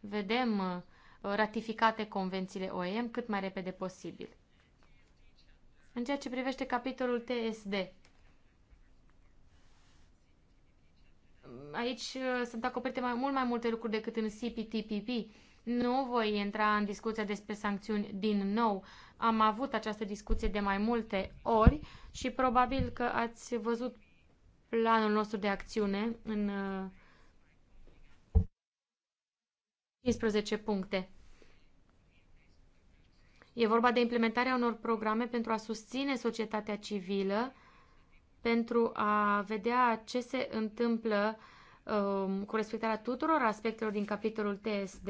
vedem uh, ratificate convențiile OEM cât mai repede posibil. În ceea ce privește capitolul TSD, aici uh, sunt acoperite mai, mult mai multe lucruri decât în CPTPP. Nu voi intra în discuția despre sancțiuni din nou. Am avut această discuție de mai multe ori și probabil că ați văzut planul nostru de acțiune în 15 uh, puncte. E vorba de implementarea unor programe pentru a susține societatea civilă, pentru a vedea ce se întâmplă um, cu respectarea tuturor aspectelor din capitolul TSD,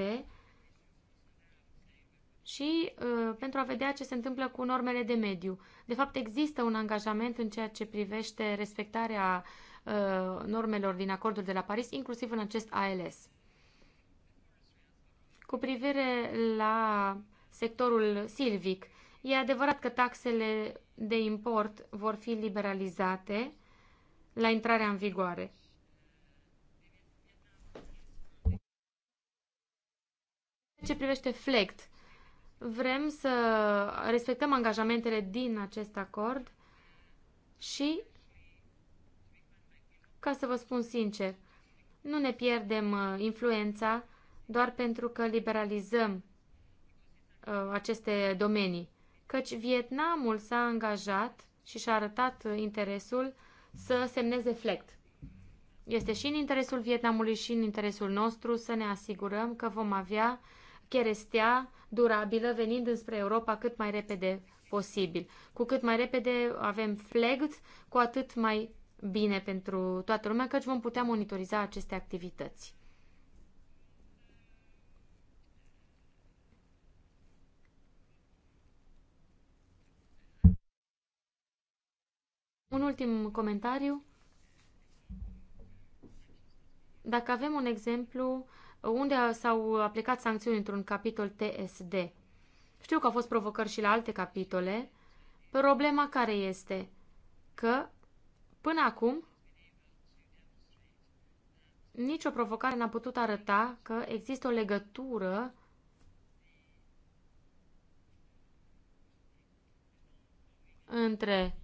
și uh, pentru a vedea ce se întâmplă cu normele de mediu. De fapt, există un angajament în ceea ce privește respectarea uh, normelor din acordul de la Paris, inclusiv în acest ALS. Cu privire la sectorul silvic, e adevărat că taxele de import vor fi liberalizate la intrarea în vigoare. ce privește FLECT, Vrem să respectăm angajamentele din acest acord și, ca să vă spun sincer, nu ne pierdem uh, influența doar pentru că liberalizăm uh, aceste domenii, căci Vietnamul s-a angajat și și-a arătat uh, interesul să semneze FLECT. Este și în interesul Vietnamului și în interesul nostru să ne asigurăm că vom avea cherestea durabilă venind înspre Europa cât mai repede posibil. Cu cât mai repede avem flagged, cu atât mai bine pentru toată lumea, căci vom putea monitoriza aceste activități. Un ultim comentariu. Dacă avem un exemplu unde s-au aplicat sancțiuni într-un capitol TSD. Știu că au fost provocări și la alte capitole. Problema care este? Că, până acum, nicio provocare n-a putut arăta că există o legătură între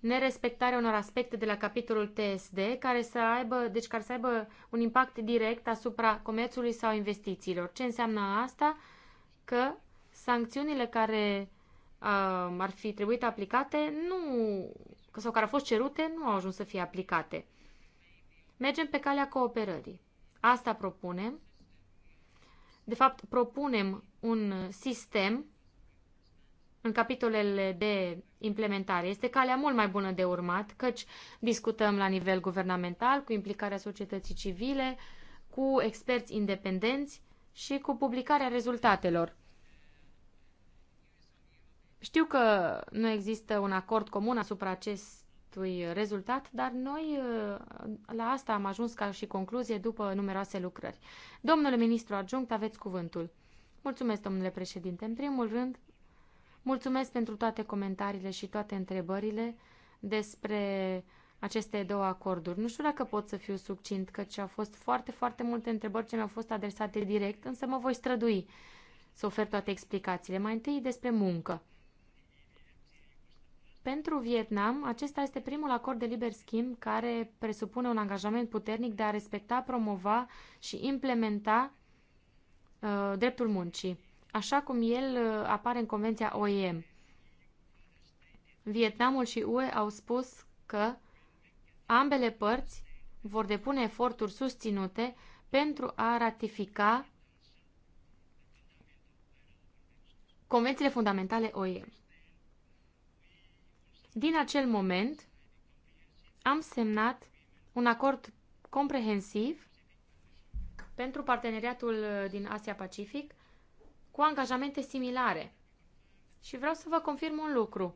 nerespectarea unor aspecte de la capitolul TSD care să aibă, deci care să aibă un impact direct asupra comerțului sau investițiilor. Ce înseamnă asta? Că sancțiunile care uh, ar fi trebuit aplicate nu, sau care au fost cerute nu au ajuns să fie aplicate. Mergem pe calea cooperării. Asta propunem. De fapt, propunem un sistem în capitolele de implementare este calea mult mai bună de urmat, căci discutăm la nivel guvernamental, cu implicarea societății civile, cu experți independenți și cu publicarea rezultatelor. Știu că nu există un acord comun asupra acestui rezultat, dar noi uh, la asta am ajuns ca și concluzie după numeroase lucrări. Domnule ministru adjunct, aveți cuvântul. Mulțumesc, domnule președinte. În primul rând, Mulțumesc pentru toate comentariile și toate întrebările despre aceste două acorduri. Nu știu dacă pot să fiu succint, căci au fost foarte, foarte multe întrebări ce mi-au fost adresate direct, însă mă voi strădui să ofer toate explicațiile. Mai întâi despre muncă. Pentru Vietnam, acesta este primul acord de liber schimb care presupune un angajament puternic de a respecta, promova și implementa uh, dreptul muncii așa cum el uh, apare în Convenția OIM. Vietnamul și UE au spus că ambele părți vor depune eforturi susținute pentru a ratifica convențiile fundamentale OIM. Din acel moment am semnat un acord comprehensiv pentru parteneriatul uh, din Asia-Pacific cu angajamente similare. Și vreau să vă confirm un lucru.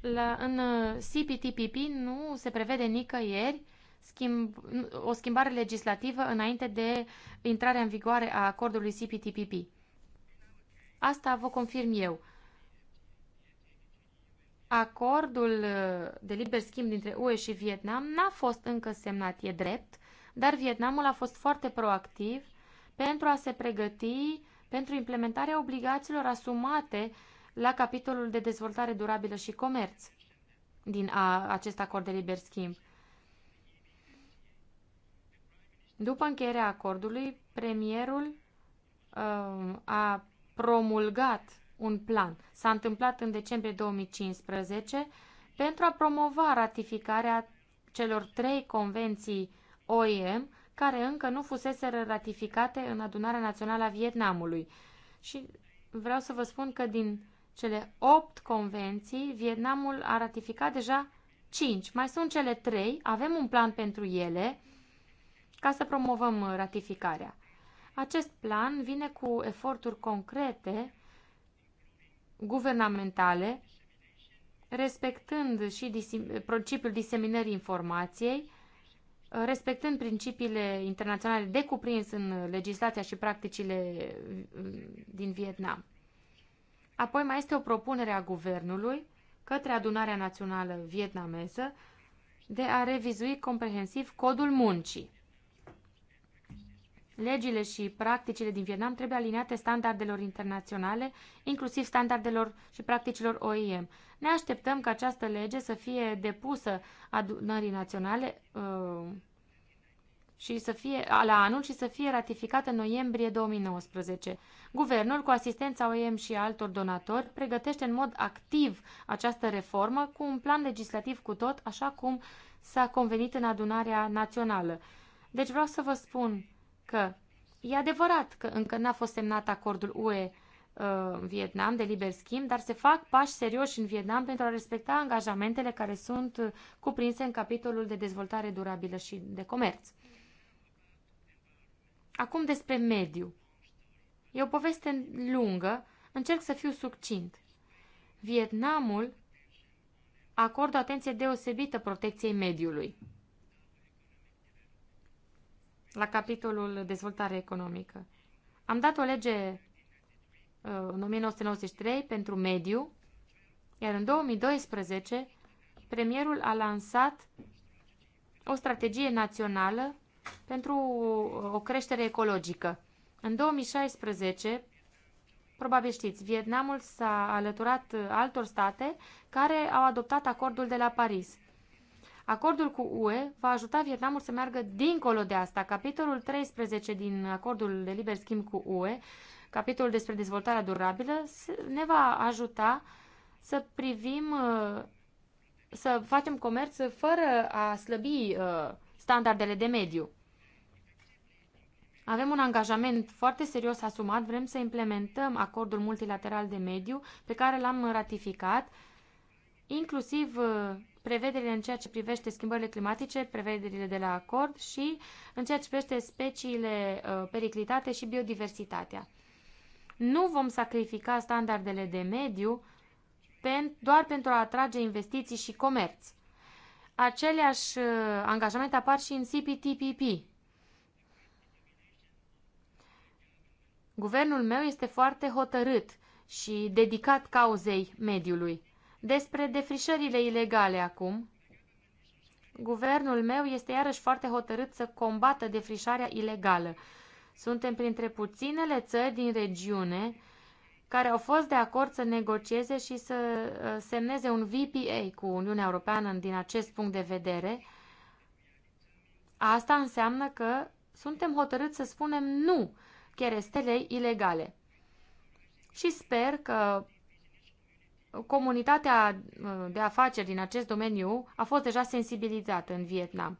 La, în uh, CPTPP nu se prevede nicăieri schimb, o schimbare legislativă înainte de intrarea în vigoare a acordului CPTPP. Asta vă confirm eu. Acordul uh, de liber schimb dintre UE și Vietnam n-a fost încă semnat, e drept, dar Vietnamul a fost foarte proactiv pentru a se pregăti pentru implementarea obligațiilor asumate la capitolul de dezvoltare durabilă și comerț din a, acest acord de liber schimb. După încheierea acordului, premierul uh, a promulgat un plan. S-a întâmplat în decembrie 2015 pentru a promova ratificarea celor trei convenții OIM care încă nu fusese ratificate în adunarea națională a Vietnamului. Și vreau să vă spun că din cele opt convenții, Vietnamul a ratificat deja cinci. Mai sunt cele trei, avem un plan pentru ele ca să promovăm ratificarea. Acest plan vine cu eforturi concrete, guvernamentale, respectând și principiul diseminării informației, respectând principiile internaționale de cuprins în legislația și practicile mm, din Vietnam. Apoi mai este o propunere a guvernului către adunarea națională vietnameză de a revizui comprehensiv codul muncii. Legile și practicile din Vietnam trebuie aliniate standardelor internaționale, inclusiv standardelor și practicilor OIM. Ne așteptăm ca această lege să fie depusă adunării naționale uh, și să fie, la anul și să fie ratificată în noiembrie 2019. Guvernul, cu asistența OIM și altor donatori, pregătește în mod activ această reformă cu un plan legislativ cu tot, așa cum s-a convenit în adunarea națională. Deci vreau să vă spun că e adevărat că încă n-a fost semnat acordul UE uh, Vietnam de liber schimb, dar se fac pași serioși în Vietnam pentru a respecta angajamentele care sunt uh, cuprinse în capitolul de dezvoltare durabilă și de comerț. Acum despre mediu. E o poveste lungă, încerc să fiu succint. Vietnamul acordă o atenție deosebită protecției mediului la capitolul dezvoltare economică. Am dat o lege uh, în 1993 pentru mediu, iar în 2012 premierul a lansat o strategie națională pentru uh, o creștere ecologică. În 2016, probabil știți, Vietnamul s-a alăturat uh, altor state care au adoptat acordul de la Paris. Acordul cu UE va ajuta Vietnamul să meargă dincolo de asta. Capitolul 13 din acordul de liber schimb cu UE, capitolul despre dezvoltarea durabilă, ne va ajuta să privim, uh, să facem comerț fără a slăbi uh, standardele de mediu. Avem un angajament foarte serios asumat, vrem să implementăm acordul multilateral de mediu pe care l-am ratificat, inclusiv uh, prevederile în ceea ce privește schimbările climatice, prevederile de la acord și în ceea ce privește speciile uh, periclitate și biodiversitatea. Nu vom sacrifica standardele de mediu doar pentru a atrage investiții și comerț. Aceleași uh, angajamente apar și în CPTPP. Guvernul meu este foarte hotărât și dedicat cauzei mediului. Despre defrișările ilegale acum. Guvernul meu este iarăși foarte hotărât să combată defrișarea ilegală. Suntem printre puținele țări din regiune care au fost de acord să negocieze și să uh, semneze un VPA cu Uniunea Europeană din acest punct de vedere. Asta înseamnă că suntem hotărâți să spunem nu cherestelei ilegale. Și sper că comunitatea uh, de afaceri din acest domeniu a fost deja sensibilizată în Vietnam.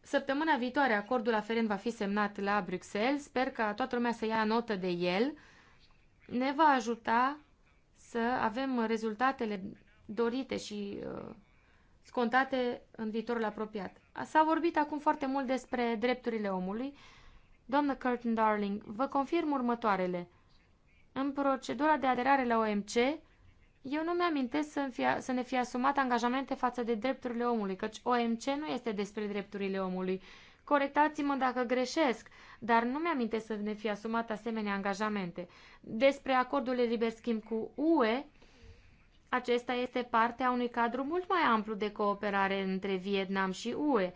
Săptămâna viitoare acordul aferent va fi semnat la Bruxelles. Sper ca toată lumea să ia notă de el. Ne va ajuta să avem rezultatele dorite și uh, scontate în viitorul apropiat. S-a vorbit acum foarte mult despre drepturile omului. Doamnă Curtin Darling, vă confirm următoarele. În procedura de aderare la OMC, eu nu mi-amintesc să, să ne fi asumat angajamente față de drepturile omului, căci OMC nu este despre drepturile omului. Corectați-mă dacă greșesc, dar nu mi-amintesc să ne fi asumat asemenea angajamente. Despre acordul de liber schimb cu UE, acesta este parte a unui cadru mult mai amplu de cooperare între Vietnam și UE.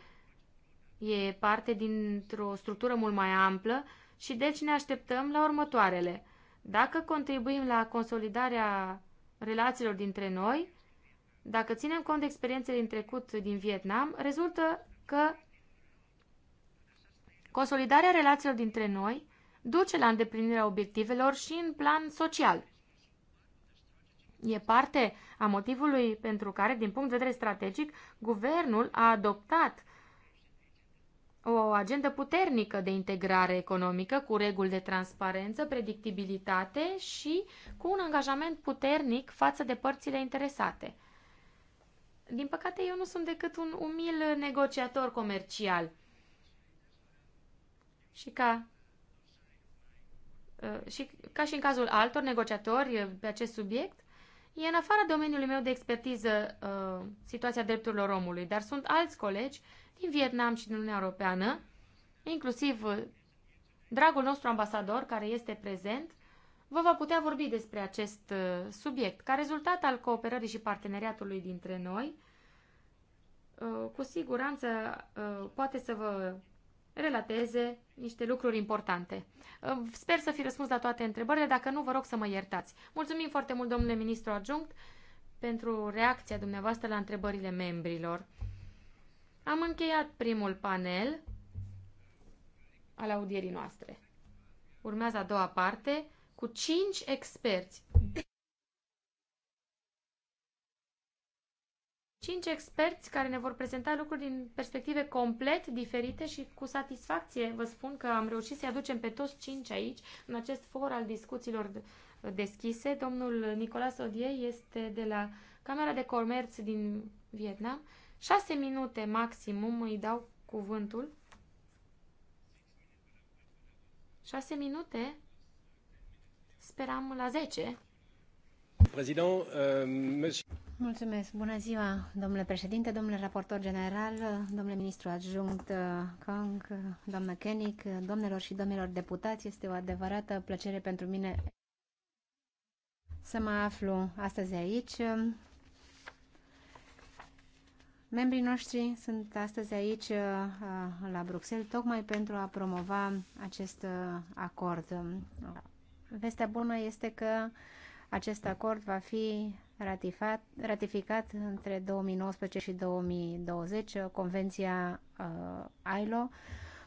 E parte dintr-o structură mult mai amplă și deci ne așteptăm la următoarele – dacă contribuim la consolidarea relațiilor dintre noi, dacă ținem cont de experiențele din trecut din Vietnam, rezultă că consolidarea relațiilor dintre noi duce la îndeplinirea obiectivelor și în plan social. E parte a motivului pentru care, din punct de vedere strategic, guvernul a adoptat o agendă puternică de integrare economică cu reguli de transparență, predictibilitate și cu un angajament puternic față de părțile interesate. Din păcate, eu nu sunt decât un umil negociator comercial. Și ca ă, și ca și în cazul altor negociatori pe acest subiect, e în afara domeniului meu de expertiză ă, situația drepturilor omului, dar sunt alți colegi din Vietnam și din Uniunea Europeană, inclusiv uh, dragul nostru ambasador care este prezent, vă va putea vorbi despre acest uh, subiect. Ca rezultat al cooperării și parteneriatului dintre noi, uh, cu siguranță poate să vă relateze niște lucruri importante. Sper să fi răspuns la toate întrebările, dacă nu, vă rog să mă iertați. Mulțumim foarte mult, domnule ministru adjunct, pentru reacția dumneavoastră la întrebările membrilor. Am încheiat primul panel al audierii noastre. Urmează a doua parte cu cinci experți. Cinci experți care ne vor prezenta lucruri din perspective complet diferite și cu satisfacție vă spun că am reușit să-i aducem pe toți cinci aici, în acest for al discuțiilor deschise. Domnul Nicolas Odie este de la Camera de Comerț din Vietnam, Șase minute maximum îi dau cuvântul. Șase minute? Speram la zece. Euh, Mulțumesc. Bună ziua, domnule președinte, domnule raportor general, domnule ministru adjunct uh, Kang, doamnă Kenic, domnilor și domnilor deputați. Este o adevărată plăcere pentru mine să mă aflu astăzi aici Membrii noștri sunt astăzi aici uh, uh, la Bruxelles tocmai pentru a promova acest uh, acord. Vestea bună este că acest acord va fi ratificat, ratificat între 2019 și 2020, Convenția ILO.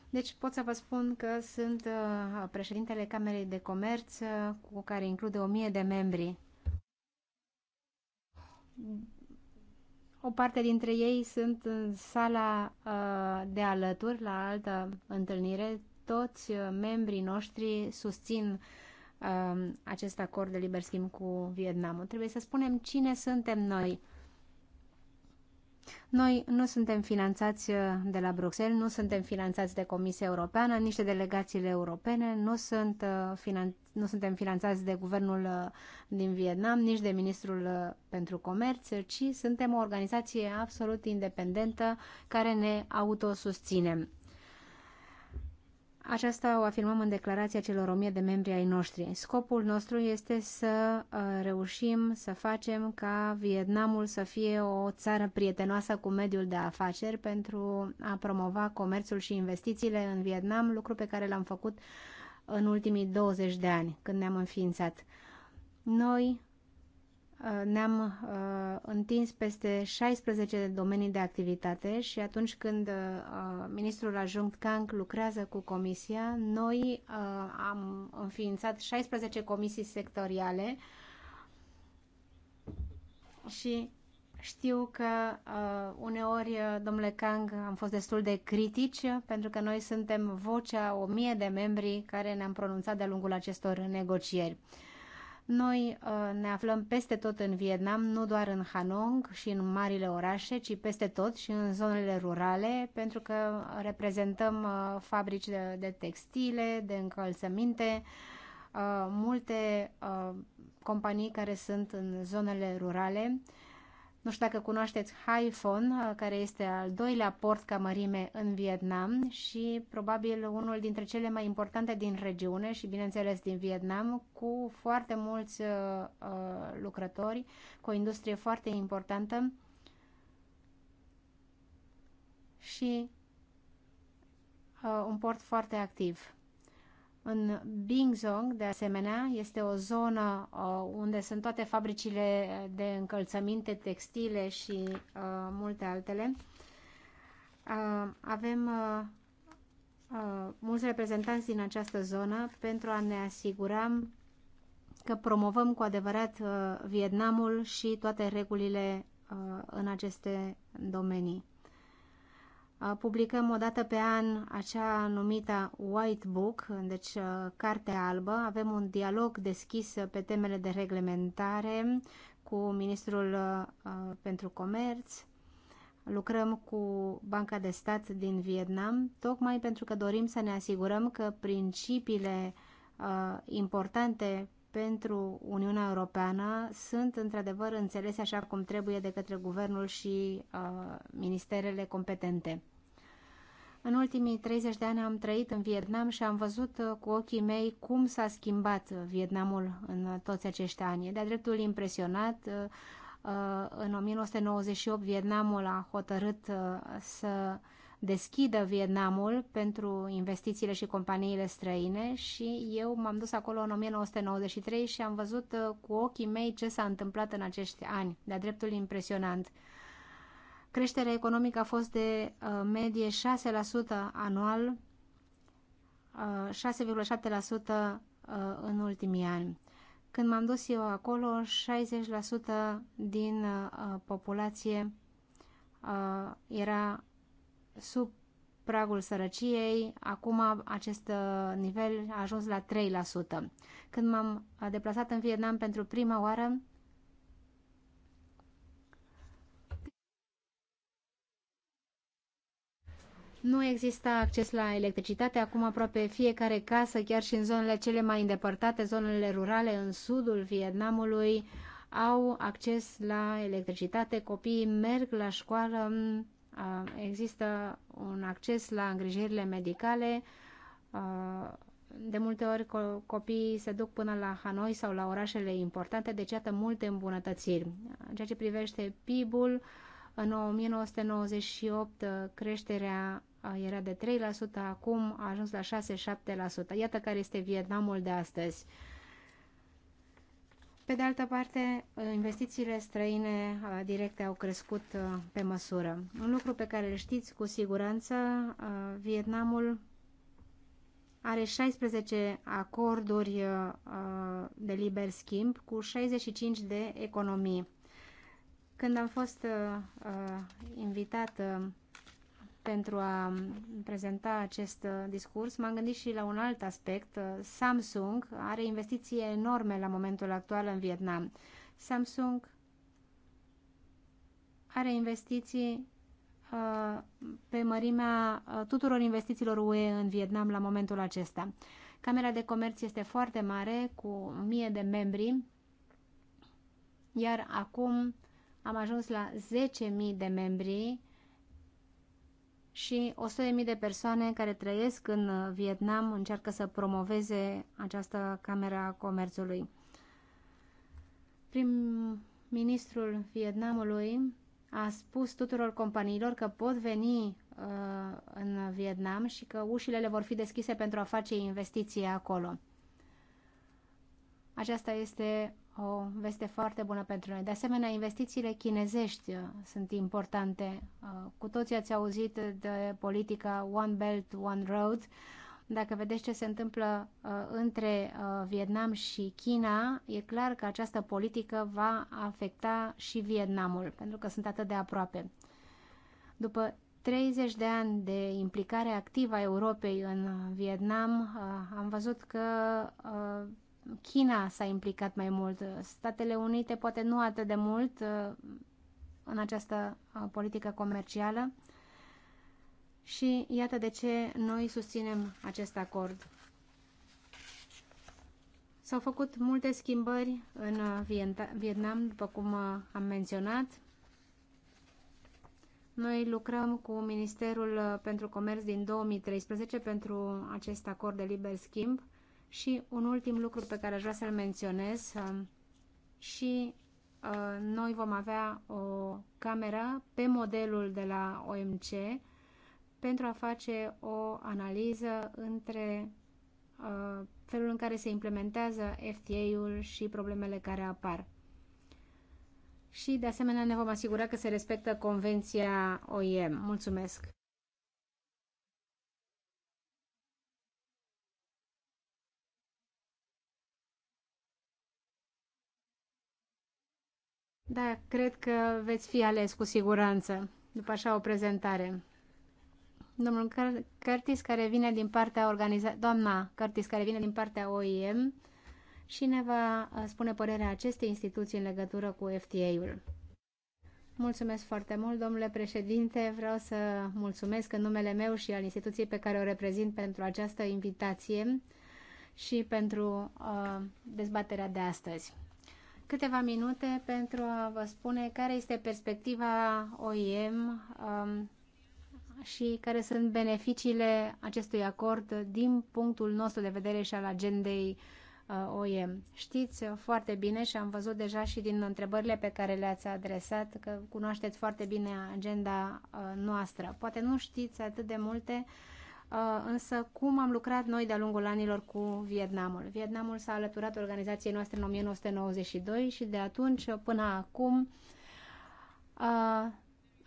Deci pot să vă spun că sunt președintele Camerei de Comerț, cu care include 1000 de membri o parte dintre ei sunt în sala uh, de alături, la altă întâlnire. Toți uh, membrii noștri susțin uh, acest acord de liber schimb cu Vietnamul. Trebuie să spunem cine suntem noi noi nu suntem finanțați uh, de la Bruxelles, nu suntem finanțați de Comisia Europeană, nici de delegațiile europene, nu, sunt uh, nu suntem finanțați de guvernul uh, din Vietnam, nici de Ministrul pentru Comerț, ci suntem o organizație absolut independentă care ne autosustinem. Aceasta o afirmăm în declarația celor o mie de membri ai noștri. Scopul nostru este să uh, reușim să facem ca Vietnamul să fie o țară prietenoasă cu mediul de afaceri pentru a promova comerțul și investițiile în Vietnam, lucru pe care l-am făcut în ultimii 20 de ani, când ne-am înființat. Noi Uh, ne-am uh, întins peste 16 domenii de activitate și atunci când uh, ministrul ajunct Canc lucrează cu comisia, noi am înființat 16 comisii sectoriale și știu că uh, uneori, domnule Kang, am fost destul de critici, pentru că noi suntem vocea o mie de membri care ne-am pronunțat de-a lungul acestor negocieri. Uh, noi uh, ne aflăm peste tot în Vietnam, nu doar în Hanong și în marile orașe, ci peste tot și în zonele rurale, pentru că reprezentăm uh, fabrici de, de textile, de încălțăminte, uh, multe companii care sunt în zonele rurale nu știu dacă cunoașteți Haiphon, uh, care este al doilea port ca mărime în Vietnam și probabil unul dintre cele mai importante din regiune și, bineînțeles, din Vietnam, cu foarte mulți uh, uh lucrători, cu o industrie foarte importantă și uh, un port foarte activ. În Bingzong, de asemenea, este o zonă uh, unde sunt toate fabricile de încălțăminte textile și uh, multe altele. Uh, avem uh, uh, mulți reprezentanți din această zonă pentru a ne asigura că promovăm cu adevărat uh, Vietnamul și toate regulile uh, în aceste domenii. Publicăm o dată pe an acea numită White Book, deci Cartea Albă. Avem un dialog deschis pe temele de reglementare cu Ministrul pentru Comerț. Lucrăm cu Banca de Stat din Vietnam, tocmai pentru că dorim să ne asigurăm că principiile importante pentru Uniunea Europeană sunt într-adevăr înțelese așa cum trebuie de către guvernul și uh, ministerele competente. În ultimii 30 de ani am trăit în Vietnam și am văzut uh, cu ochii mei cum s-a schimbat Vietnamul în uh, toți acești ani. De-a dreptul impresionat, uh, în 1998 Vietnamul a hotărât să deschidă Vietnamul pentru investițiile și companiile străine și eu m-am dus acolo în 1993 și am văzut uh, cu ochii mei ce s-a întâmplat în acești ani, de-a dreptul impresionant. Creșterea economică a fost de uh, medie 6% anual, 6,7% uh, în ultimii ani. Când m-am dus eu acolo, 60% din populație era sub pragul sărăciei, acum acest uh, nivel a ajuns la 3%. Când m-am uh, deplasat în Vietnam pentru prima oară, Nu exista acces la electricitate, acum aproape fiecare casă, chiar și în zonele cele mai îndepărtate, zonele rurale, în sudul Vietnamului, au acces la electricitate, copiii merg la școală, există un acces la îngrijirile medicale. De multe ori copiii se duc până la Hanoi sau la orașele importante, deci iată multe îmbunătățiri. În ceea ce privește PIB-ul, în 1998 creșterea era de 3%, acum a ajuns la 6-7%. Iată care este Vietnamul de astăzi. Pe de altă parte, investițiile străine uh, directe au crescut uh, pe măsură. Un lucru pe care îl știți cu siguranță, uh, Vietnamul are 16 acorduri de liber schimb cu 65 de economii. Când am fost invitată pentru a prezenta acest uh, discurs, m-am gândit și la un alt aspect. Uh, Samsung are investiții enorme la momentul actual în Vietnam. Samsung are investiții uh, pe mărimea tuturor investițiilor UE în Vietnam la momentul acesta. Camera de comerț este foarte mare, cu mie de membri, iar acum am ajuns la 10.000 de membri și 100.000 de persoane care trăiesc în uh, Vietnam încearcă să promoveze această Camera Comerțului. Prim-ministrul Vietnamului a spus tuturor companiilor că pot veni uh, în Vietnam și că ușile le vor fi deschise pentru a face investiții acolo. Aceasta este o veste foarte bună pentru noi. De asemenea, investițiile chinezești uh, sunt importante. Uh, cu toții ați auzit de politica One Belt, One Road. Dacă vedeți ce se întâmplă uh, între Vietnam și China, e clar că această politică va afecta și Vietnamul, pentru că sunt atât de aproape. După 30 de ani de implicare activă a Europei în Vietnam, am văzut că China s-a implicat mai mult, Statele Unite poate nu atât de mult uh, în această uh, politică comercială și iată de ce noi susținem acest acord. S-au făcut multe schimbări în uh, Vietnam, după cum am menționat. Noi lucrăm cu Ministerul pentru Comerț din 2013 pentru acest acord de liber schimb și un ultim lucru pe care aș vrea să-l menționez, um, și uh, noi vom avea o cameră pe modelul de la OMC pentru a face o analiză între uh, felul în care se implementează FTA-ul și problemele care apar. Și, de asemenea, ne vom asigura că se respectă Convenția OIM. Mulțumesc! Da, cred că veți fi ales cu siguranță după așa o prezentare. Domnul Curtis, care vine din partea organiza... doamna Curtis, care vine din partea OIM și ne va uh, spune părerea acestei instituții în legătură cu FTA-ul. Mulțumesc foarte mult, domnule președinte. Vreau să mulțumesc în numele meu și al instituției pe care o reprezint pentru această invitație și pentru uh, dezbaterea de astăzi câteva minute pentru a vă spune care este perspectiva OIM um, și care sunt beneficiile acestui acord din punctul nostru de vedere și al agendei uh, OIM. Știți foarte bine și am văzut deja și din întrebările pe care le-ați adresat că cunoașteți foarte bine agenda uh, noastră. Poate nu știți atât de multe uh, Uh, însă cum am lucrat noi de-a lungul anilor cu Vietnamul. Vietnamul s-a alăturat organizației noastre în 1992 și de atunci până acum uh,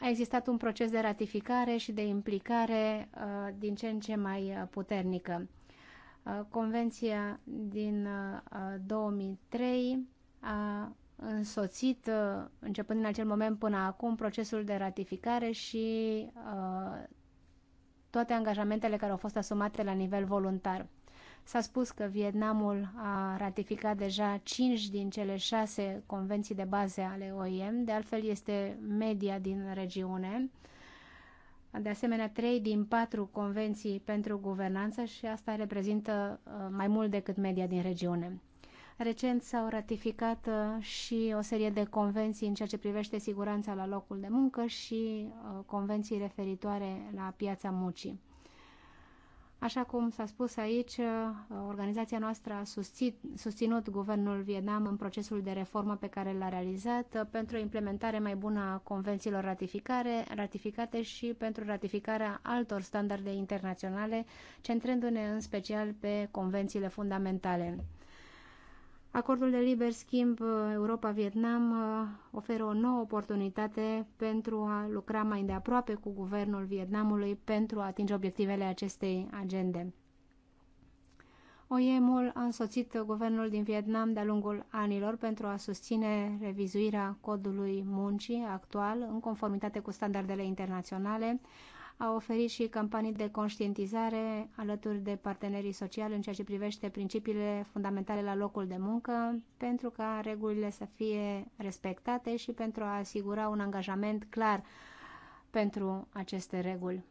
a existat un proces de ratificare și de implicare uh, din ce în ce mai puternică. Convenția din 2003 a însoțit, începând în acel moment până acum, procesul de ratificare și toate angajamentele care au fost asumate la nivel voluntar. S-a spus că Vietnamul a ratificat deja 5 din cele 6 convenții de bază ale OIM, de altfel este media din regiune. De asemenea, 3 din 4 convenții pentru guvernanță și asta reprezintă uh, mai mult decât media din regiune. Recent s-au ratificat uh, și o serie de convenții în ceea ce privește siguranța la locul de muncă și uh, convenții referitoare la piața mucii. Așa cum s-a spus aici, uh, organizația noastră a susținut, susținut guvernul Vietnam în procesul de reformă pe care l-a realizat pentru o implementare mai bună a convențiilor ratificare, ratificate și pentru ratificarea altor standarde internaționale, centrându-ne în special pe convențiile fundamentale. Acordul de liber schimb uh, Europa-Vietnam uh, oferă o nouă oportunitate pentru a lucra mai de aproape cu guvernul Vietnamului pentru a atinge obiectivele acestei agende. OIM-ul a însoțit guvernul din Vietnam de-a lungul anilor pentru a susține revizuirea codului muncii actual în conformitate cu standardele internaționale, a oferit și campanii de conștientizare alături de partenerii sociali în ceea ce privește principiile fundamentale la locul de muncă, pentru ca regulile să fie respectate și pentru a asigura un angajament clar pentru aceste reguli.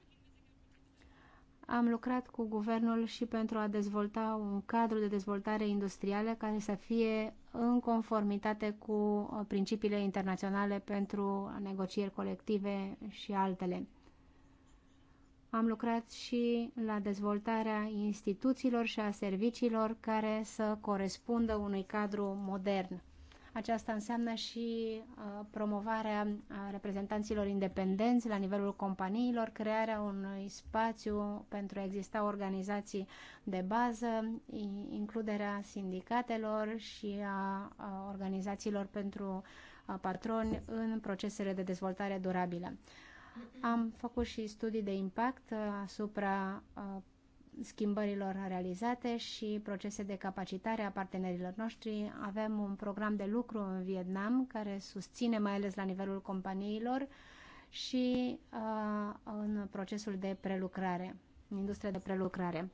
Am lucrat cu guvernul și pentru a dezvolta un cadru de dezvoltare industrială care să fie în conformitate cu uh, principiile internaționale pentru negocieri colective și altele am lucrat și la dezvoltarea instituțiilor și a serviciilor care să corespundă unui cadru modern. Aceasta înseamnă și uh, promovarea uh, reprezentanților independenți la nivelul companiilor, crearea unui spațiu pentru a exista organizații de bază, includerea sindicatelor și a organizațiilor pentru uh, patroni în procesele de dezvoltare durabilă. Am făcut și studii de impact uh, asupra uh, schimbărilor realizate și procese de capacitare a partenerilor noștri. Avem un program de lucru în Vietnam care susține mai ales la nivelul companiilor și uh, în procesul de prelucrare, în industria de prelucrare.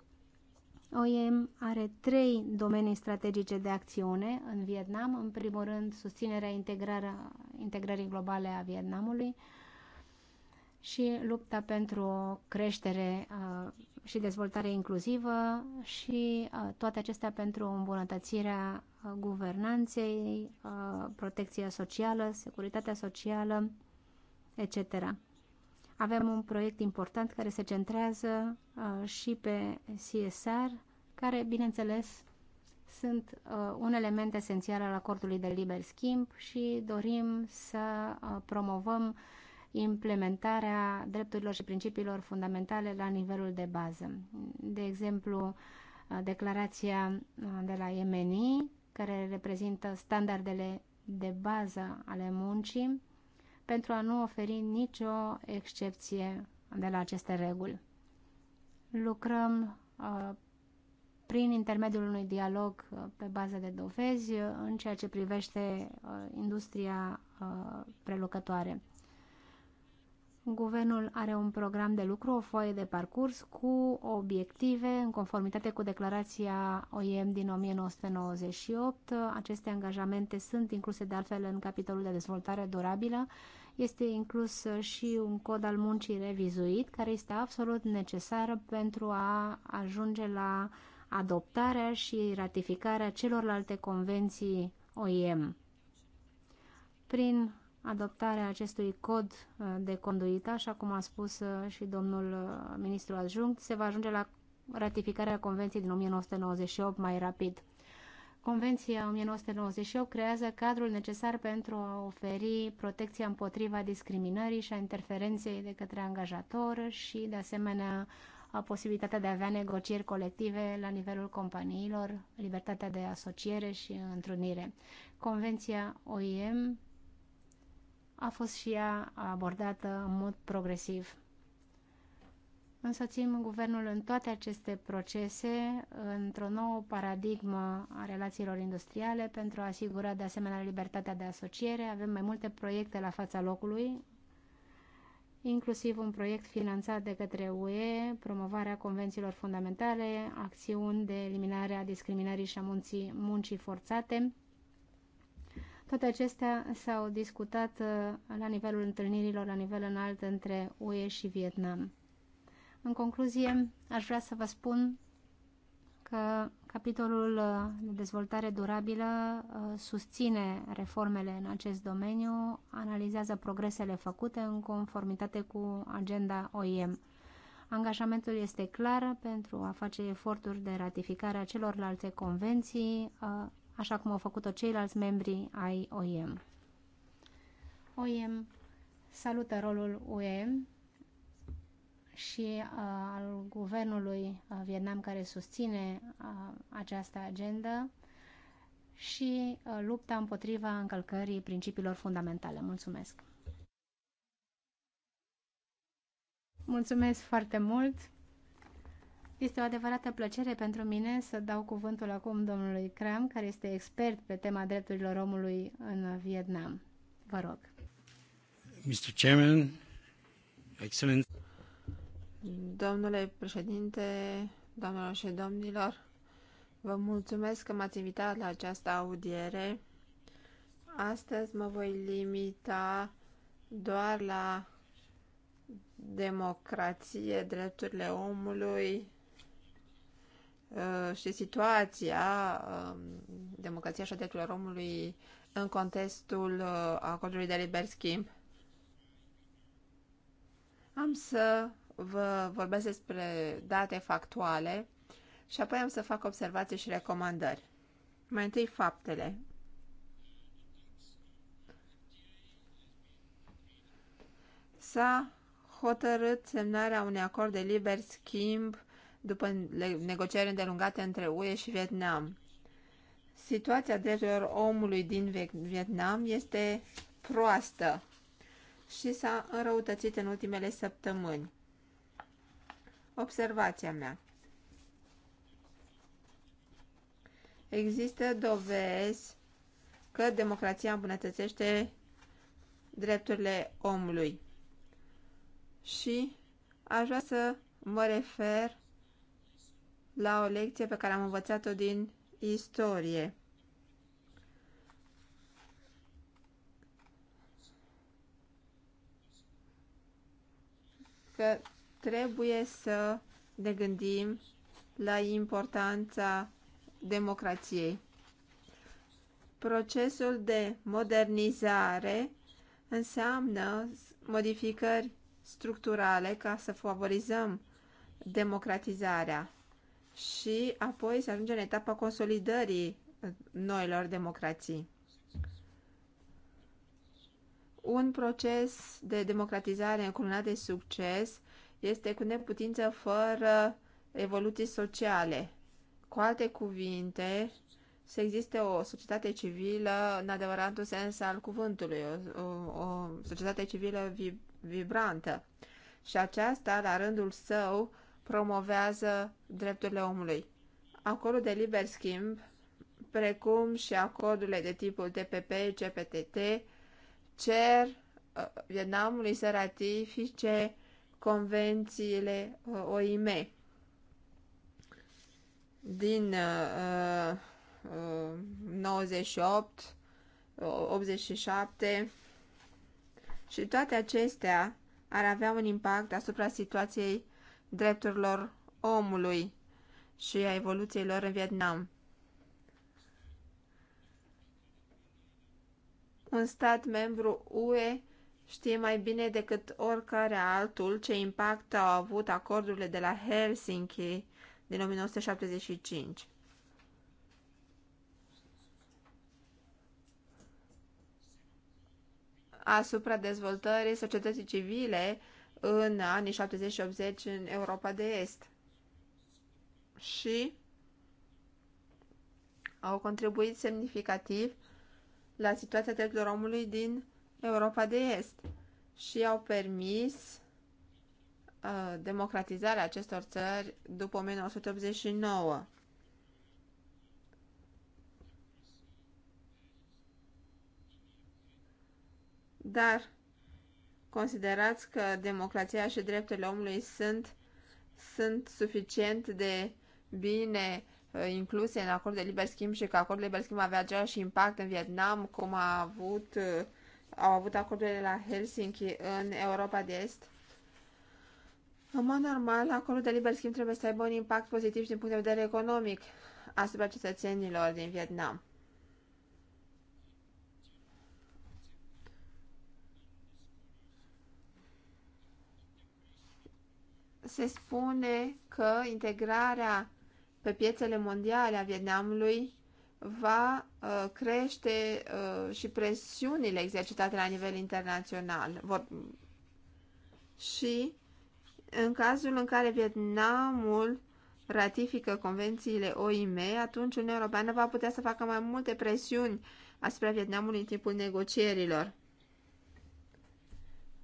OIM are trei domenii strategice de acțiune în Vietnam. În primul rând, susținerea integrării globale a Vietnamului, și lupta pentru creștere și dezvoltare inclusivă și toate acestea pentru îmbunătățirea guvernanței, protecția socială, securitatea socială, etc. Avem un proiect important care se centrează și pe CSR, care, bineînțeles, sunt un element esențial al acordului de liber schimb și dorim să promovăm uh, implementarea drepturilor și principiilor fundamentale la nivelul de bază. De exemplu, declarația de la Iemeni, care reprezintă standardele de bază ale muncii, pentru a nu oferi nicio excepție de la aceste reguli. Lucrăm uh, prin intermediul unui dialog uh, pe bază de dovezi uh, în ceea ce privește industria prelucătoare. Guvernul are un program de lucru, o foaie de parcurs cu obiective în conformitate cu declarația OIM din 1998. Aceste angajamente sunt incluse de altfel în capitolul de dezvoltare durabilă. Este inclus și un cod al muncii revizuit care este absolut necesar pentru a ajunge la adoptarea și ratificarea celorlalte convenții OIM. Prin adoptarea acestui cod uh, de conduită, așa cum a spus uh, și domnul uh, ministru adjunct, se va ajunge la ratificarea Convenției din 1998 mai rapid. Convenția 1998 creează cadrul necesar pentru a oferi protecția împotriva discriminării și a interferenței de către angajator și, de asemenea, a posibilitatea de a avea negocieri colective la nivelul companiilor, libertatea de asociere și întrunire. Convenția OIM a fost și ea abordată în mod progresiv. Însoțim guvernul în toate aceste procese, într-o nouă paradigmă a relațiilor industriale, pentru a asigura de asemenea libertatea de asociere. Avem mai multe proiecte la fața locului, inclusiv un proiect finanțat de către UE, promovarea convențiilor fundamentale, acțiuni de eliminare a discriminării și a muncii, muncii forțate, toate acestea s-au discutat uh, la nivelul întâlnirilor la nivel înalt între UE și Vietnam. În concluzie, aș vrea să vă spun că capitolul uh, de dezvoltare durabilă uh, susține reformele în acest domeniu, analizează progresele făcute în conformitate cu agenda OIM. Angajamentul este clar pentru a face eforturi de ratificare a celorlalte convenții așa cum au făcut-o ceilalți membri ai OIM. OIM salută rolul UE și uh, al guvernului uh, Vietnam care susține uh, această agendă și lupta împotriva încălcării principiilor fundamentale. Mulțumesc! Mulțumesc foarte mult! Este o adevărată plăcere pentru mine să dau cuvântul acum domnului Cram, care este expert pe tema drepturilor omului în Vietnam. Vă rog. Mr. Chairman, excellent. Domnule președinte, doamnelor și domnilor, vă mulțumesc că m-ați invitat la această audiere. Astăzi mă voi limita doar la democrație, drepturile omului Uh, și situația um, democrației și a drepturilor omului în contextul uh, acordului de liber schimb. Am să vă vorbesc despre date factuale și apoi am să fac observații și recomandări. Mai întâi faptele. S-a hotărât semnarea unui acord de liber schimb după negocieri îndelungate între UE și Vietnam. Situația drepturilor omului din Vietnam este proastă și s-a înrăutățit în ultimele săptămâni. Observația mea. Există dovezi că democrația îmbunătățește drepturile omului. Și aș vrea să mă refer la o lecție pe care am învățat-o din istorie. Că trebuie să ne gândim la importanța democrației. Procesul de modernizare înseamnă modificări structurale ca să favorizăm democratizarea și apoi se ajunge în etapa consolidării noilor democrații. Un proces de democratizare încununat de succes este cu neputință fără evoluții sociale. Cu alte cuvinte, să existe o societate civilă în adevăratul sens al cuvântului, o, o, societate civilă vibrantă. Și aceasta, la rândul său, promovează drepturile omului. Acordul de liber schimb, precum și acordurile de tipul TPP, CPTT, cer uh, Vietnamului să ratifice convențiile uh, OIM din uh, uh, 98, 87 uh, și toate acestea ar avea un impact asupra situației drepturilor omului și a evoluției lor în Vietnam. Un stat membru UE știe mai bine decât oricare altul ce impact au avut acordurile de la Helsinki din 1975. Asupra dezvoltării societății civile, în anii 70 și 80 în Europa de Est. Și au contribuit semnificativ la situația drepturilor omului din Europa de Est și au permis uh, democratizarea acestor țări după 1989. Dar Considerați că democrația și drepturile omului sunt, sunt suficient de bine uh, incluse în acordul de liber schimb și că acordul de liber schimb avea același impact în Vietnam cum a avut, uh, au avut acordurile la Helsinki în Europa de Est? În mod normal, acordul de liber schimb trebuie să aibă un impact pozitiv din punct de vedere economic asupra cetățenilor din Vietnam. se spune că integrarea pe piețele mondiale a Vietnamului va uh, crește uh, și presiunile exercitate la nivel internațional. Vor... Și în cazul în care Vietnamul ratifică convențiile OIM, atunci Uniunea Europeană va putea să facă mai multe presiuni asupra Vietnamului în timpul negocierilor.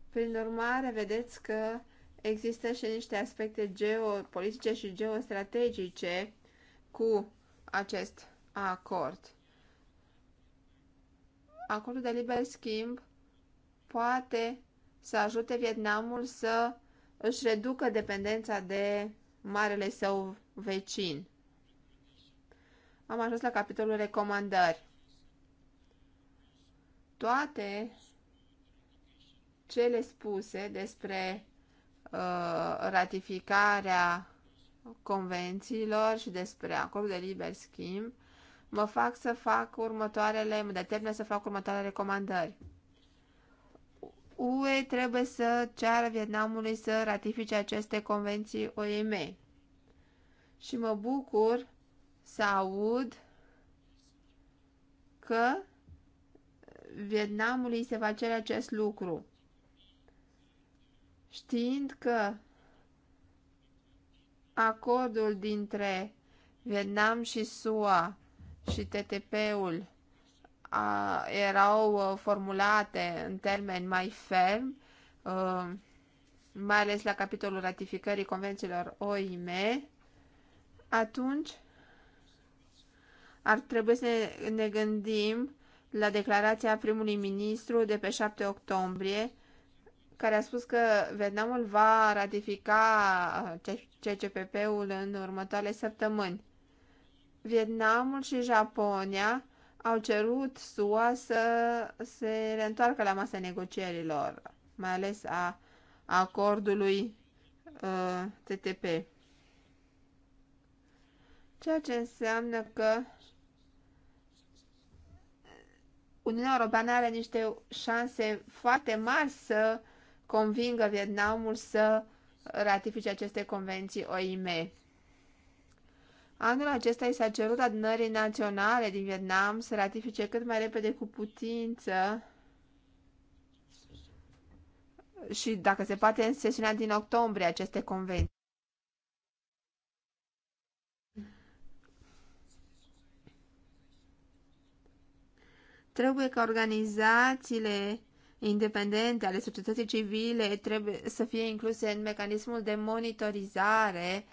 Prin urmare, vedeți că există și niște aspecte geopolitice și geostrategice cu acest acord. Acordul de liber schimb poate să ajute Vietnamul să își reducă dependența de marele său vecin. Am ajuns la capitolul recomandări. Toate cele spuse despre Uh, ratificarea convențiilor și despre acordul de liber schimb, mă fac să fac următoarele, mă determină să fac următoarele recomandări. UE trebuie să ceară Vietnamului să ratifice aceste convenții OIM. Și mă bucur să aud că Vietnamului se va cere acest lucru știind că acordul dintre Vietnam și SUA și TTP-ul erau uh, formulate în termeni mai ferm, uh, mai ales la capitolul ratificării convențiilor OIM, atunci ar trebui să ne gândim la declarația primului ministru de pe 7 octombrie, care a spus că Vietnamul va ratifica uh, CCPP-ul în următoarele săptămâni. Vietnamul și Japonia au cerut SUA să se reîntoarcă la masa negocierilor, mai ales a acordului uh, TTP. Ceea ce înseamnă că Uniunea Europeană are niște șanse foarte mari să convingă Vietnamul să ratifice aceste convenții OIM. Anul acesta i s-a cerut adunării naționale din Vietnam să ratifice cât mai repede cu putință și, dacă se poate, în sesiunea din octombrie aceste convenții. Trebuie ca organizațiile independente ale societății civile trebuie să fie incluse în mecanismul de monitorizare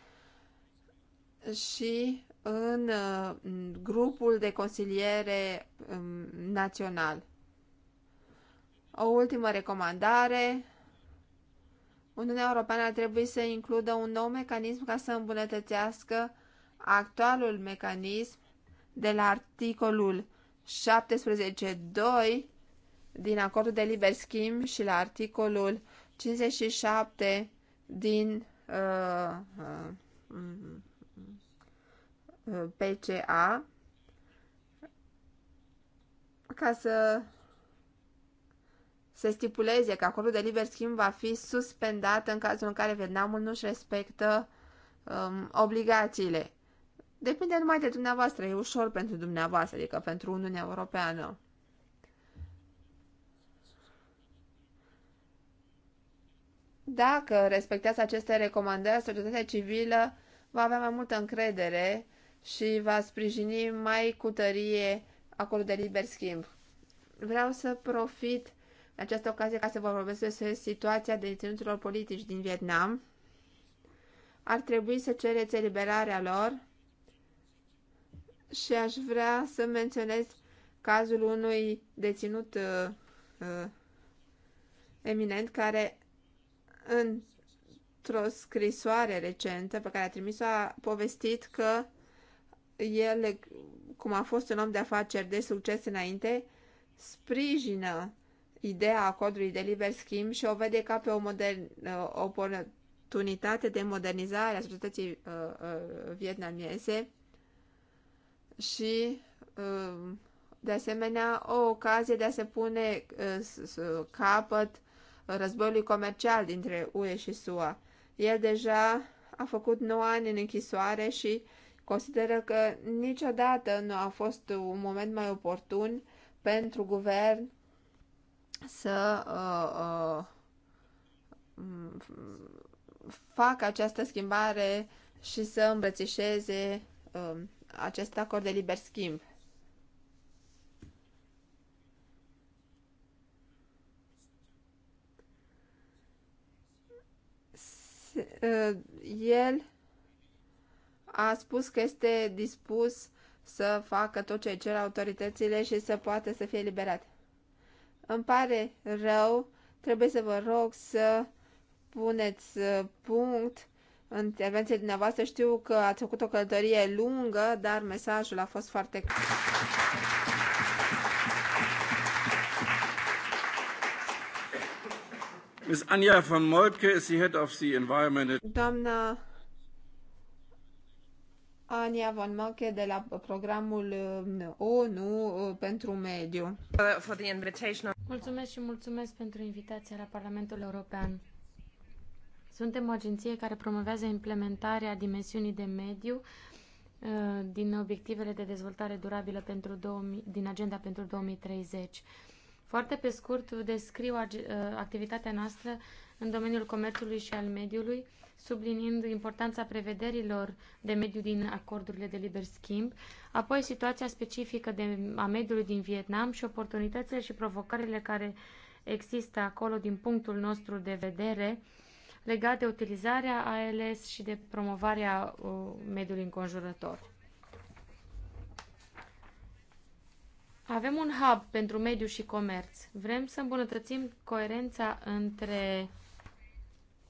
și în uh, grupul de consiliere um, național. O ultimă recomandare. Uniunea Europeană ar trebui să includă un nou mecanism ca să îmbunătățească actualul mecanism de la articolul 17.2 din acordul de liber schimb și la articolul 57 din uh, uh, uh PCA ca să se stipuleze că acordul de liber schimb va fi suspendat în cazul în care Vietnamul nu-și respectă um, obligațiile. Depinde numai de dumneavoastră, e ușor pentru dumneavoastră, adică pentru Uniunea Europeană. Dacă respectați aceste recomandări, societatea civilă va avea mai multă încredere și va sprijini mai cu tărie acolo de liber schimb. Vreau să profit în această ocazie ca să vă vorbesc despre situația deținuților politici din Vietnam. Ar trebui să cereți eliberarea lor și aș vrea să menționez cazul unui deținut uh, uh, eminent care într-o scrisoare recentă pe care a trimis-o, a povestit că el, cum a fost un om de afaceri de succes înainte, sprijină ideea codului de liber schimb și o vede ca pe o, modern, o uh, oportunitate de modernizare a societății uh, uh, vietnamieze și uh, de asemenea o ocazie de a se pune uh, capăt războiului comercial dintre UE și SUA. El deja a făcut 9 ani în închisoare și consideră că niciodată nu a fost un moment mai oportun pentru guvern să uh, uh, facă această schimbare și să îmbrățișeze uh, acest acord de liber schimb. Uh, el a spus că este dispus să facă tot ce cer autoritățile și să poată să fie eliberat. Îmi pare rău, trebuie să vă rog să puneți uh, punct intervenției dumneavoastră. Știu că ați făcut o călătorie lungă, dar mesajul a fost foarte clar. Ms. Anja van Molke, is the head of the environment. Doamna de la programul um, ONU uh, pentru mediu. Uh, for the invitation. Mulțumesc și mulțumesc pentru invitația la Parlamentul European. Suntem o agenție care promovează implementarea dimensiunii de mediu uh, din obiectivele de dezvoltare durabilă pentru 2000, din agenda pentru 2030. Foarte pe scurt descriu ă, activitatea noastră în domeniul comerțului și al mediului, subliniind importanța prevederilor de mediu din acordurile de liber schimb, apoi situația specifică de, a mediului din Vietnam și oportunitățile și provocările care există acolo din punctul nostru de vedere legat de utilizarea ALS și de promovarea ă, mediului înconjurător. Avem un hub pentru mediu și comerț. Vrem să îmbunătățim coerența între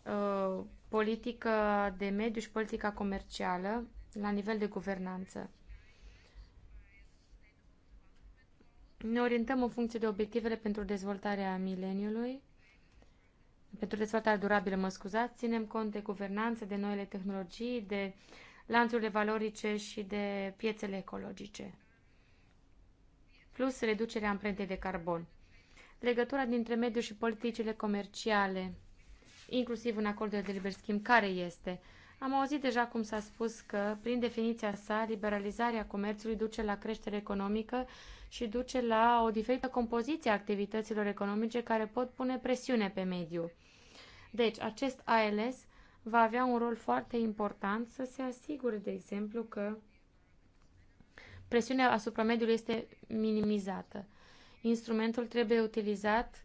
uh, politica de mediu și politica comercială la nivel de guvernanță. Ne orientăm în funcție de obiectivele pentru dezvoltarea mileniului, pentru dezvoltarea durabilă, mă scuzați, ținem cont de guvernanță, de noile tehnologii, de lanțurile valorice și de piețele ecologice plus reducerea amprentei de carbon. Legătura dintre mediu și politicile comerciale, inclusiv un acord de liber schimb, care este? Am auzit deja cum s-a spus că, prin definiția sa, liberalizarea comerțului duce la creștere economică și duce la o diferită compoziție a activităților economice care pot pune presiune pe mediu. Deci, acest ALS va avea un rol foarte important să se asigure, de exemplu, că presiunea asupra mediului este minimizată. Instrumentul trebuie utilizat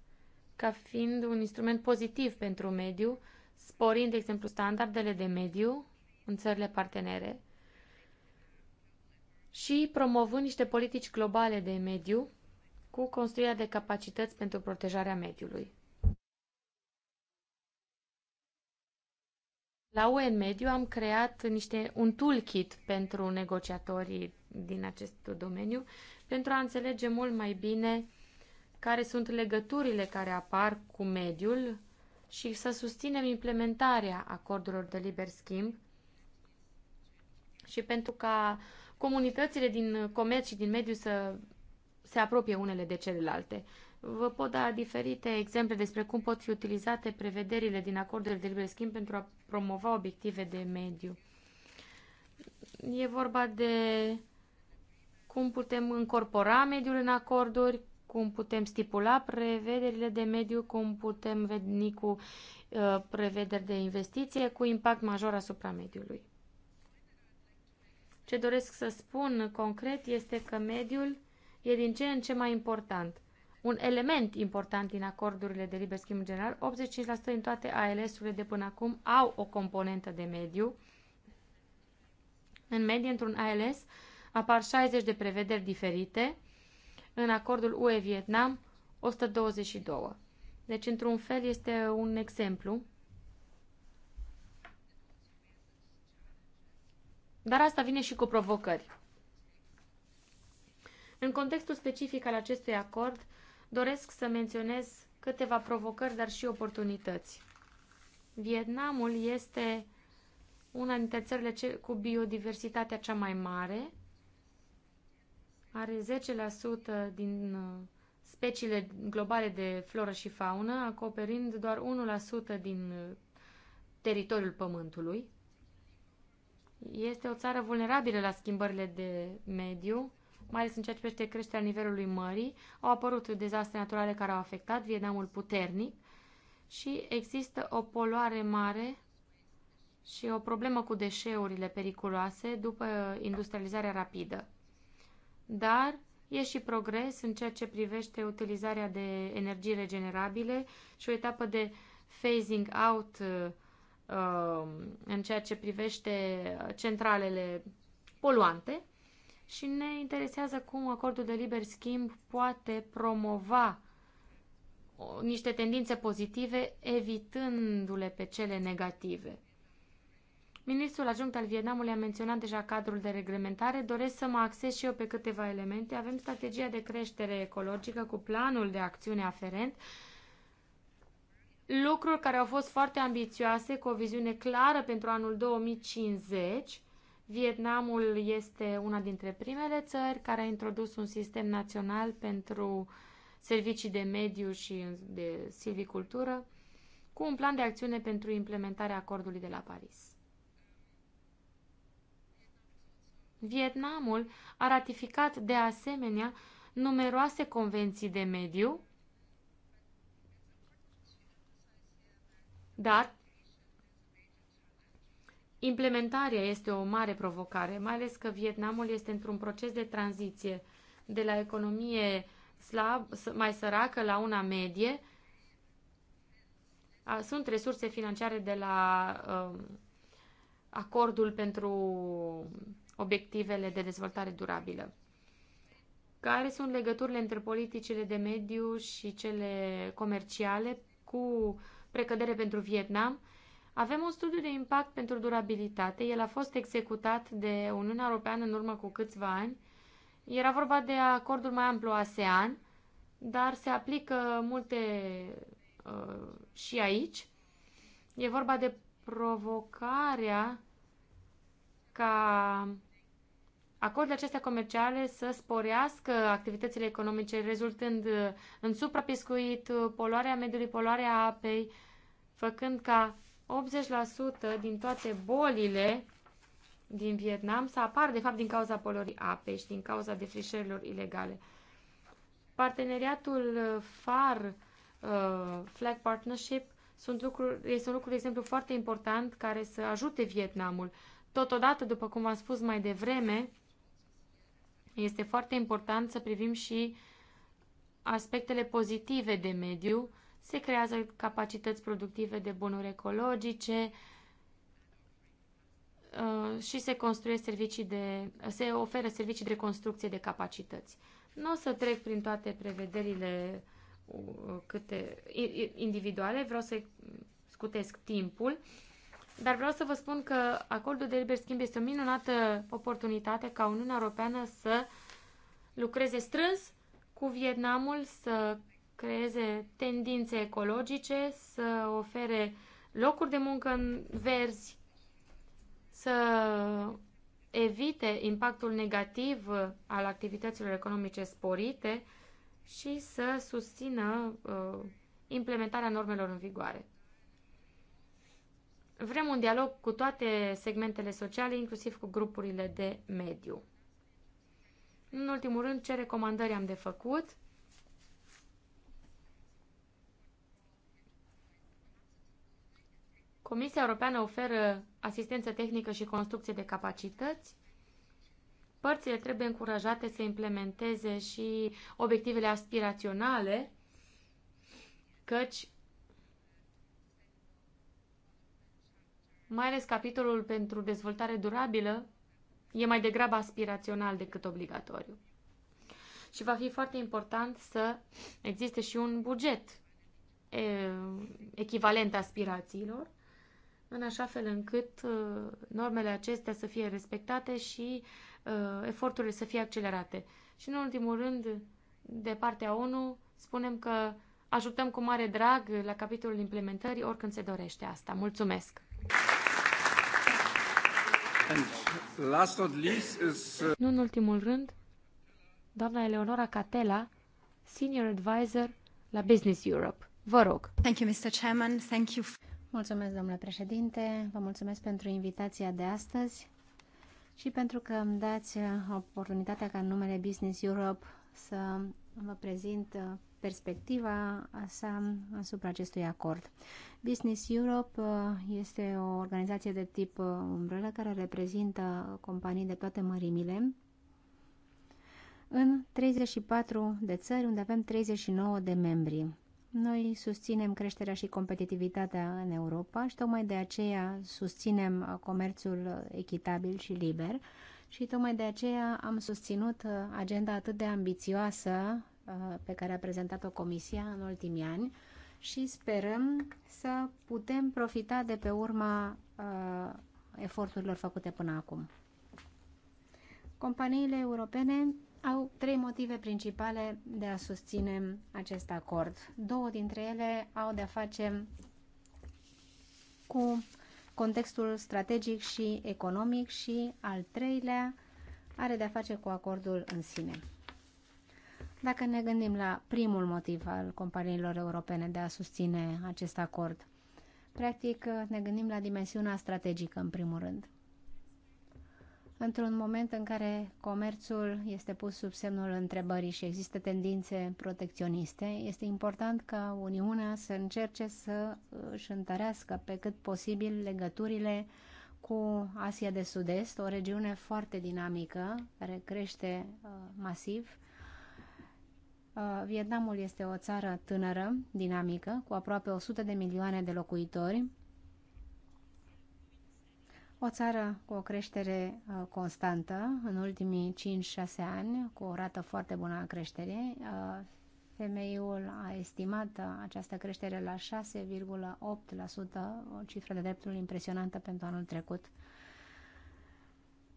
ca fiind un instrument pozitiv pentru mediu, sporind, de exemplu, standardele de mediu în țările partenere și promovând niște politici globale de mediu cu construirea de capacități pentru protejarea mediului. La UN Mediu am creat niște, un toolkit pentru negociatorii din acest domeniu pentru a înțelege mult mai bine care sunt legăturile care apar cu mediul și să susținem implementarea acordurilor de liber schimb și pentru ca comunitățile din comerț și din mediu să se apropie unele de celelalte. Vă pot da diferite exemple despre cum pot fi utilizate prevederile din acordurile de liber schimb pentru a promova obiective de mediu. E vorba de cum putem încorpora mediul în acorduri, cum putem stipula prevederile de mediu, cum putem veni cu uh, prevederi de investiție cu impact major asupra mediului. Ce doresc să spun concret este că mediul e din ce în ce mai important. Un element important din acordurile de liber schimb în general, 85% din toate ALS-urile de până acum au o componentă de mediu. În medie, într-un ALS, apar 60 de prevederi diferite în acordul UE-Vietnam 122. Deci, într-un fel, este un exemplu. Dar asta vine și cu provocări. În contextul specific al acestui acord, doresc să menționez câteva provocări, dar și oportunități. Vietnamul este una dintre țările cu biodiversitatea cea mai mare are 10% din uh, speciile globale de floră și faună, acoperind doar 1% din uh, teritoriul Pământului. Este o țară vulnerabilă la schimbările de mediu, mai ales în ceea ce privește creșterea nivelului mării. Au apărut dezastre naturale care au afectat Vietnamul puternic și există o poluare mare și o problemă cu deșeurile periculoase după industrializarea rapidă dar e și progres în ceea ce privește utilizarea de energii regenerabile și o etapă de phasing out uh, um, în ceea ce privește centralele poluante și ne interesează cum acordul de liber schimb poate promova uh, niște tendințe pozitive, evitându-le pe cele negative. Ministrul adjunct al Vietnamului a menționat deja cadrul de reglementare. Doresc să mă axez și eu pe câteva elemente. Avem strategia de creștere ecologică cu planul de acțiune aferent, lucruri care au fost foarte ambițioase, cu o viziune clară pentru anul 2050. Vietnamul este una dintre primele țări care a introdus un sistem național pentru servicii de mediu și de silvicultură, cu un plan de acțiune pentru implementarea acordului de la Paris. Vietnamul a ratificat de asemenea numeroase convenții de mediu, dar implementarea este o mare provocare, mai ales că Vietnamul este într-un proces de tranziție de la economie slab, mai săracă la una medie. Sunt resurse financiare de la um, acordul pentru obiectivele de dezvoltare durabilă. Care sunt legăturile între politicile de mediu și cele comerciale cu precădere pentru Vietnam? Avem un studiu de impact pentru durabilitate. El a fost executat de Uniunea Europeană în urmă cu câțiva ani. Era vorba de acordul mai amplu ASEAN, dar se aplică multe uh, și aici. E vorba de provocarea ca acordurile acestea comerciale să sporească activitățile economice, rezultând uh, în suprapescuit, uh, poluarea mediului, poluarea apei, făcând ca 80% din toate bolile din Vietnam să apară, de fapt, din cauza poluării apei și din cauza defrișărilor ilegale. Parteneriatul uh, FAR, uh, Flag Partnership, sunt lucruri, este un lucru, de exemplu, foarte important care să ajute Vietnamul. Uh, Totodată, după cum am spus mai devreme, este foarte important să privim și aspectele pozitive de mediu. Se creează capacități productive de bunuri ecologice uh, și se, construiesc servicii de, se oferă servicii de construcție de capacități. Nu o să trec prin toate prevederile uh, câte individuale, vreau să scutesc timpul. Dar vreau să vă spun că acordul de liber schimb este o minunată oportunitate ca Uniunea Europeană să lucreze strâns cu Vietnamul, să creeze tendințe ecologice, să ofere locuri de muncă în verzi, să evite impactul negativ al activităților economice sporite și să susțină uh, implementarea normelor în vigoare. Vrem un dialog cu toate segmentele sociale, inclusiv cu grupurile de mediu. În ultimul rând, ce recomandări am de făcut? Comisia Europeană oferă asistență tehnică și construcție de capacități. Părțile trebuie încurajate să implementeze și obiectivele aspiraționale, căci mai ales capitolul pentru dezvoltare durabilă, e mai degrabă aspirațional decât obligatoriu. Și va fi foarte important să existe și un buget echivalent aspirațiilor, în așa fel încât uh, normele acestea să fie respectate și uh, eforturile să fie accelerate. Și în ultimul rând, de partea ONU, spunem că ajutăm cu mare drag la capitolul implementării oricând se dorește asta. Mulțumesc! Uh, nu în ultimul rând, doamna Eleonora Catela, Senior Advisor la Business Europe. Vă rog. Thank you, Mr. Chairman. Thank you. Mulțumesc, domnule președinte. Vă mulțumesc pentru invitația de astăzi și pentru că îmi dați uh, oportunitatea ca în numele Business Europe să vă prezint uh, perspectiva sa asupra acestui acord. Business Europe uh, este o organizație de tip uh, umbrelă care reprezintă companii de toate mărimile în 34 de țări unde avem 39 de membri. Noi susținem creșterea și competitivitatea în Europa și tocmai de aceea susținem uh, comerțul echitabil și liber și tocmai de aceea am susținut agenda atât de ambițioasă Uh, pe care a prezentat-o Comisia în ultimii ani și sperăm să putem profita de pe urma uh, eforturilor făcute până acum. Companiile europene au trei motive principale de a susține acest acord. Două dintre ele au de-a face cu contextul strategic și economic și al treilea are de-a face cu acordul în sine. Dacă ne gândim la primul motiv al companiilor europene de a susține acest acord, practic ne gândim la dimensiunea strategică în primul rând. Într-un moment în care comerțul este pus sub semnul întrebării și există tendințe protecționiste, este important ca Uniunea să încerce să își întărească pe cât posibil legăturile cu Asia de Sud-Est, o regiune foarte dinamică, care crește uh, masiv Uh, Vietnamul este o țară tânără, dinamică, cu aproape 100 de milioane de locuitori, o țară cu o creștere uh, constantă în ultimii 5-6 ani, cu o rată foarte bună a creșterii. Uh, Femeiul a estimat această creștere la 6,8%, o cifră de dreptul impresionantă pentru anul trecut.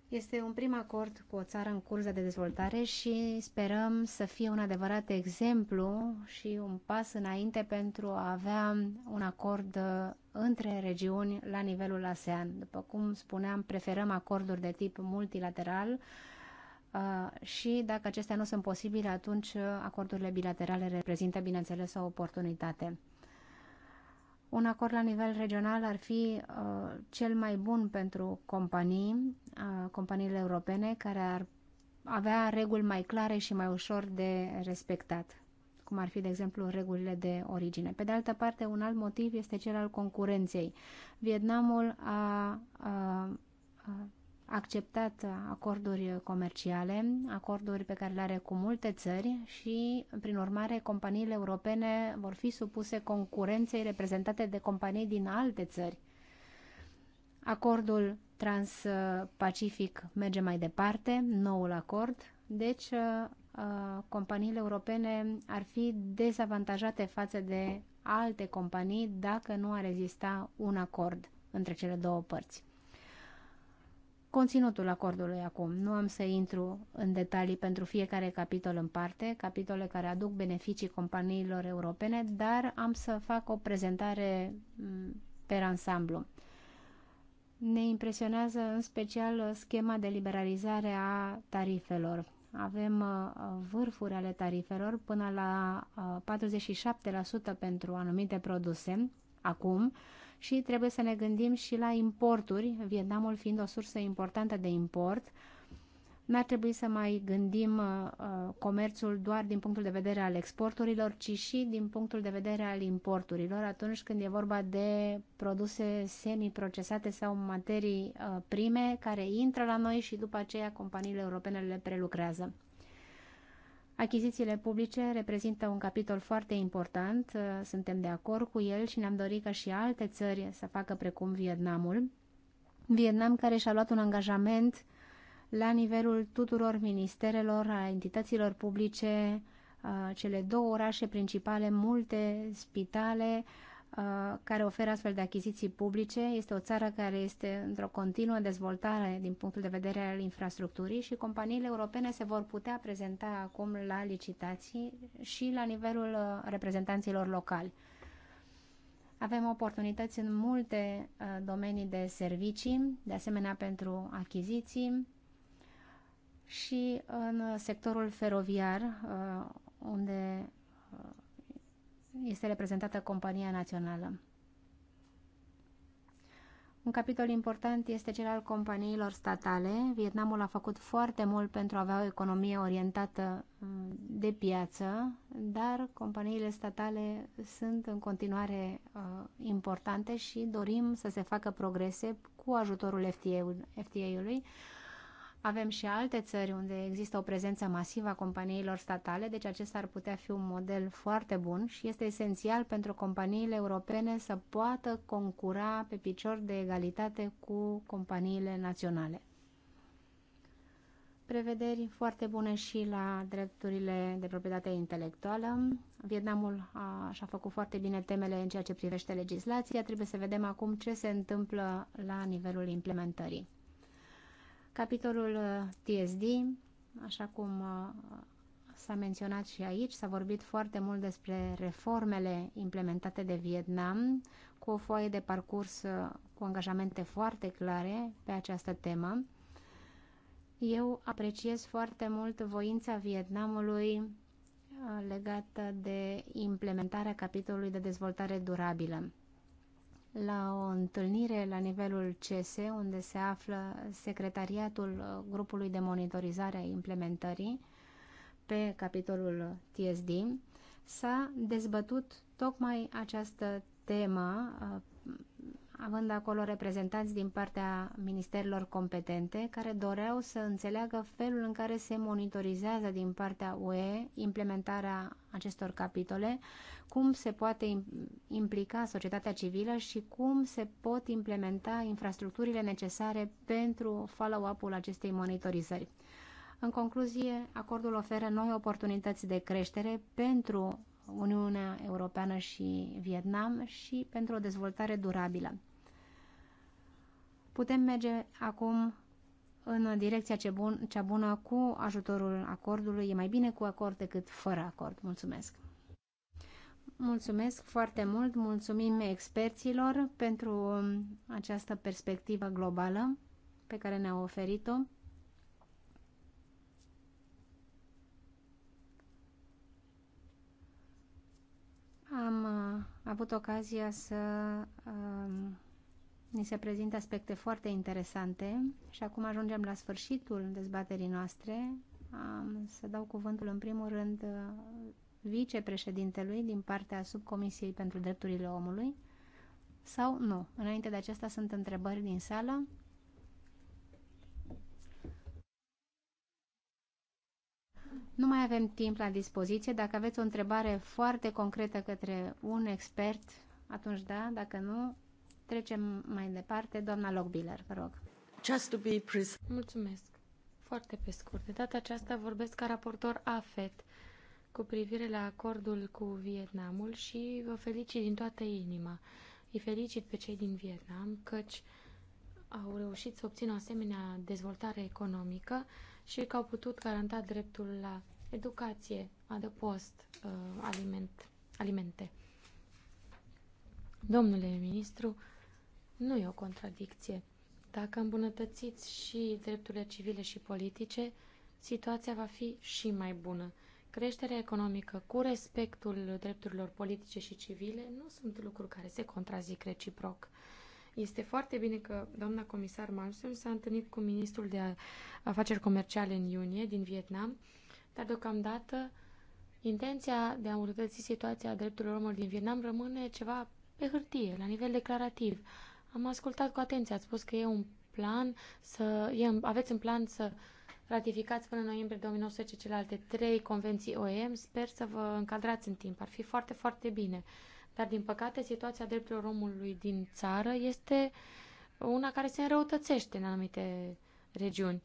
Este un prim acord cu o țară în curs de dezvoltare și sperăm să fie un adevărat exemplu și un pas înainte pentru a avea un acord uh, între regiuni la nivelul ASEAN. După cum spuneam, preferăm acorduri de tip multilateral uh, și dacă acestea nu sunt posibile, atunci uh, acordurile bilaterale reprezintă, bineînțeles, o oportunitate. Un acord la nivel regional ar fi uh, cel mai bun pentru companii, uh, companiile europene, care ar avea reguli mai clare și mai ușor de respectat, cum ar fi, de exemplu, regulile de origine. Pe de altă parte, un alt motiv este cel al concurenței. Vietnamul a, a, a acceptat acorduri comerciale, acorduri pe care le are cu multe țări și, prin urmare, companiile europene vor fi supuse concurenței reprezentate de companii din alte țări. Acordul transpacific merge mai departe, noul acord, deci uh, companiile europene ar fi dezavantajate față de alte companii dacă nu ar exista un acord între cele două părți conținutul acordului acum. Nu am să intru în detalii pentru fiecare capitol în parte, capitole care aduc beneficii companiilor europene, dar am să fac o prezentare mm, pe ansamblu. Ne impresionează în special schema de liberalizare a tarifelor. Avem uh, vârfuri ale tarifelor până la 47% uh, pentru anumite produse acum, și trebuie să ne gândim și la importuri, Vietnamul fiind o sursă importantă de import. N-ar trebui să mai gândim uh, uh, comerțul doar din punctul de vedere al exporturilor, ci și din punctul de vedere al importurilor, atunci când e vorba de produse semi-procesate sau materii uh, prime care intră la noi și după aceea companiile europene le prelucrează. Achizițiile publice reprezintă un capitol foarte important, ă, suntem de acord cu el și ne-am dorit ca și alte țări să facă precum Vietnamul. Vietnam care și-a luat un angajament la nivelul tuturor ministerelor, a entităților publice, ă, cele două orașe principale, multe spitale, Uh, care oferă astfel de achiziții publice. Este o țară care este într-o continuă dezvoltare din punctul de vedere al infrastructurii și companiile europene se vor putea prezenta acum la licitații și la nivelul uh, reprezentanților locali. Avem oportunități în multe uh, domenii de servicii, de asemenea pentru achiziții și în sectorul feroviar, unde este reprezentată compania națională. Un capitol important este cel al companiilor statale. Vietnamul a făcut foarte mult pentru a avea o economie orientată uh, de piață, dar companiile statale sunt în continuare uh, importante și dorim să se facă progrese cu ajutorul FTA-ului. fta ului avem și alte țări unde există o prezență masivă a companiilor statale, deci acesta ar putea fi un model foarte bun și este esențial pentru companiile europene să poată concura pe picior de egalitate cu companiile naționale. Prevederi foarte bune și la drepturile de proprietate intelectuală. Vietnamul a, și-a făcut foarte bine temele în ceea ce privește legislația. Trebuie să vedem acum ce se întâmplă la nivelul implementării. Capitolul uh, TSD, așa cum uh, s-a menționat și aici, s-a vorbit foarte mult despre reformele implementate de Vietnam, cu o foaie de parcurs uh, cu angajamente foarte clare pe această temă. Eu apreciez foarte mult voința Vietnamului legată de implementarea capitolului de dezvoltare durabilă la o întâlnire la nivelul CS, unde se află secretariatul grupului de monitorizare a implementării pe capitolul TSD, s-a dezbătut tocmai această temă având acolo reprezentanți din partea ministerilor competente care doreau să înțeleagă felul în care se monitorizează din partea UE implementarea acestor capitole, cum se poate implica societatea civilă și cum se pot implementa infrastructurile necesare pentru follow-up-ul acestei monitorizări. În concluzie, acordul oferă noi oportunități de creștere pentru Uniunea Europeană și Vietnam și pentru o dezvoltare durabilă. Putem merge acum în direcția ce bun, cea bună cu ajutorul acordului. E mai bine cu acord decât fără acord. Mulțumesc! Mulțumesc foarte mult, mulțumim experților pentru această perspectivă globală pe care ne-au oferit-o. am uh, avut ocazia să um, ni se prezintă aspecte foarte interesante și acum ajungem la sfârșitul dezbaterii noastre. Am să dau cuvântul în primul rând uh, vicepreședintelui din partea subcomisiei pentru drepturile omului sau nu. Înainte de aceasta sunt întrebări din sală. Nu mai avem timp la dispoziție. Dacă aveți o întrebare foarte concretă către un expert, atunci da, dacă nu, trecem mai departe. Doamna Lockbiller, vă rog. Just to be Mulțumesc. Foarte pe scurt. De data aceasta vorbesc ca raportor AFET cu privire la acordul cu Vietnamul și vă felicit din toată inima. Îi felicit pe cei din Vietnam căci au reușit să obțină o asemenea dezvoltare economică și că au putut garanta dreptul la educație, adăpost, uh, aliment, alimente. Domnule ministru, nu e o contradicție. Dacă îmbunătățiți și drepturile civile și politice, situația va fi și mai bună. Creșterea economică cu respectul drepturilor politice și civile nu sunt lucruri care se contrazic reciproc. Este foarte bine că doamna comisar Malmström s-a întâlnit cu ministrul de afaceri comerciale în iunie din Vietnam, dar deocamdată intenția de a îmbunătăți situația drepturilor omului din Vietnam rămâne ceva pe hârtie, la nivel declarativ. Am ascultat cu atenție, ați spus că e un plan să, e, aveți în plan să ratificați până în noiembrie 2019 celelalte trei convenții OEM. Sper să vă încadrați în timp. Ar fi foarte, foarte bine. Dar, din păcate, situația drepturilor omului din țară este una care se înrăutățește în anumite regiuni.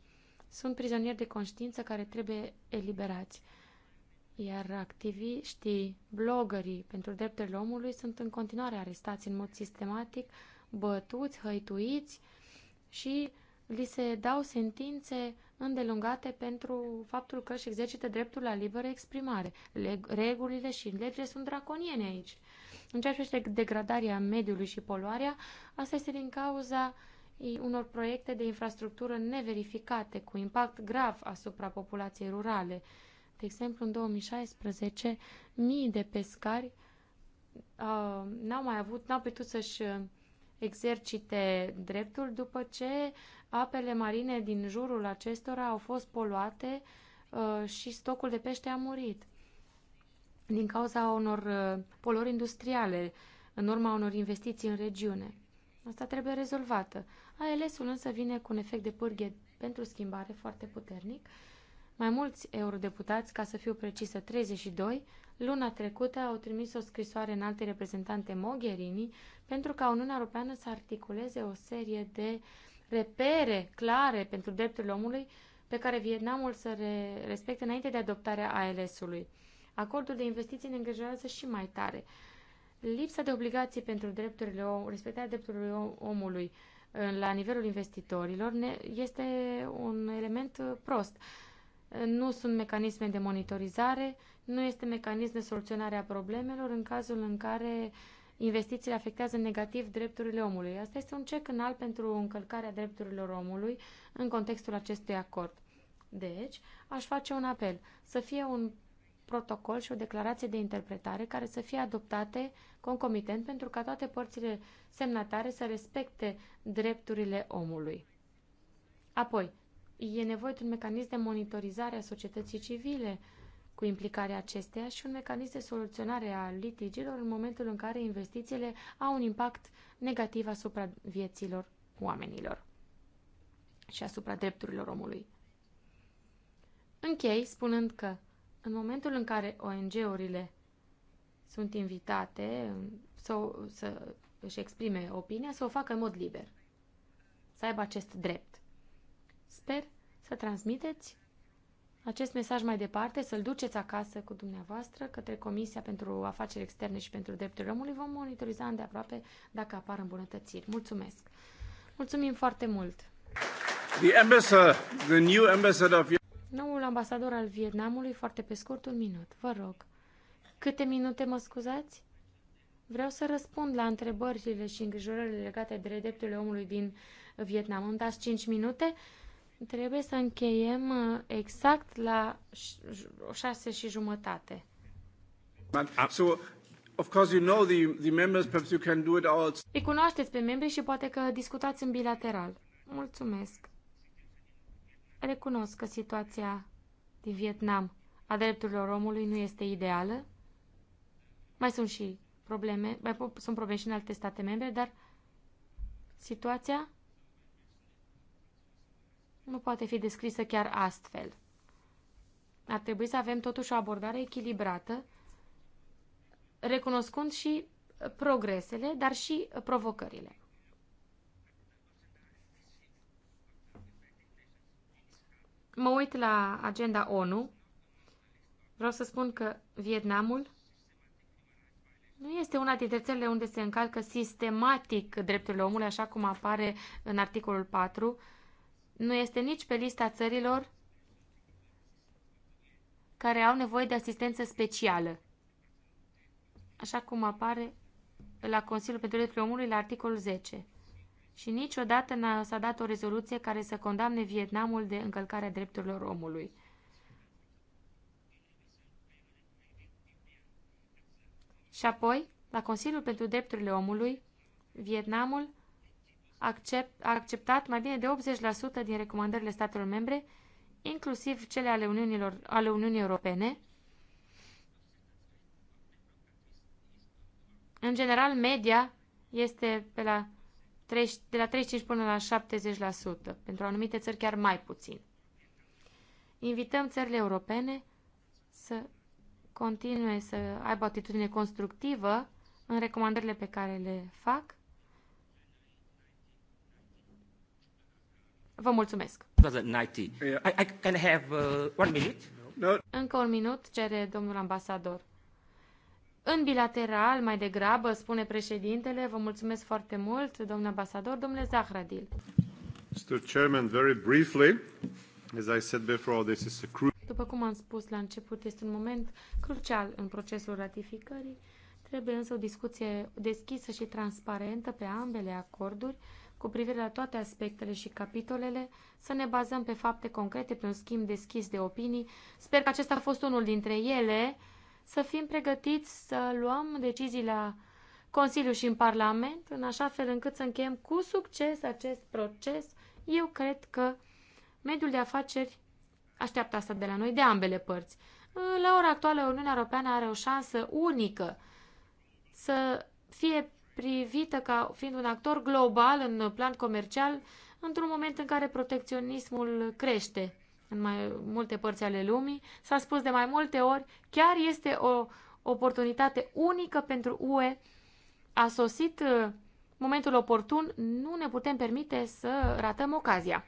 Sunt prizonieri de conștiință care trebuie eliberați. Iar activiștii, blogării pentru drepturile omului sunt în continuare arestați în mod sistematic, bătuți, hăituiți și li se dau sentințe îndelungate pentru faptul că își exercită dreptul la liberă exprimare. Regulile și legile sunt draconiene aici. În ceea ce privește degradarea mediului și poluarea, asta este din cauza unor proiecte de infrastructură neverificate, cu impact grav asupra populației rurale. De exemplu, în 2016, mii de pescari uh, n-au mai avut, n-au putut să-și exercite dreptul după ce apele marine din jurul acestora au fost poluate uh, și stocul de pește a murit din cauza unor uh, polori industriale, în urma unor investiții în regiune. Asta trebuie rezolvată. ALS-ul însă vine cu un efect de pârghie pentru schimbare foarte puternic. Mai mulți eurodeputați, ca să fiu precisă 32, luna trecută au trimis o scrisoare în alte reprezentante Mogherini pentru ca Uniunea Europeană să articuleze o serie de repere clare pentru drepturile omului pe care Vietnamul să le respecte înainte de adoptarea ALS-ului. Acordul de investiții ne îngrijorează și mai tare. Lipsa de obligații pentru drepturile om, respectarea drepturilor omului uh, la nivelul investitorilor ne, este un element uh, prost. Uh, nu sunt mecanisme de monitorizare, nu este mecanism de soluționare a problemelor în cazul în care investițiile afectează negativ drepturile omului. Asta este un cec înalt pentru încălcarea drepturilor omului în contextul acestui acord. Deci, aș face un apel să fie un protocol și o declarație de interpretare care să fie adoptate concomitent pentru ca toate părțile semnatare să respecte drepturile omului. Apoi, e nevoie de un mecanism de monitorizare a societății civile cu implicarea acesteia și un mecanism de soluționare a litigilor în momentul în care investițiile au un impact negativ asupra vieților oamenilor și asupra drepturilor omului. Închei spunând că în momentul în care ONG-urile sunt invitate să, să își exprime opinia, să o facă în mod liber, să aibă acest drept. Sper să transmiteți acest mesaj mai departe, să-l duceți acasă cu dumneavoastră către Comisia pentru Afaceri Externe și pentru Drepturile Omului. Vom monitoriza îndeaproape dacă apar îmbunătățiri. Mulțumesc! Mulțumim foarte mult! The ambassador, the new ambassador of Noul ambasador al Vietnamului, foarte pe scurt, un minut, vă rog. Câte minute mă scuzați? Vreau să răspund la întrebările și îngrijorările legate de drepturile omului din Vietnam. Îmi dați 5 minute? Trebuie să încheiem uh, exact la 6 și jumătate. Uh, so, of course you know the, the members, perhaps you can do it all. Îi cunoașteți pe membri și poate că discutați în bilateral. Mulțumesc. Recunosc că situația din Vietnam a drepturilor omului nu este ideală. Mai sunt și probleme, mai sunt probleme și în alte state membre, dar situația nu poate fi descrisă chiar astfel. Ar trebui să avem totuși o abordare echilibrată, recunoscând și progresele, dar și provocările. mă uit la agenda ONU, vreau să spun că Vietnamul nu este una dintre țările unde se încalcă sistematic drepturile omului, așa cum apare în articolul 4. Nu este nici pe lista țărilor care au nevoie de asistență specială, așa cum apare la Consiliul pentru Drepturile Omului la articolul 10 și niciodată n-a s-a dat o rezoluție care să condamne Vietnamul de încălcarea drepturilor omului. Și apoi, la Consiliul pentru Drepturile Omului, Vietnamul accept, a acceptat mai bine de 80% din recomandările statelor membre, inclusiv cele ale, Uniunilor, ale Uniunii Europene. În general, media este pe la de la 35 până la 70%, pentru anumite țări chiar mai puțin. Invităm țările europene să continue să aibă o atitudine constructivă în recomandările pe care le fac. Vă mulțumesc. can have uh, one minute? No. Încă un minut cere domnul ambasador. În bilateral, mai degrabă, spune președintele, vă mulțumesc foarte mult, domnul ambasador, domnule Zahradil. Mr. Chairman, very briefly, as I said before, this is a crucial... După cum am spus la început, este un moment crucial în procesul ratificării. Trebuie însă o discuție deschisă și transparentă pe ambele acorduri cu privire la toate aspectele și capitolele, să ne bazăm pe fapte concrete, pe un schimb deschis de opinii. Sper că acesta a fost unul dintre ele să fim pregătiți să luăm decizii la Consiliu și în Parlament, în așa fel încât să încheiem cu succes acest proces. Eu cred că mediul de afaceri așteaptă asta de la noi, de ambele părți. La ora actuală, Uniunea Europeană are o șansă unică să fie privită ca fiind un actor global în plan comercial într-un moment în care protecționismul crește în mai multe părți ale lumii. S-a spus de mai multe ori, chiar este o oportunitate unică pentru UE. A sosit uh, momentul oportun, nu ne putem permite să ratăm ocazia.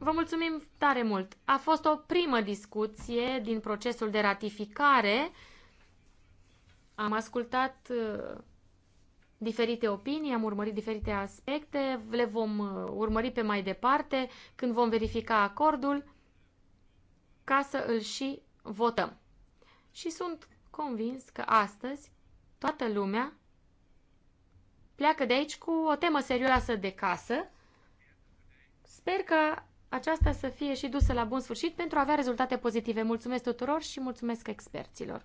Vă mulțumim tare mult. A fost o primă discuție din procesul de ratificare. Am ascultat uh, diferite opinii, am urmărit diferite aspecte, le vom uh, urmări pe mai departe când vom verifica acordul ca să îl și votăm. Și sunt convins că astăzi toată lumea pleacă de aici cu o temă serioasă de casă. Sper că aceasta să fie și dusă la bun sfârșit pentru a avea rezultate pozitive. Mulțumesc tuturor și mulțumesc experților!